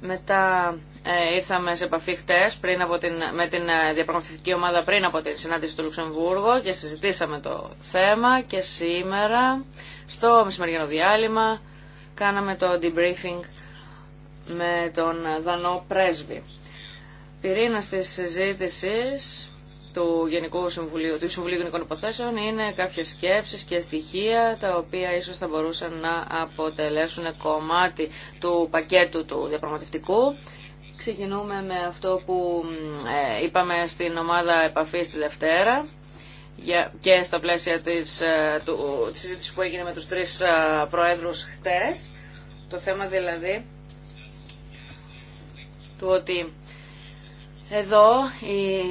S3: Μετά ε, ήρθαμε σε επαφή χτες την, με την διαπραγματευτική ομάδα πριν από την συνάντηση του Λουξεμβούργο και συζητήσαμε το θέμα και σήμερα στο μεσημεριανό διάλειμμα κάναμε το debriefing με τον Δανό Πρέσβη. Η της συζήτησης του Γενικού Συμβουλίου, του Συμβουλίου Γενικών Υποθέσεων είναι κάποιες σκέψεις και στοιχεία τα οποία ίσως θα μπορούσαν να αποτελέσουν κομμάτι του πακέτου του διαπραγματευτικού. Ξεκινούμε με αυτό που ε, είπαμε στην ομάδα επαφής τη Δευτέρα και στα πλαίσια της, ε, του, της συζήτησης που έγινε με τους τρεις ε, προέδρους χτες. Το θέμα δηλαδή του ότι εδώ η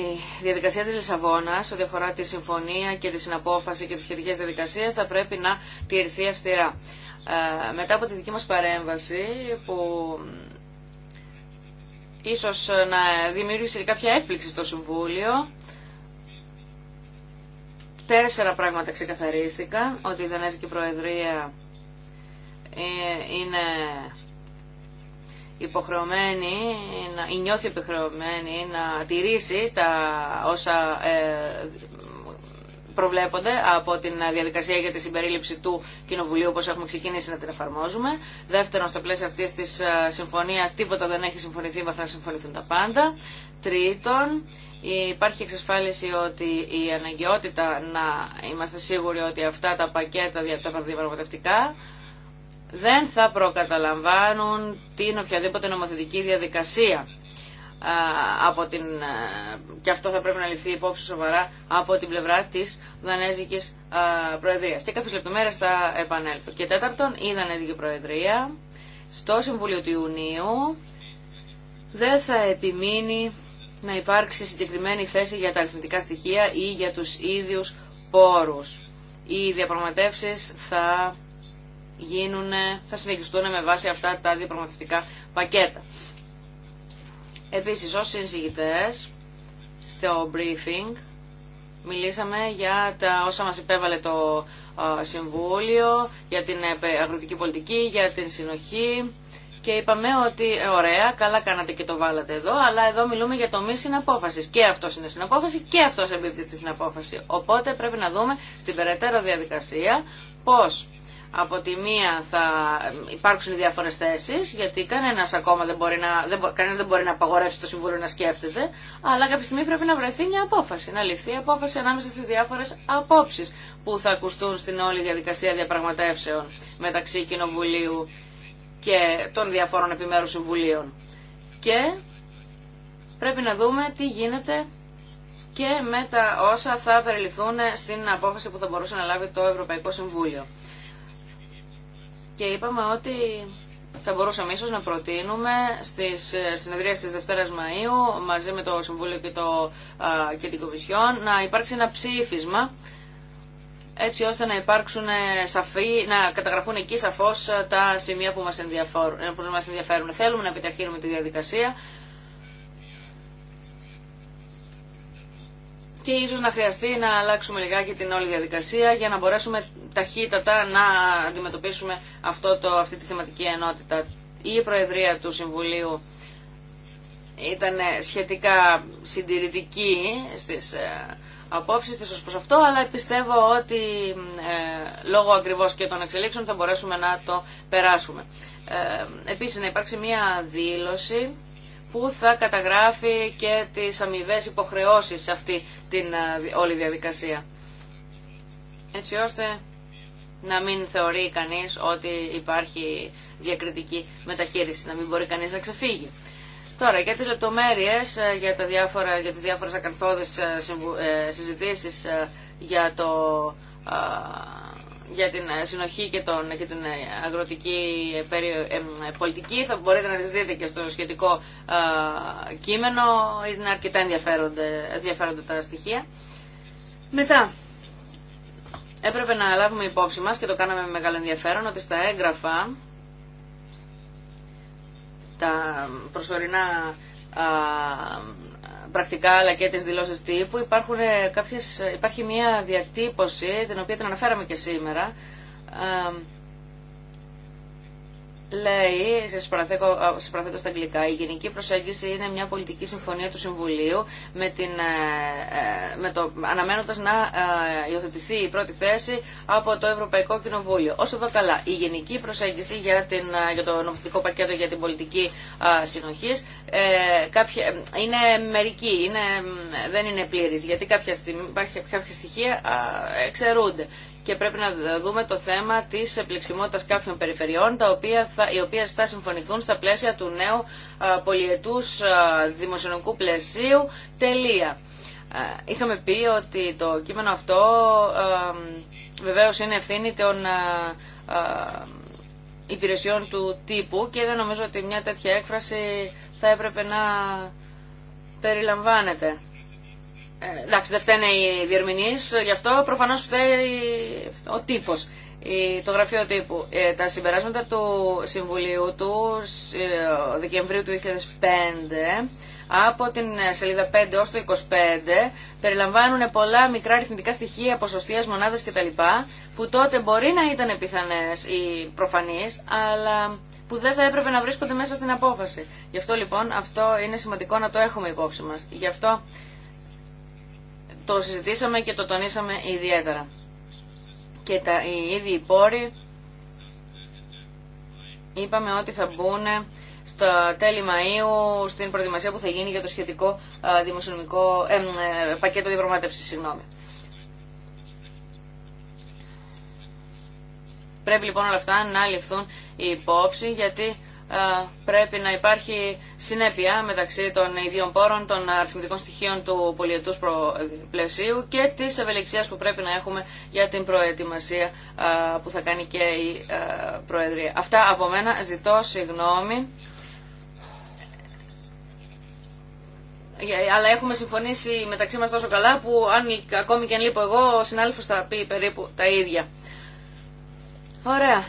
S3: διαδικασία της Λισαβόνας, ό,τι αφορά τη συμφωνία και τη συναπόφαση και τις σχετικές διαδικασίες, θα πρέπει να τηρηθεί αυστηρά. Ε, μετά από τη δική μας παρέμβαση, που ίσως να δημιούργησε κάποια έκπληξη στο Συμβούλιο, τέσσερα πράγματα ξεκαθαρίστηκαν, ότι η Δανέζικη Προεδρία ε, είναι υποχρεωμένη, να, νιώθει υποχρεωμένη να τηρήσει τα όσα ε, προβλέπονται από την διαδικασία για τη συμπερίληψη του Κοινοβουλίου όπως έχουμε ξεκινήσει να την εφαρμόζουμε. Δεύτερον, στο πλαίσιο αυτής της ε, συμφωνίας τίποτα δεν έχει συμφωνηθεί μέχρι να συμφωνηθούν τα πάντα. Τρίτον, υπάρχει εξασφάλιση ότι η αναγκαιότητα να είμαστε σίγουροι ότι αυτά τα πακέτα, τα διαπραγματευτικά, δεν θα προκαταλαμβάνουν την οποιαδήποτε νομοθετική διαδικασία. Από την, και αυτό θα πρέπει να ληφθεί υπόψη σοβαρά από την πλευρά της Δανέζικης Προεδρίας. Και κάποιες λεπτομέρειες θα επανέλθω. Και τέταρτον, η Δανέζικη Προεδρία στο Συμβούλιο του Ιουνίου δεν θα επιμείνει να υπάρξει συγκεκριμένη θέση για τα αριθμητικά στοιχεία ή για τους ίδιους πόρους. Οι διαπραγματεύσεις θα γίνουν, θα συνεχιστούν με βάση αυτά τα διαπραγματευτικά πακέτα. Επίσης, ως συζητητές, στο briefing, μιλήσαμε για τα όσα μας επέβαλε το Συμβούλιο, για την ε, αγροτική πολιτική, για την συνοχή και είπαμε ότι ε, ωραία, καλά κάνατε και το βάλατε εδώ, αλλά εδώ μιλούμε για το μη συναπόφαση. Και αυτό είναι συναπόφαση και αυτό εμπίπτει στη συναπόφαση. Οπότε πρέπει να δούμε στην περαιτέρω διαδικασία πώς από τη μία θα υπάρξουν διάφορε θέσει, γιατί κανένα ακόμα δεν μπορεί, να, δεν, κανένας δεν μπορεί να απαγορεύσει το Συμβούλιο να σκέφτεται, αλλά κάποια στιγμή πρέπει να βρεθεί μια απόφαση, να ληφθεί η απόφαση ανάμεσα στι διάφορε απόψει που θα ακουστούν στην όλη διαδικασία διαπραγματεύσεων μεταξύ Κοινοβουλίου και των διαφόρων επιμέρου συμβουλίων. Και πρέπει να δούμε τι γίνεται και με τα όσα θα περιληφθούν στην απόφαση που θα μπορούσε να λάβει το Ευρωπαϊκό Συμβούλιο και είπαμε ότι θα μπορούσαμε ίσως να προτείνουμε στις ε, συνεδρίες της Δευτέρας Μαΐου μαζί με το Συμβούλιο και, το, και την Κομισιόν να υπάρξει ένα ψήφισμα έτσι ώστε να υπάρξουν ε, σαφή, να καταγραφούν εκεί σαφώς ε, τα σημεία που μας, που μας ενδιαφέρουν. Θέλουμε να επιταχύνουμε τη διαδικασία και ίσως να χρειαστεί να αλλάξουμε λιγάκι την όλη διαδικασία για να μπορέσουμε ταχύτατα να αντιμετωπίσουμε αυτό το, αυτή τη θεματική ενότητα. Η Προεδρία του Συμβουλίου ήταν σχετικά συντηρητική στις ε, απόψεις της ως προς αυτό, αλλά πιστεύω ότι ε, λόγω ακριβώς και των εξελίξεων θα μπορέσουμε να το περάσουμε. Ε, επίσης να υπάρξει μια δήλωση που θα καταγράφει και τις αμοιβέ υποχρεώσεις σε αυτή την όλη διαδικασία. Έτσι ώστε να μην θεωρεί κανείς ότι υπάρχει διακριτική μεταχείριση, να μην μπορεί κανείς να ξεφύγει. Τώρα, για τις λεπτομέρειες, ε, για, τα διάφορα, για τις διάφορες ακαθόδες ε, ε, συζητήσεις για το για την ε, συνοχή και, τον, και την ε, αγροτική ε, πολιτική. Θα μπορείτε να τις δείτε και στο σχετικό κείμενο. Είναι αρκετά ενδιαφέροντα τα στοιχεία. Μετά, έπρεπε να λάβουμε υπόψη μας και το κάναμε με μεγάλο ενδιαφέρον ότι στα έγγραφα τα προσωρινά πρακτικά αλλά και τις δηλώσεις τύπου υπάρχουν ε, κάποιες, υπάρχει μια διατύπωση την οποία την αναφέραμε και σήμερα ε, λέει, σα παραθέτω ε, στα αγγλικά, η γενική προσέγγιση είναι μια πολιτική συμφωνία του Συμβουλίου με, την, ε, ε, αναμένοντας να υιοθετηθεί η πρώτη θέση από το Ευρωπαϊκό Κοινοβούλιο. Όσο εδώ καλά, η γενική προσέγγιση για, το νομοθετικό πακέτο για την πολιτική συνοχή είναι μερική, είναι, δεν είναι πλήρης, γιατί κάποια, κάποια στοιχεία εξαιρούνται και πρέπει να δούμε το θέμα τη επληξιμότητα κάποιων περιφερειών τα οποία θα, οι οποίε θα συμφωνηθούν στα πλαίσια του νέου πολιετούς δημοσιονομικού πλαισίου. Τελεία. Είχαμε πει ότι το κείμενο αυτό βεβαίως είναι ευθύνη των υπηρεσιών του τύπου και δεν νομίζω ότι μια τέτοια έκφραση θα έπρεπε να περιλαμβάνεται εντάξει, δεν φταίνε οι διερμηνεί. γι' αυτό προφανώ φταίει ο τύπο. Το γραφείο τύπου. Ε, τα συμπεράσματα του Συμβουλίου του ε, Δεκεμβρίου του 2005 από την ε, σελίδα 5 ως το 25 περιλαμβάνουν πολλά μικρά αριθμητικά στοιχεία, ποσοστίας, μονάδες κτλ. που τότε μπορεί να ήταν επιθανές ή προφανείς, αλλά που δεν θα έπρεπε να βρίσκονται μέσα στην απόφαση. Γι' αυτό λοιπόν αυτό είναι σημαντικό να το έχουμε υπόψη μας. Γι' αυτό το συζητήσαμε και το τονίσαμε ιδιαίτερα. Και τα, οι ίδιοι πόροι είπαμε ότι θα μπουν στα τέλη Μαΐου στην προετοιμασία που θα γίνει για το σχετικό δημοσιονομικό ε, ε, πακέτο διαπραγμάτευσης. Συγγνώμη. Πρέπει λοιπόν όλα αυτά να ληφθούν υπόψη γιατί ε, πρέπει να υπάρχει συνέπεια μεταξύ των ιδιών πόρων, των αριθμητικών στοιχείων του πολιετούς πλαισίου και της ευελιξίας που πρέπει να έχουμε για την προετοιμασία ε, που θα κάνει και η ε, Προεδρία. Αυτά από μένα. Ζητώ συγγνώμη. Αλλά έχουμε συμφωνήσει μεταξύ μας τόσο καλά που αν ακόμη και αν λείπω εγώ, ο συνάδελφος θα πει περίπου τα ίδια. Ωραία.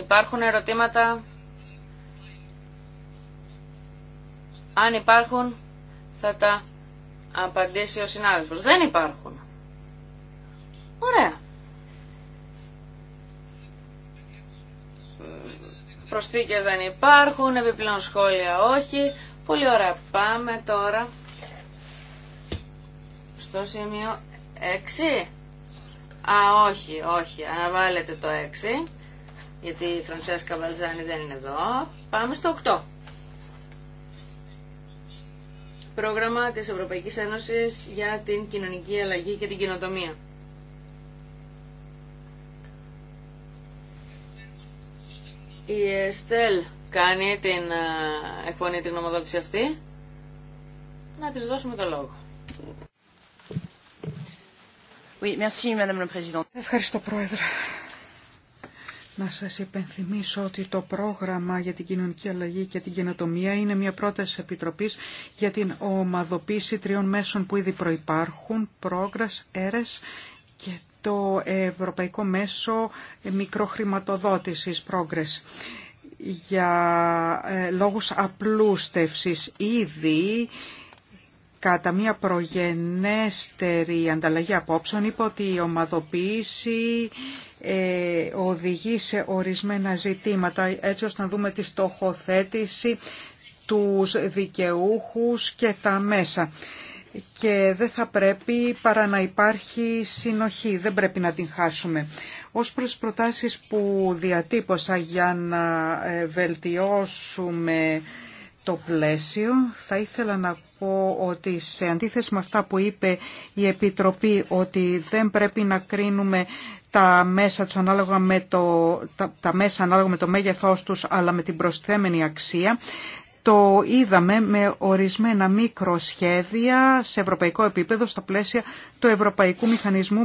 S3: Υπάρχουν ερωτήματα. Αν υπάρχουν, θα τα απαντήσει ο συνάδελφος. Δεν υπάρχουν. Ωραία. Προσθήκες δεν υπάρχουν, επιπλέον σχόλια όχι. Πολύ ωραία. Πάμε τώρα στο σημείο 6. Α, όχι, όχι. Αναβάλλετε το 6 γιατί η Φραντσέσκα Βαλζάνη δεν είναι εδώ. Πάμε στο 8. Πρόγραμμα της Ευρωπαϊκής Ένωσης για την κοινωνική αλλαγή και την κοινοτομία. Η Εστέλ κάνει την, εκπονεί την νομοδότηση αυτή. Να της δώσουμε το λόγο. Oui, merci, Madame
S2: Ευχαριστώ, Πρόεδρε. Να σας υπενθυμίσω ότι το πρόγραμμα για την κοινωνική αλλαγή και την καινοτομία είναι μια πρόταση επιτροπής για την ομαδοποίηση τριών μέσων που ήδη προϋπάρχουν, πρόγρας, έρες και το Ευρωπαϊκό Μέσο Μικροχρηματοδότησης, Progress για ε, λόγους απλούστευσης ήδη κατά μια προγενέστερη ανταλλαγή απόψεων είπε ότι η ομαδοποίηση ε, οδηγεί σε ορισμένα ζητήματα έτσι ώστε να δούμε τη στοχοθέτηση, τους δικαιούχους και τα μέσα. Και δεν θα πρέπει παρά να υπάρχει συνοχή, δεν πρέπει να την χάσουμε. Ως προς προτάσεις που διατύπωσα για να ε, βελτιώσουμε το πλαίσιο, θα ήθελα να πω ότι σε αντίθεση με αυτά που είπε η Επιτροπή ότι δεν πρέπει να κρίνουμε τα μέσα, τους ανάλογα με το, τα, τα μέσα ανάλογα με το μέγεθός τους αλλά με την προσθέμενη αξία το είδαμε με ορισμένα μικροσχέδια σε ευρωπαϊκό επίπεδο στα πλαίσια του Ευρωπαϊκού Μηχανισμού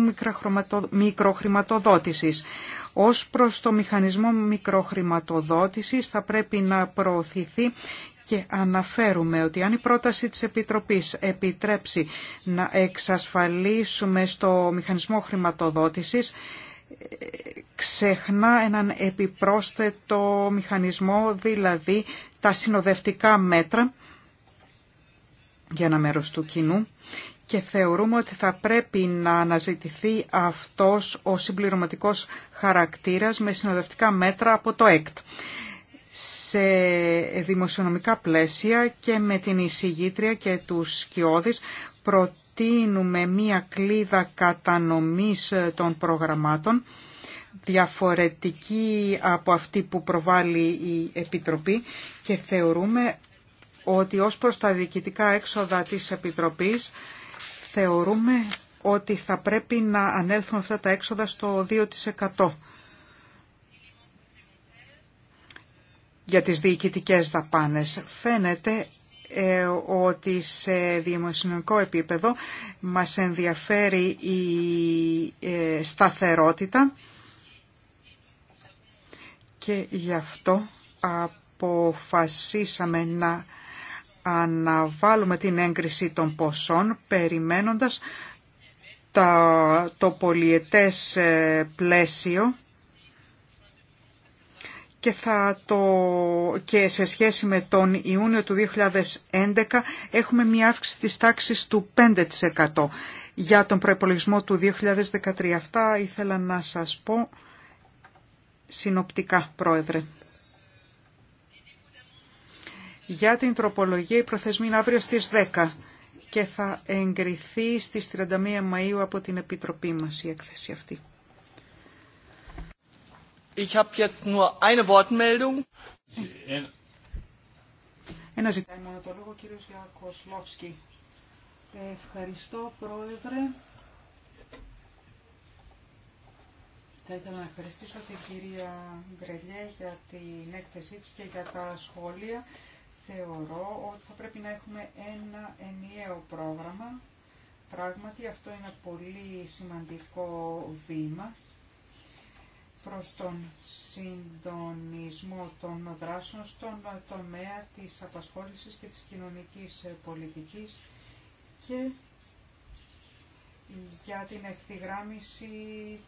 S2: Μικροχρηματοδότησης. Ως προς το Μηχανισμό Μικροχρηματοδότησης θα πρέπει να προωθηθεί και αναφέρουμε ότι αν η πρόταση της Επιτροπής επιτρέψει να εξασφαλίσουμε στο μηχανισμό χρηματοδότησης, ξεχνά έναν επιπρόσθετο μηχανισμό, δηλαδή τα συνοδευτικά μέτρα για ένα μέρος του κοινού και θεωρούμε ότι θα πρέπει να αναζητηθεί αυτός ο συμπληρωματικός χαρακτήρας με συνοδευτικά μέτρα από το ΕΚΤ σε δημοσιονομικά πλαίσια και με την εισηγήτρια και τους σκιώδεις προτείνουμε μία κλίδα κατανομής ε, των προγραμμάτων διαφορετική από αυτή που προβάλλει η Επιτροπή και θεωρούμε ότι ως προς τα διοικητικά έξοδα της Επιτροπής θεωρούμε ότι θα πρέπει να ανέλθουν αυτά τα έξοδα στο 2%. για τις διοικητικές δαπάνες. Φαίνεται ε, ότι σε δημοσιονομικό επίπεδο μας ενδιαφέρει η ε, σταθερότητα και γι' αυτό αποφασίσαμε να αναβάλουμε την έγκριση των ποσών περιμένοντας το πολιετές ε, πλαίσιο και, θα το, και σε σχέση με τον Ιούνιο του 2011 έχουμε μια αύξηση της τάξης του 5% για τον προϋπολογισμό του 2013. Αυτά ήθελα να σας πω συνοπτικά, Πρόεδρε. Για την τροπολογία η προθεσμή είναι αύριο στις 10 και θα εγκριθεί στις 31 Μαΐου από την Επιτροπή μας η έκθεση αυτή. Ich habe jetzt nur eine Wortmeldung. Ένα ζητάει μόνο το λόγο, κύριος Γιακοσλόφσκι. Ευχαριστώ, Πρόεδρε. Θα ήθελα να ευχαριστήσω την κυρία Γκρελιέ για την έκθεσή της και για τα σχόλια. Θεωρώ ότι θα πρέπει να έχουμε ένα ενιαίο πρόγραμμα. Πράγματι, αυτό είναι ένα πολύ σημαντικό βήμα προς τον συντονισμό των δράσεων στον τομέα της απασχόλησης και της κοινωνικής ε, πολιτικής και για την ευθυγράμμιση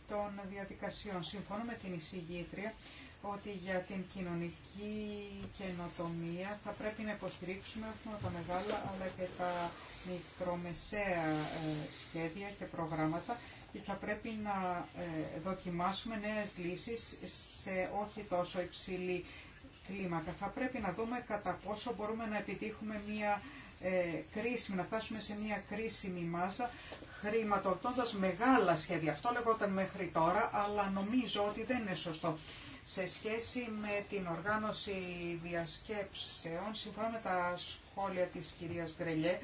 S2: των διαδικασιών. Συμφωνώ με την εισηγήτρια ότι για την κοινωνική καινοτομία θα πρέπει να υποστηρίξουμε όχι μόνο τα μεγάλα αλλά και τα μικρομεσαία ε, σχέδια και προγράμματα θα πρέπει να ε, δοκιμάσουμε νέες λύσεις σε όχι τόσο υψηλή κλίμακα. Θα πρέπει να δούμε κατά πόσο μπορούμε να επιτύχουμε μια ε, να φτάσουμε σε μια κρίσιμη μάζα χρηματοδοτώντας μεγάλα σχέδια. Αυτό λεγόταν μέχρι τώρα, αλλά νομίζω ότι δεν είναι σωστό. Σε σχέση με την οργάνωση διασκέψεων, συμφωνώ με τα σχόλια της κυρίας Γκρελιέ,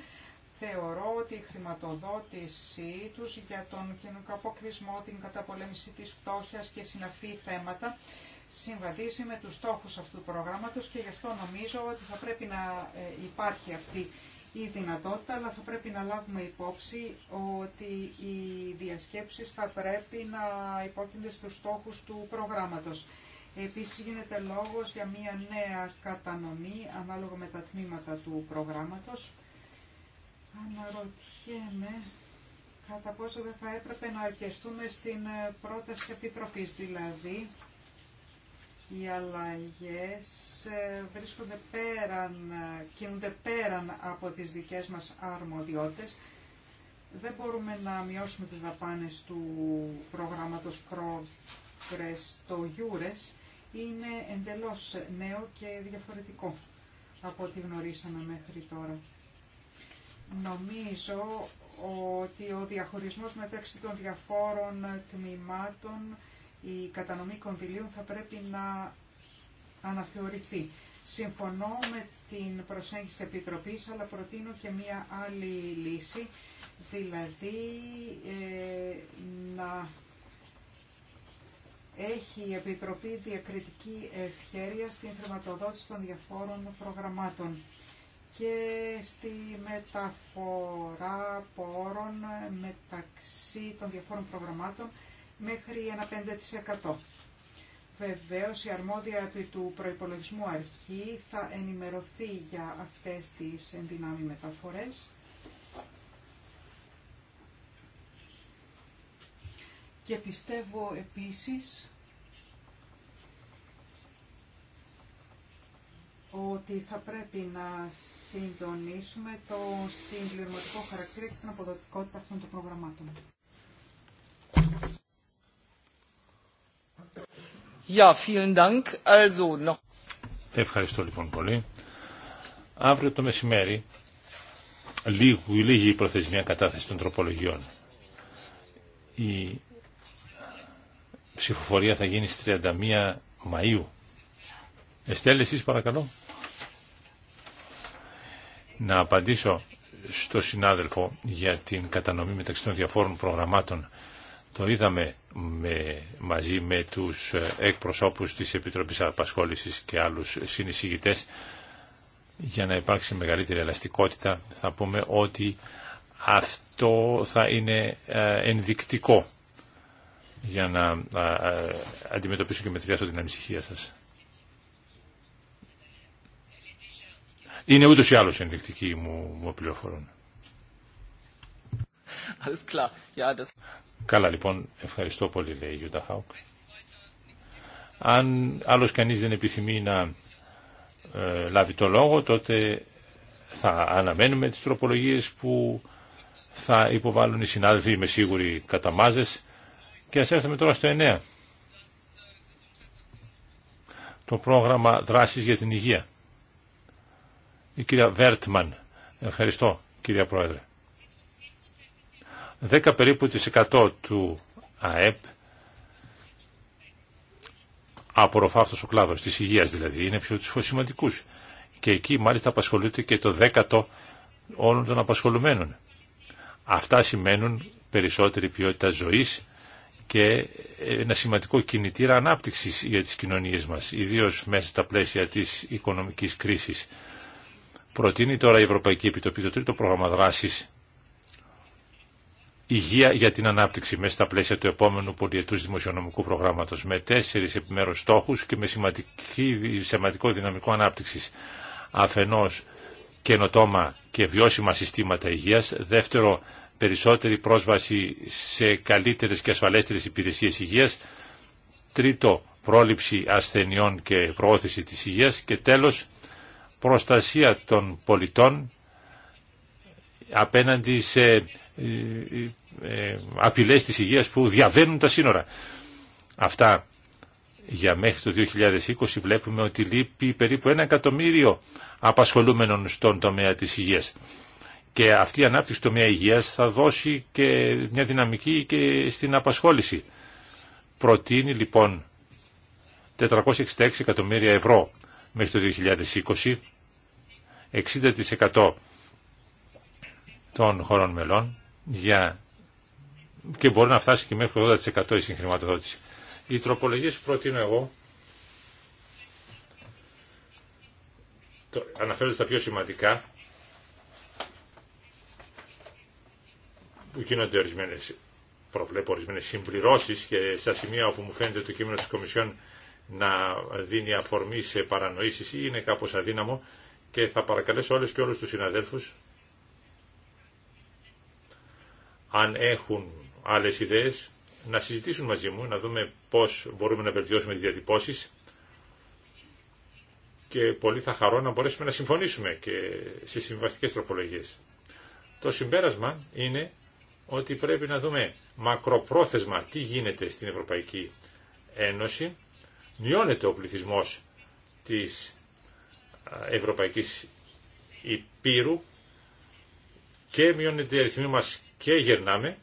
S2: θεωρώ ότι η χρηματοδότησή τους για τον κοινωνικό αποκλεισμό, την καταπολέμηση της φτώχειας και συναφή θέματα συμβαδίζει με τους στόχους αυτού του προγράμματος και γι' αυτό νομίζω ότι θα πρέπει να ε, υπάρχει αυτή η δυνατότητα, αλλά θα πρέπει να λάβουμε υπόψη ότι οι διασκέψεις θα πρέπει να υπόκεινται στους στόχους του προγράμματος. Επίσης γίνεται λόγος για μια νέα κατανομή ανάλογα με τα τμήματα του προγράμματος Αναρωτιέμαι κατά πόσο δεν θα έπρεπε να αρκεστούμε στην ε, πρόταση επιτροπής, δηλαδή οι αλλαγές ε, βρίσκονται πέραν, ε, κινούνται πέραν από τις δικές μας αρμοδιότητες. Δεν μπορούμε να μειώσουμε τις δαπάνες του προγράμματος Progress, το Eures, είναι εντελώς νέο και διαφορετικό από ό,τι γνωρίσαμε μέχρι τώρα. Νομίζω ότι ο διαχωρισμός μεταξύ των διαφόρων τμήματων, η κατανομή κονδυλίων θα πρέπει να αναθεωρηθεί. Συμφωνώ με την προσέγγιση της Επιτροπής, αλλά προτείνω και μία άλλη λύση, δηλαδή ε, να έχει η Επιτροπή διακριτική ευχέρεια στην χρηματοδότηση των διαφόρων προγραμμάτων και στη μεταφορά πόρων μεταξύ των διαφόρων προγραμμάτων μέχρι ένα 5%. Βεβαίως η αρμόδια του προϋπολογισμού αρχή θα ενημερωθεί για αυτές τις ενδυνάμει μεταφορές. Και πιστεύω επίσης ότι θα πρέπει να συντονίσουμε το συμπληρωματικό χαρακτήρα και την αποδοτικότητα αυτών των προγραμμάτων. Ja, vielen Dank.
S1: Ευχαριστώ λοιπόν πολύ. Αύριο το μεσημέρι λίγου ή λίγη η προθεσμία κατάθεση των τροπολογιών. Η ψηφοφορία θα γίνει στις 31 Μαΐου. Εστέλ, παρακαλώ να απαντήσω στο συνάδελφο για την κατανομή μεταξύ των διαφόρων προγραμμάτων. Το είδαμε με, μαζί με τους εκπροσώπους της Επιτροπής Απασχόλησης και άλλους συνεισηγητές για να υπάρξει μεγαλύτερη ελαστικότητα. Θα πούμε ότι αυτό θα είναι ε, ενδεικτικό για να ε, ε, αντιμετωπίσω και μετριάσω την ανησυχία σας. Είναι ούτως ή άλλως ενδεικτική μου, μου πληροφορούν. Καλά λοιπόν, ευχαριστώ πολύ λέει η Γιούτα Χάουκ. Αν άλλος κανείς δεν επιθυμεί να ε, λάβει το λόγο, τότε θα αναμένουμε τις τροπολογίες που θα υποβάλουν οι συνάδελφοι, με σίγουροι, κατά Και ας έρθουμε τώρα στο 9. Το πρόγραμμα δράσης για την υγεία. Η κυρία Βέρτμαν. Ευχαριστώ κυρία Πρόεδρε. 10 περίπου της 100 του ΑΕΠ απορροφά αυτός ο κλάδος της υγείας δηλαδή. Είναι πιο τους σημαντικούς. Και εκεί μάλιστα απασχολείται και το δέκατο όλων των απασχολουμένων. Αυτά σημαίνουν περισσότερη ποιότητα ζωής και ένα σημαντικό κινητήρα ανάπτυξης για τις κοινωνίες μας, ιδίως μέσα στα πλαίσια της οικονομικής κρίσης. Προτείνει τώρα η Ευρωπαϊκή Επιτροπή το τρίτο πρόγραμμα δράση. Υγεία για την ανάπτυξη μέσα στα πλαίσια του επόμενου πολιετού δημοσιονομικού προγράμματο με τέσσερι επιμέρου στόχου και με σημαντικό δυναμικό ανάπτυξη. Αφενό καινοτόμα και βιώσιμα συστήματα υγεία, Δεύτερο, περισσότερη πρόσβαση σε καλύτερε και ασφαλέστερες υπηρεσίε υγεία, Τρίτο, πρόληψη ασθενειών και προώθηση της υγείας. Και τέλος, προστασία των πολιτών απέναντι σε ε, ε, ε, απειλές της υγείας που διαβαίνουν τα σύνορα. Αυτά για μέχρι το 2020 βλέπουμε ότι λείπει περίπου ένα εκατομμύριο απασχολούμενων στον τομέα της υγείας. Και αυτή η ανάπτυξη του τομέα υγείας θα δώσει και μια δυναμική και στην απασχόληση. Προτείνει λοιπόν 466 εκατομμύρια ευρώ μέχρι το 2020 60% των χωρών μελών για... και μπορεί να φτάσει και μέχρι 80% η συγχρηματοδότηση. Οι τροπολογίες που προτείνω εγώ αναφέρονται στα πιο σημαντικά που γίνονται ορισμένε προβλέπω ορισμένε συμπληρώσει και στα σημεία όπου μου φαίνεται το κείμενο τη Κομισιόν να δίνει αφορμή σε παρανοήσει ή είναι κάπω αδύναμο, και θα παρακαλέσω όλες και όλους τους συναδέλφους αν έχουν άλλες ιδέες να συζητήσουν μαζί μου, να δούμε πώς μπορούμε να βελτιώσουμε τις διατυπώσεις και πολύ θα χαρώ να μπορέσουμε να συμφωνήσουμε και σε συμβαστικές τροπολογίες. Το συμπέρασμα είναι ότι πρέπει να δούμε μακροπρόθεσμα τι γίνεται στην Ευρωπαϊκή Ένωση. Μειώνεται ο πληθυσμός της Ευρωπαϊκής Υπήρου και μειώνεται η αριθμή μας και γερνάμε.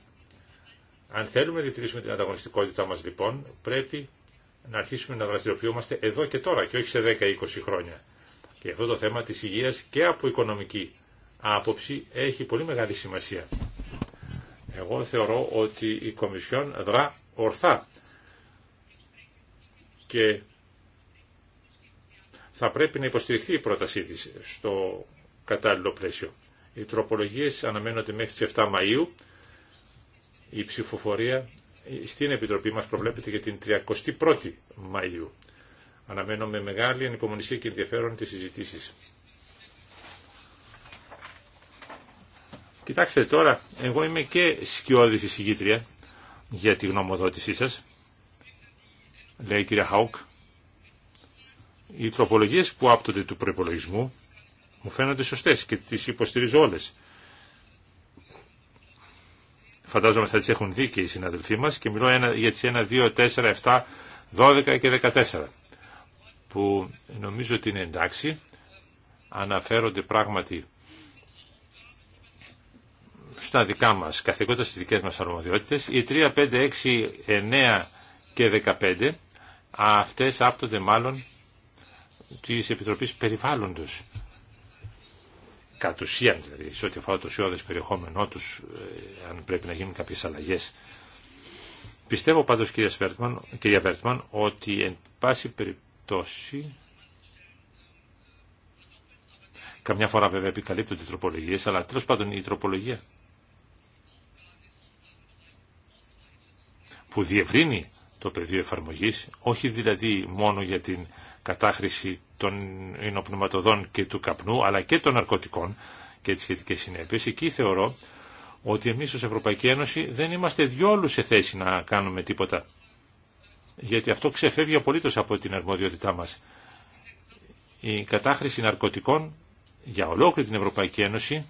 S1: Αν θέλουμε να διατηρήσουμε την ανταγωνιστικότητά μας λοιπόν πρέπει να αρχίσουμε να δραστηριοποιούμαστε εδώ και τώρα και όχι σε 10-20 χρόνια. Και αυτό το θέμα της υγείας και από οικονομική άποψη έχει πολύ μεγάλη σημασία. Εγώ θεωρώ ότι η Κομισιόν δρά ορθά και θα πρέπει να υποστηριχθεί η πρότασή της στο κατάλληλο πλαίσιο. Οι τροπολογίες αναμένονται μέχρι τις 7 Μαΐου. Η ψηφοφορία στην Επιτροπή μας προβλέπεται για την 31η Μαΐου. Αναμένω με μεγάλη ανυπομονησία και ενδιαφέρον τις συζητήσεις. Κοιτάξτε τώρα, εγώ είμαι και σκιώδης εισηγήτρια για τη γνωμοδότησή σας, λέει η κυρία Χαουκ. Οι τροπολογίες που άπτονται του προπολογισμού μου φαίνονται σωστές και τις υποστηρίζω όλες. Φαντάζομαι θα τις έχουν δει και οι συναδελφοί μας και μιλώ για τις 1, 2, 4, 7, 12 και 14 που νομίζω ότι είναι εντάξει. Αναφέρονται πράγματι στα δικά μας καθηγόντα στις δικές μας αρμοδιότητες. Οι 3, 5, 6, 9 και 15 αυτές άπτονται μάλλον της Επιτροπής Περιβάλλοντος. Κατ' ουσίαν, δηλαδή, σε ό,τι αφορά το σιώδες περιεχόμενό τους, ε, αν πρέπει να γίνουν κάποιες αλλαγές. Πιστεύω πάντως, κυρία Βέρτμαν, κυρία Βέρτμαν, ότι εν πάση περιπτώσει... Καμιά φορά βέβαια επικαλύπτονται οι τροπολογίες, αλλά τέλος πάντων η τροπολογία που διευρύνει το πεδίο εφαρμογής, όχι δηλαδή μόνο για την κατάχρηση των ενοπνευματοδών και του καπνού, αλλά και των ναρκωτικών και τις σχετικές συνέπειες, εκεί θεωρώ ότι εμείς ως Ευρωπαϊκή Ένωση δεν είμαστε διόλου σε θέση να κάνουμε τίποτα. Γιατί αυτό ξεφεύγει απολύτως από την αρμοδιότητά μας. Η κατάχρηση ναρκωτικών για ολόκληρη την Ευρωπαϊκή Ένωση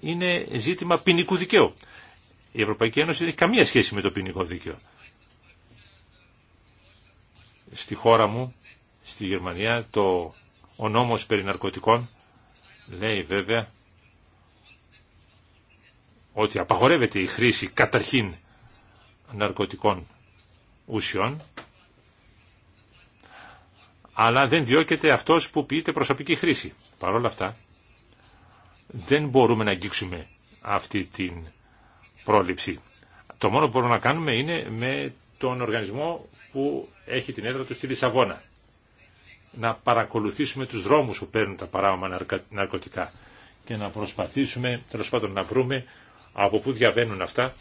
S1: είναι ζήτημα ποινικού δικαίου. Η Ευρωπαϊκή Ένωση δεν έχει καμία σχέση με το ποινικό δίκαιο. Στη χώρα μου στη Γερμανία το, ο νόμος περί ναρκωτικών λέει βέβαια ότι απαγορεύεται η χρήση καταρχήν ναρκωτικών ουσιών αλλά δεν διώκεται αυτός που ποιείται προσωπική χρήση. Παρ' όλα αυτά δεν μπορούμε να αγγίξουμε αυτή την πρόληψη. Το μόνο που μπορούμε να κάνουμε είναι με τον οργανισμό που έχει την έδρα του στη Λισαβόνα να παρακολουθήσουμε τους δρόμους που παίρνουν τα παράγωμα ναρκωτικά και να προσπαθήσουμε τέλο πάντων να βρούμε από πού διαβαίνουν αυτά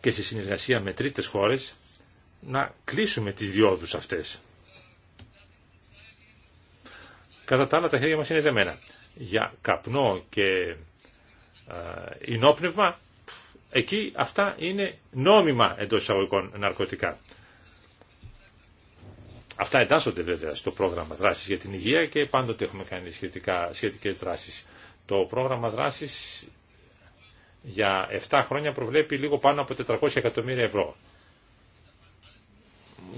S1: και σε συνεργασία με τρίτες χώρες να κλείσουμε τις διόδους αυτές. Κατά τα άλλα τα χέρια μας είναι δεμένα. Για καπνό και ε, ενόπνευμα, εκεί αυτά είναι νόμιμα εντός εισαγωγικών ναρκωτικά. Αυτά εντάσσονται βέβαια στο πρόγραμμα δράσης για την υγεία και πάντοτε έχουμε κάνει σχετικά, σχετικές δράσεις. Το πρόγραμμα δράσης για 7 χρόνια προβλέπει λίγο πάνω από 400 εκατομμύρια ευρώ.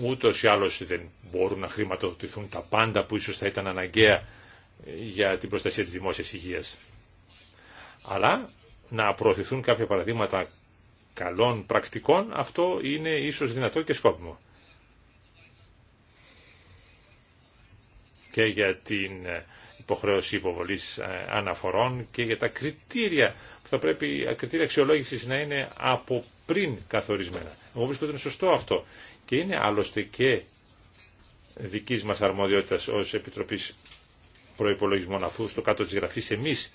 S1: Ούτω ή άλλω δεν μπορούν να χρηματοδοτηθούν τα πάντα που ίσω θα ήταν αναγκαία για την προστασία τη δημόσια υγεία. Αλλά να προωθηθούν κάποια παραδείγματα καλών πρακτικών, αυτό είναι ίσω δυνατό και σκόπιμο. και για την ε, υποχρέωση υποβολής ε, αναφορών και για τα κριτήρια που θα πρέπει τα ε, κριτήρια αξιολόγησης να είναι από πριν καθορισμένα. Εγώ βρίσκω ότι είναι σωστό αυτό και είναι άλλωστε και δικής μας αρμοδιότητας ως Επιτροπής Προϋπολογισμών αφού στο κάτω της γραφής εμείς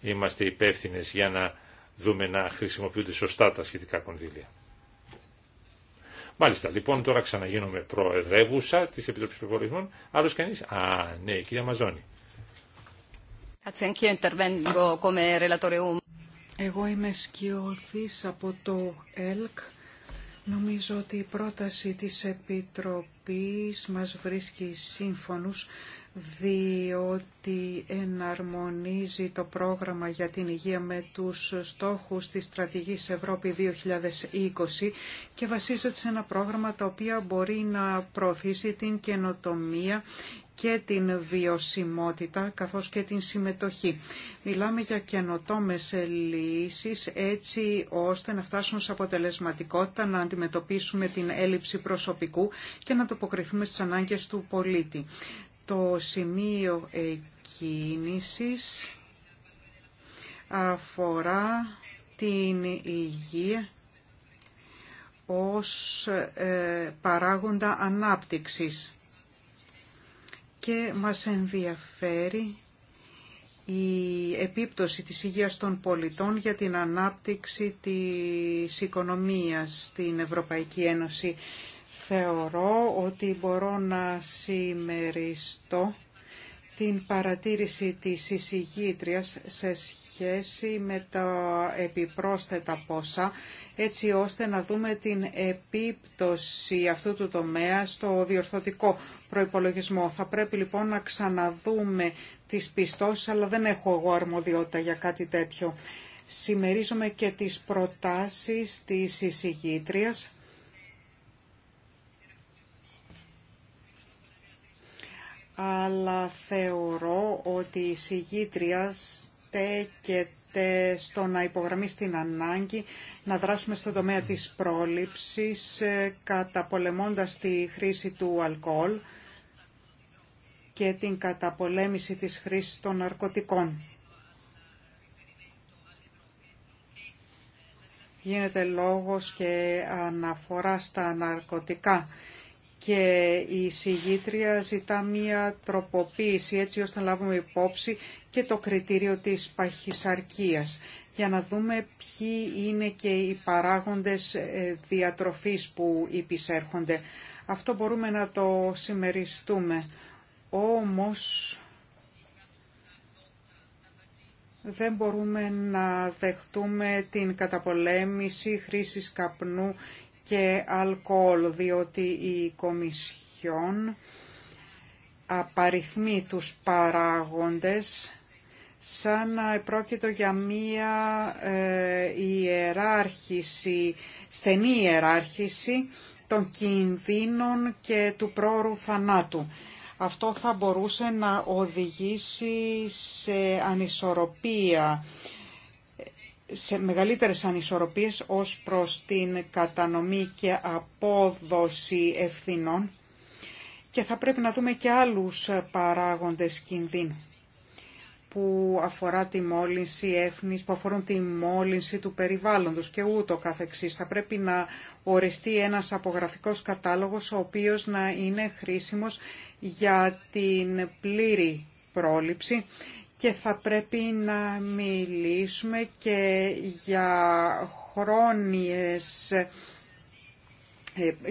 S1: είμαστε υπεύθυνε για να δούμε να χρησιμοποιούνται σωστά τα σχετικά κονδύλια. Μάλιστα, λοιπόν, τώρα ξαναγίνομαι προεδρεύουσα τη Επιτροπή Προπολογισμών. Άλλο κανεί. Α, ναι, η κυρία Μαζόνη.
S2: Εγώ είμαι σκιωδής από το ΕΛΚ. Νομίζω ότι η πρόταση της Επιτροπής μας βρίσκει σύμφωνους διότι εναρμονίζει το πρόγραμμα για την υγεία με τους στόχους της Στρατηγής Ευρώπη 2020 και βασίζεται σε ένα πρόγραμμα το οποίο μπορεί να προωθήσει την καινοτομία και την βιωσιμότητα καθώς και την συμμετοχή. Μιλάμε για καινοτόμες λύσεις έτσι ώστε να φτάσουν σε αποτελεσματικότητα, να αντιμετωπίσουμε την έλλειψη προσωπικού και να τοποκριθούμε στις ανάγκες του πολίτη. Το σημείο εκκίνησης αφορά την υγεία ως ε, παράγοντα ανάπτυξης και μας ενδιαφέρει η επίπτωση της υγείας των πολιτών για την ανάπτυξη της οικονομίας στην Ευρωπαϊκή Ένωση θεωρώ ότι μπορώ να συμμεριστώ την παρατήρηση της εισηγήτριας σε σχέση με τα επιπρόσθετα πόσα, έτσι ώστε να δούμε την επίπτωση αυτού του τομέα στο διορθωτικό προϋπολογισμό. Θα πρέπει λοιπόν να ξαναδούμε τις πιστώσεις, αλλά δεν έχω εγώ αρμοδιότητα για κάτι τέτοιο. Συμμερίζομαι και τις προτάσεις της εισηγήτριας αλλά θεωρώ ότι η συγγήτρια στέκεται στο να υπογραμμίσει την ανάγκη να δράσουμε στον τομέα της πρόληψης ε, καταπολεμώντας τη χρήση του αλκοόλ και την καταπολέμηση της χρήσης των ναρκωτικών. Γίνεται λόγος και αναφορά στα ναρκωτικά και η συγγήτρια ζητά μία τροποποίηση έτσι ώστε να λάβουμε υπόψη και το κριτήριο της παχυσαρκίας για να δούμε ποιοι είναι και οι παράγοντες ε, διατροφής που υπησέρχονται. Αυτό μπορούμε να το συμμεριστούμε. Όμως δεν μπορούμε να δεχτούμε την καταπολέμηση χρήσης καπνού και αλκοόλ, διότι η Κομισιόν απαριθμεί τους παράγοντες σαν να πρόκειται για μία ε, ιεράρχηση, στενή ιεράρχηση των κινδύνων και του πρόωρου θανάτου. Αυτό θα μπορούσε να οδηγήσει σε ανισορροπία σε μεγαλύτερες ανισορροπίες ως προς την κατανομή και απόδοση ευθυνών και θα πρέπει να δούμε και άλλους παράγοντες κινδύνου που, αφορά τη μόλυνση έθνης, που αφορούν τη μόλυνση του περιβάλλοντος και ούτω καθεξής. Θα πρέπει να οριστεί ένας απογραφικός κατάλογος ο οποίος να είναι χρήσιμος για την πλήρη πρόληψη και θα πρέπει να μιλήσουμε και για χρόνιες ε,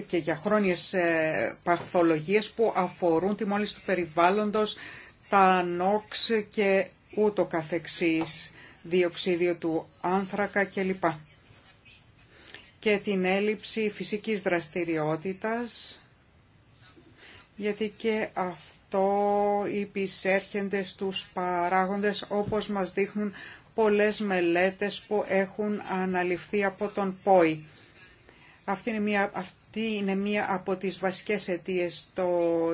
S2: και για χρόνιες ε, παθολογίες που αφορούν τη μόλις του περιβάλλοντος, τα νόξ και ούτω καθεξής, διοξίδιο του άνθρακα κλπ. Και την έλλειψη φυσικής δραστηριότητας, γιατί και αυτό αυτό υπησέρχεται στους παράγοντες όπως μας δείχνουν πολλές μελέτες που έχουν αναλυφθεί από τον ΠΟΗ. Αυτή είναι μία, αυτή είναι μία από τις βασικές αιτίες το,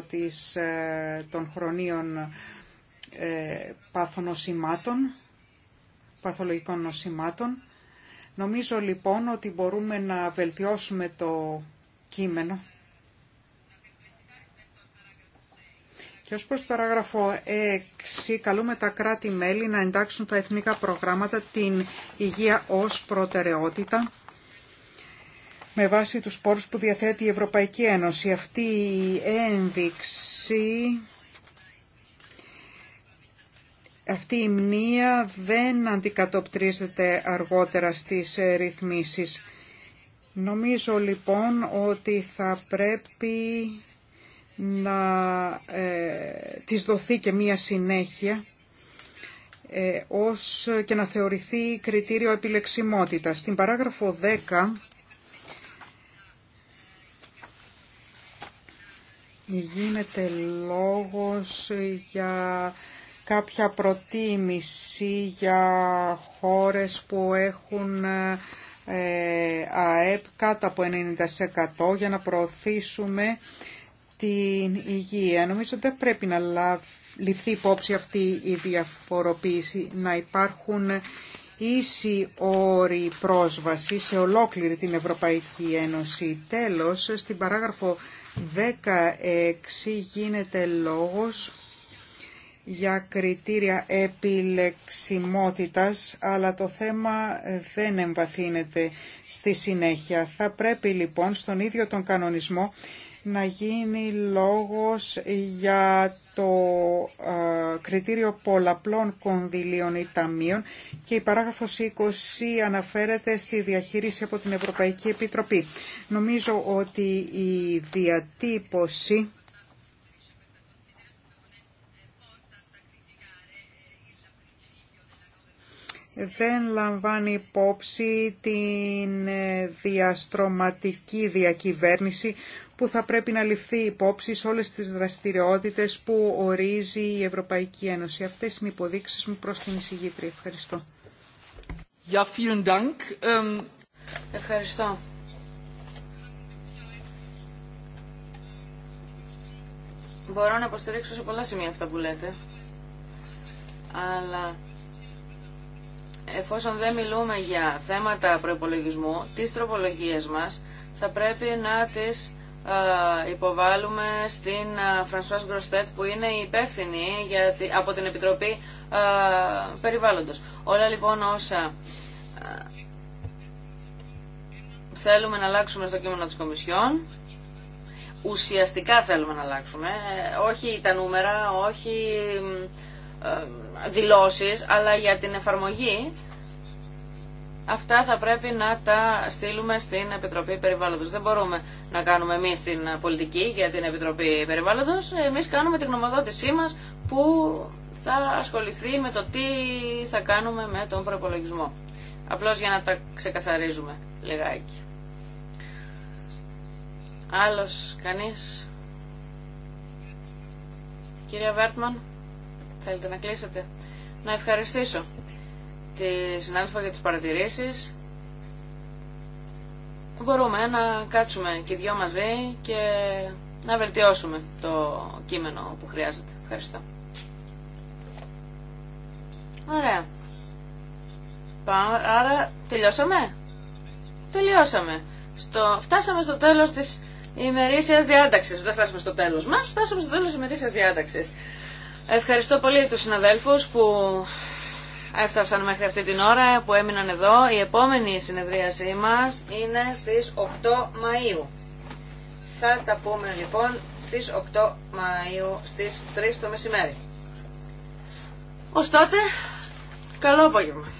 S2: της, ε, των χρονίων ε, παθονοσημάτων, παθολογικών νοσημάτων. Νομίζω λοιπόν ότι μπορούμε να βελτιώσουμε το κείμενο Και ως προς παράγραφο 6, καλούμε τα κράτη-μέλη να εντάξουν τα εθνικά προγράμματα την υγεία ως προτεραιότητα με βάση τους πόρους που διαθέτει η Ευρωπαϊκή Ένωση. Αυτή η ένδειξη, αυτή η μνήα δεν αντικατοπτρίζεται αργότερα στις ρυθμίσεις. Νομίζω λοιπόν ότι θα πρέπει να ε, της δοθεί και μία συνέχεια ε, ως και να θεωρηθεί κριτήριο επιλεξιμότητας. Στην παράγραφο 10 γίνεται λόγος για κάποια προτίμηση για χώρες που έχουν ε, ε, ΑΕΠ κάτω από 90% για να προωθήσουμε την υγεία. Νομίζω ότι δεν πρέπει να ληφθεί υπόψη αυτή η διαφοροποίηση, να υπάρχουν ίση όροι πρόσβαση σε ολόκληρη την Ευρωπαϊκή Ένωση. Τέλος, στην παράγραφο 16 γίνεται λόγος για κριτήρια επιλεξιμότητας, αλλά το θέμα δεν εμβαθύνεται στη συνέχεια. Θα πρέπει λοιπόν στον ίδιο τον κανονισμό να γίνει λόγος για το ε, κριτήριο πολλαπλών κονδυλίων ή ταμείων και η παράγραφος 20 αναφέρεται στη διαχείριση από την Ευρωπαϊκή Επιτροπή. Νομίζω ότι η διατύπωση δεν λαμβάνει υπόψη την ε, διαστρωματική διακυβέρνηση που θα πρέπει να ληφθεί υπόψη σε όλες τις δραστηριότητες που ορίζει η Ευρωπαϊκή Ένωση. Αυτές είναι οι υποδείξεις μου προς την εισηγήτρια. Ευχαριστώ.
S3: Ja, vielen Dank. Ähm, Ευχαριστώ. Μπορώ να υποστηρίξω σε πολλά σημεία αυτά που λέτε. Αλλά εφόσον δεν μιλούμε για θέματα προπολογισμού, τις τροπολογίες μας θα πρέπει να τις ε, υποβάλλουμε στην Φρανσουάς ε, Γκροστέτ που είναι η υπεύθυνη για, από την Επιτροπή ε, Περιβάλλοντος. Όλα λοιπόν όσα θέλουμε να αλλάξουμε στο κείμενο της Κομισιόν ουσιαστικά θέλουμε να αλλάξουμε όχι τα νούμερα, όχι δηλώσεις αλλά για την εφαρμογή αυτά θα πρέπει να τα στείλουμε στην Επιτροπή Περιβάλλοντος. Δεν μπορούμε να κάνουμε εμεί την πολιτική για την Επιτροπή Περιβάλλοντος. Εμείς κάνουμε την γνωμοδότησή μας που θα ασχοληθεί με το τι θα κάνουμε με τον προπολογισμό. Απλώς για να τα ξεκαθαρίζουμε λιγάκι. Άλλος κανείς. Κυρία Βέρτμαν, θέλετε να κλείσετε. Να ευχαριστήσω τη συνάδελφα για τις παρατηρήσεις. Μπορούμε να κάτσουμε και δυο μαζί και να βελτιώσουμε το κείμενο που χρειάζεται. Ευχαριστώ. Ωραία. Άρα τελειώσαμε. Τελειώσαμε. Στο... Φτάσαμε στο τέλος της ημερήσιας διάταξης. Δεν φτάσαμε στο τέλος μας, φτάσαμε στο τέλος της ημερήσιας διάταξης. Ευχαριστώ πολύ τους συναδέλφους που Έφτασαν μέχρι αυτή την ώρα που έμειναν εδώ. Η επόμενη συνεδρίασή μας είναι στις 8 Μαΐου. Θα τα πούμε λοιπόν στις 8 Μαΐου στις 3 το μεσημέρι. Ως τότε, καλό απόγευμα.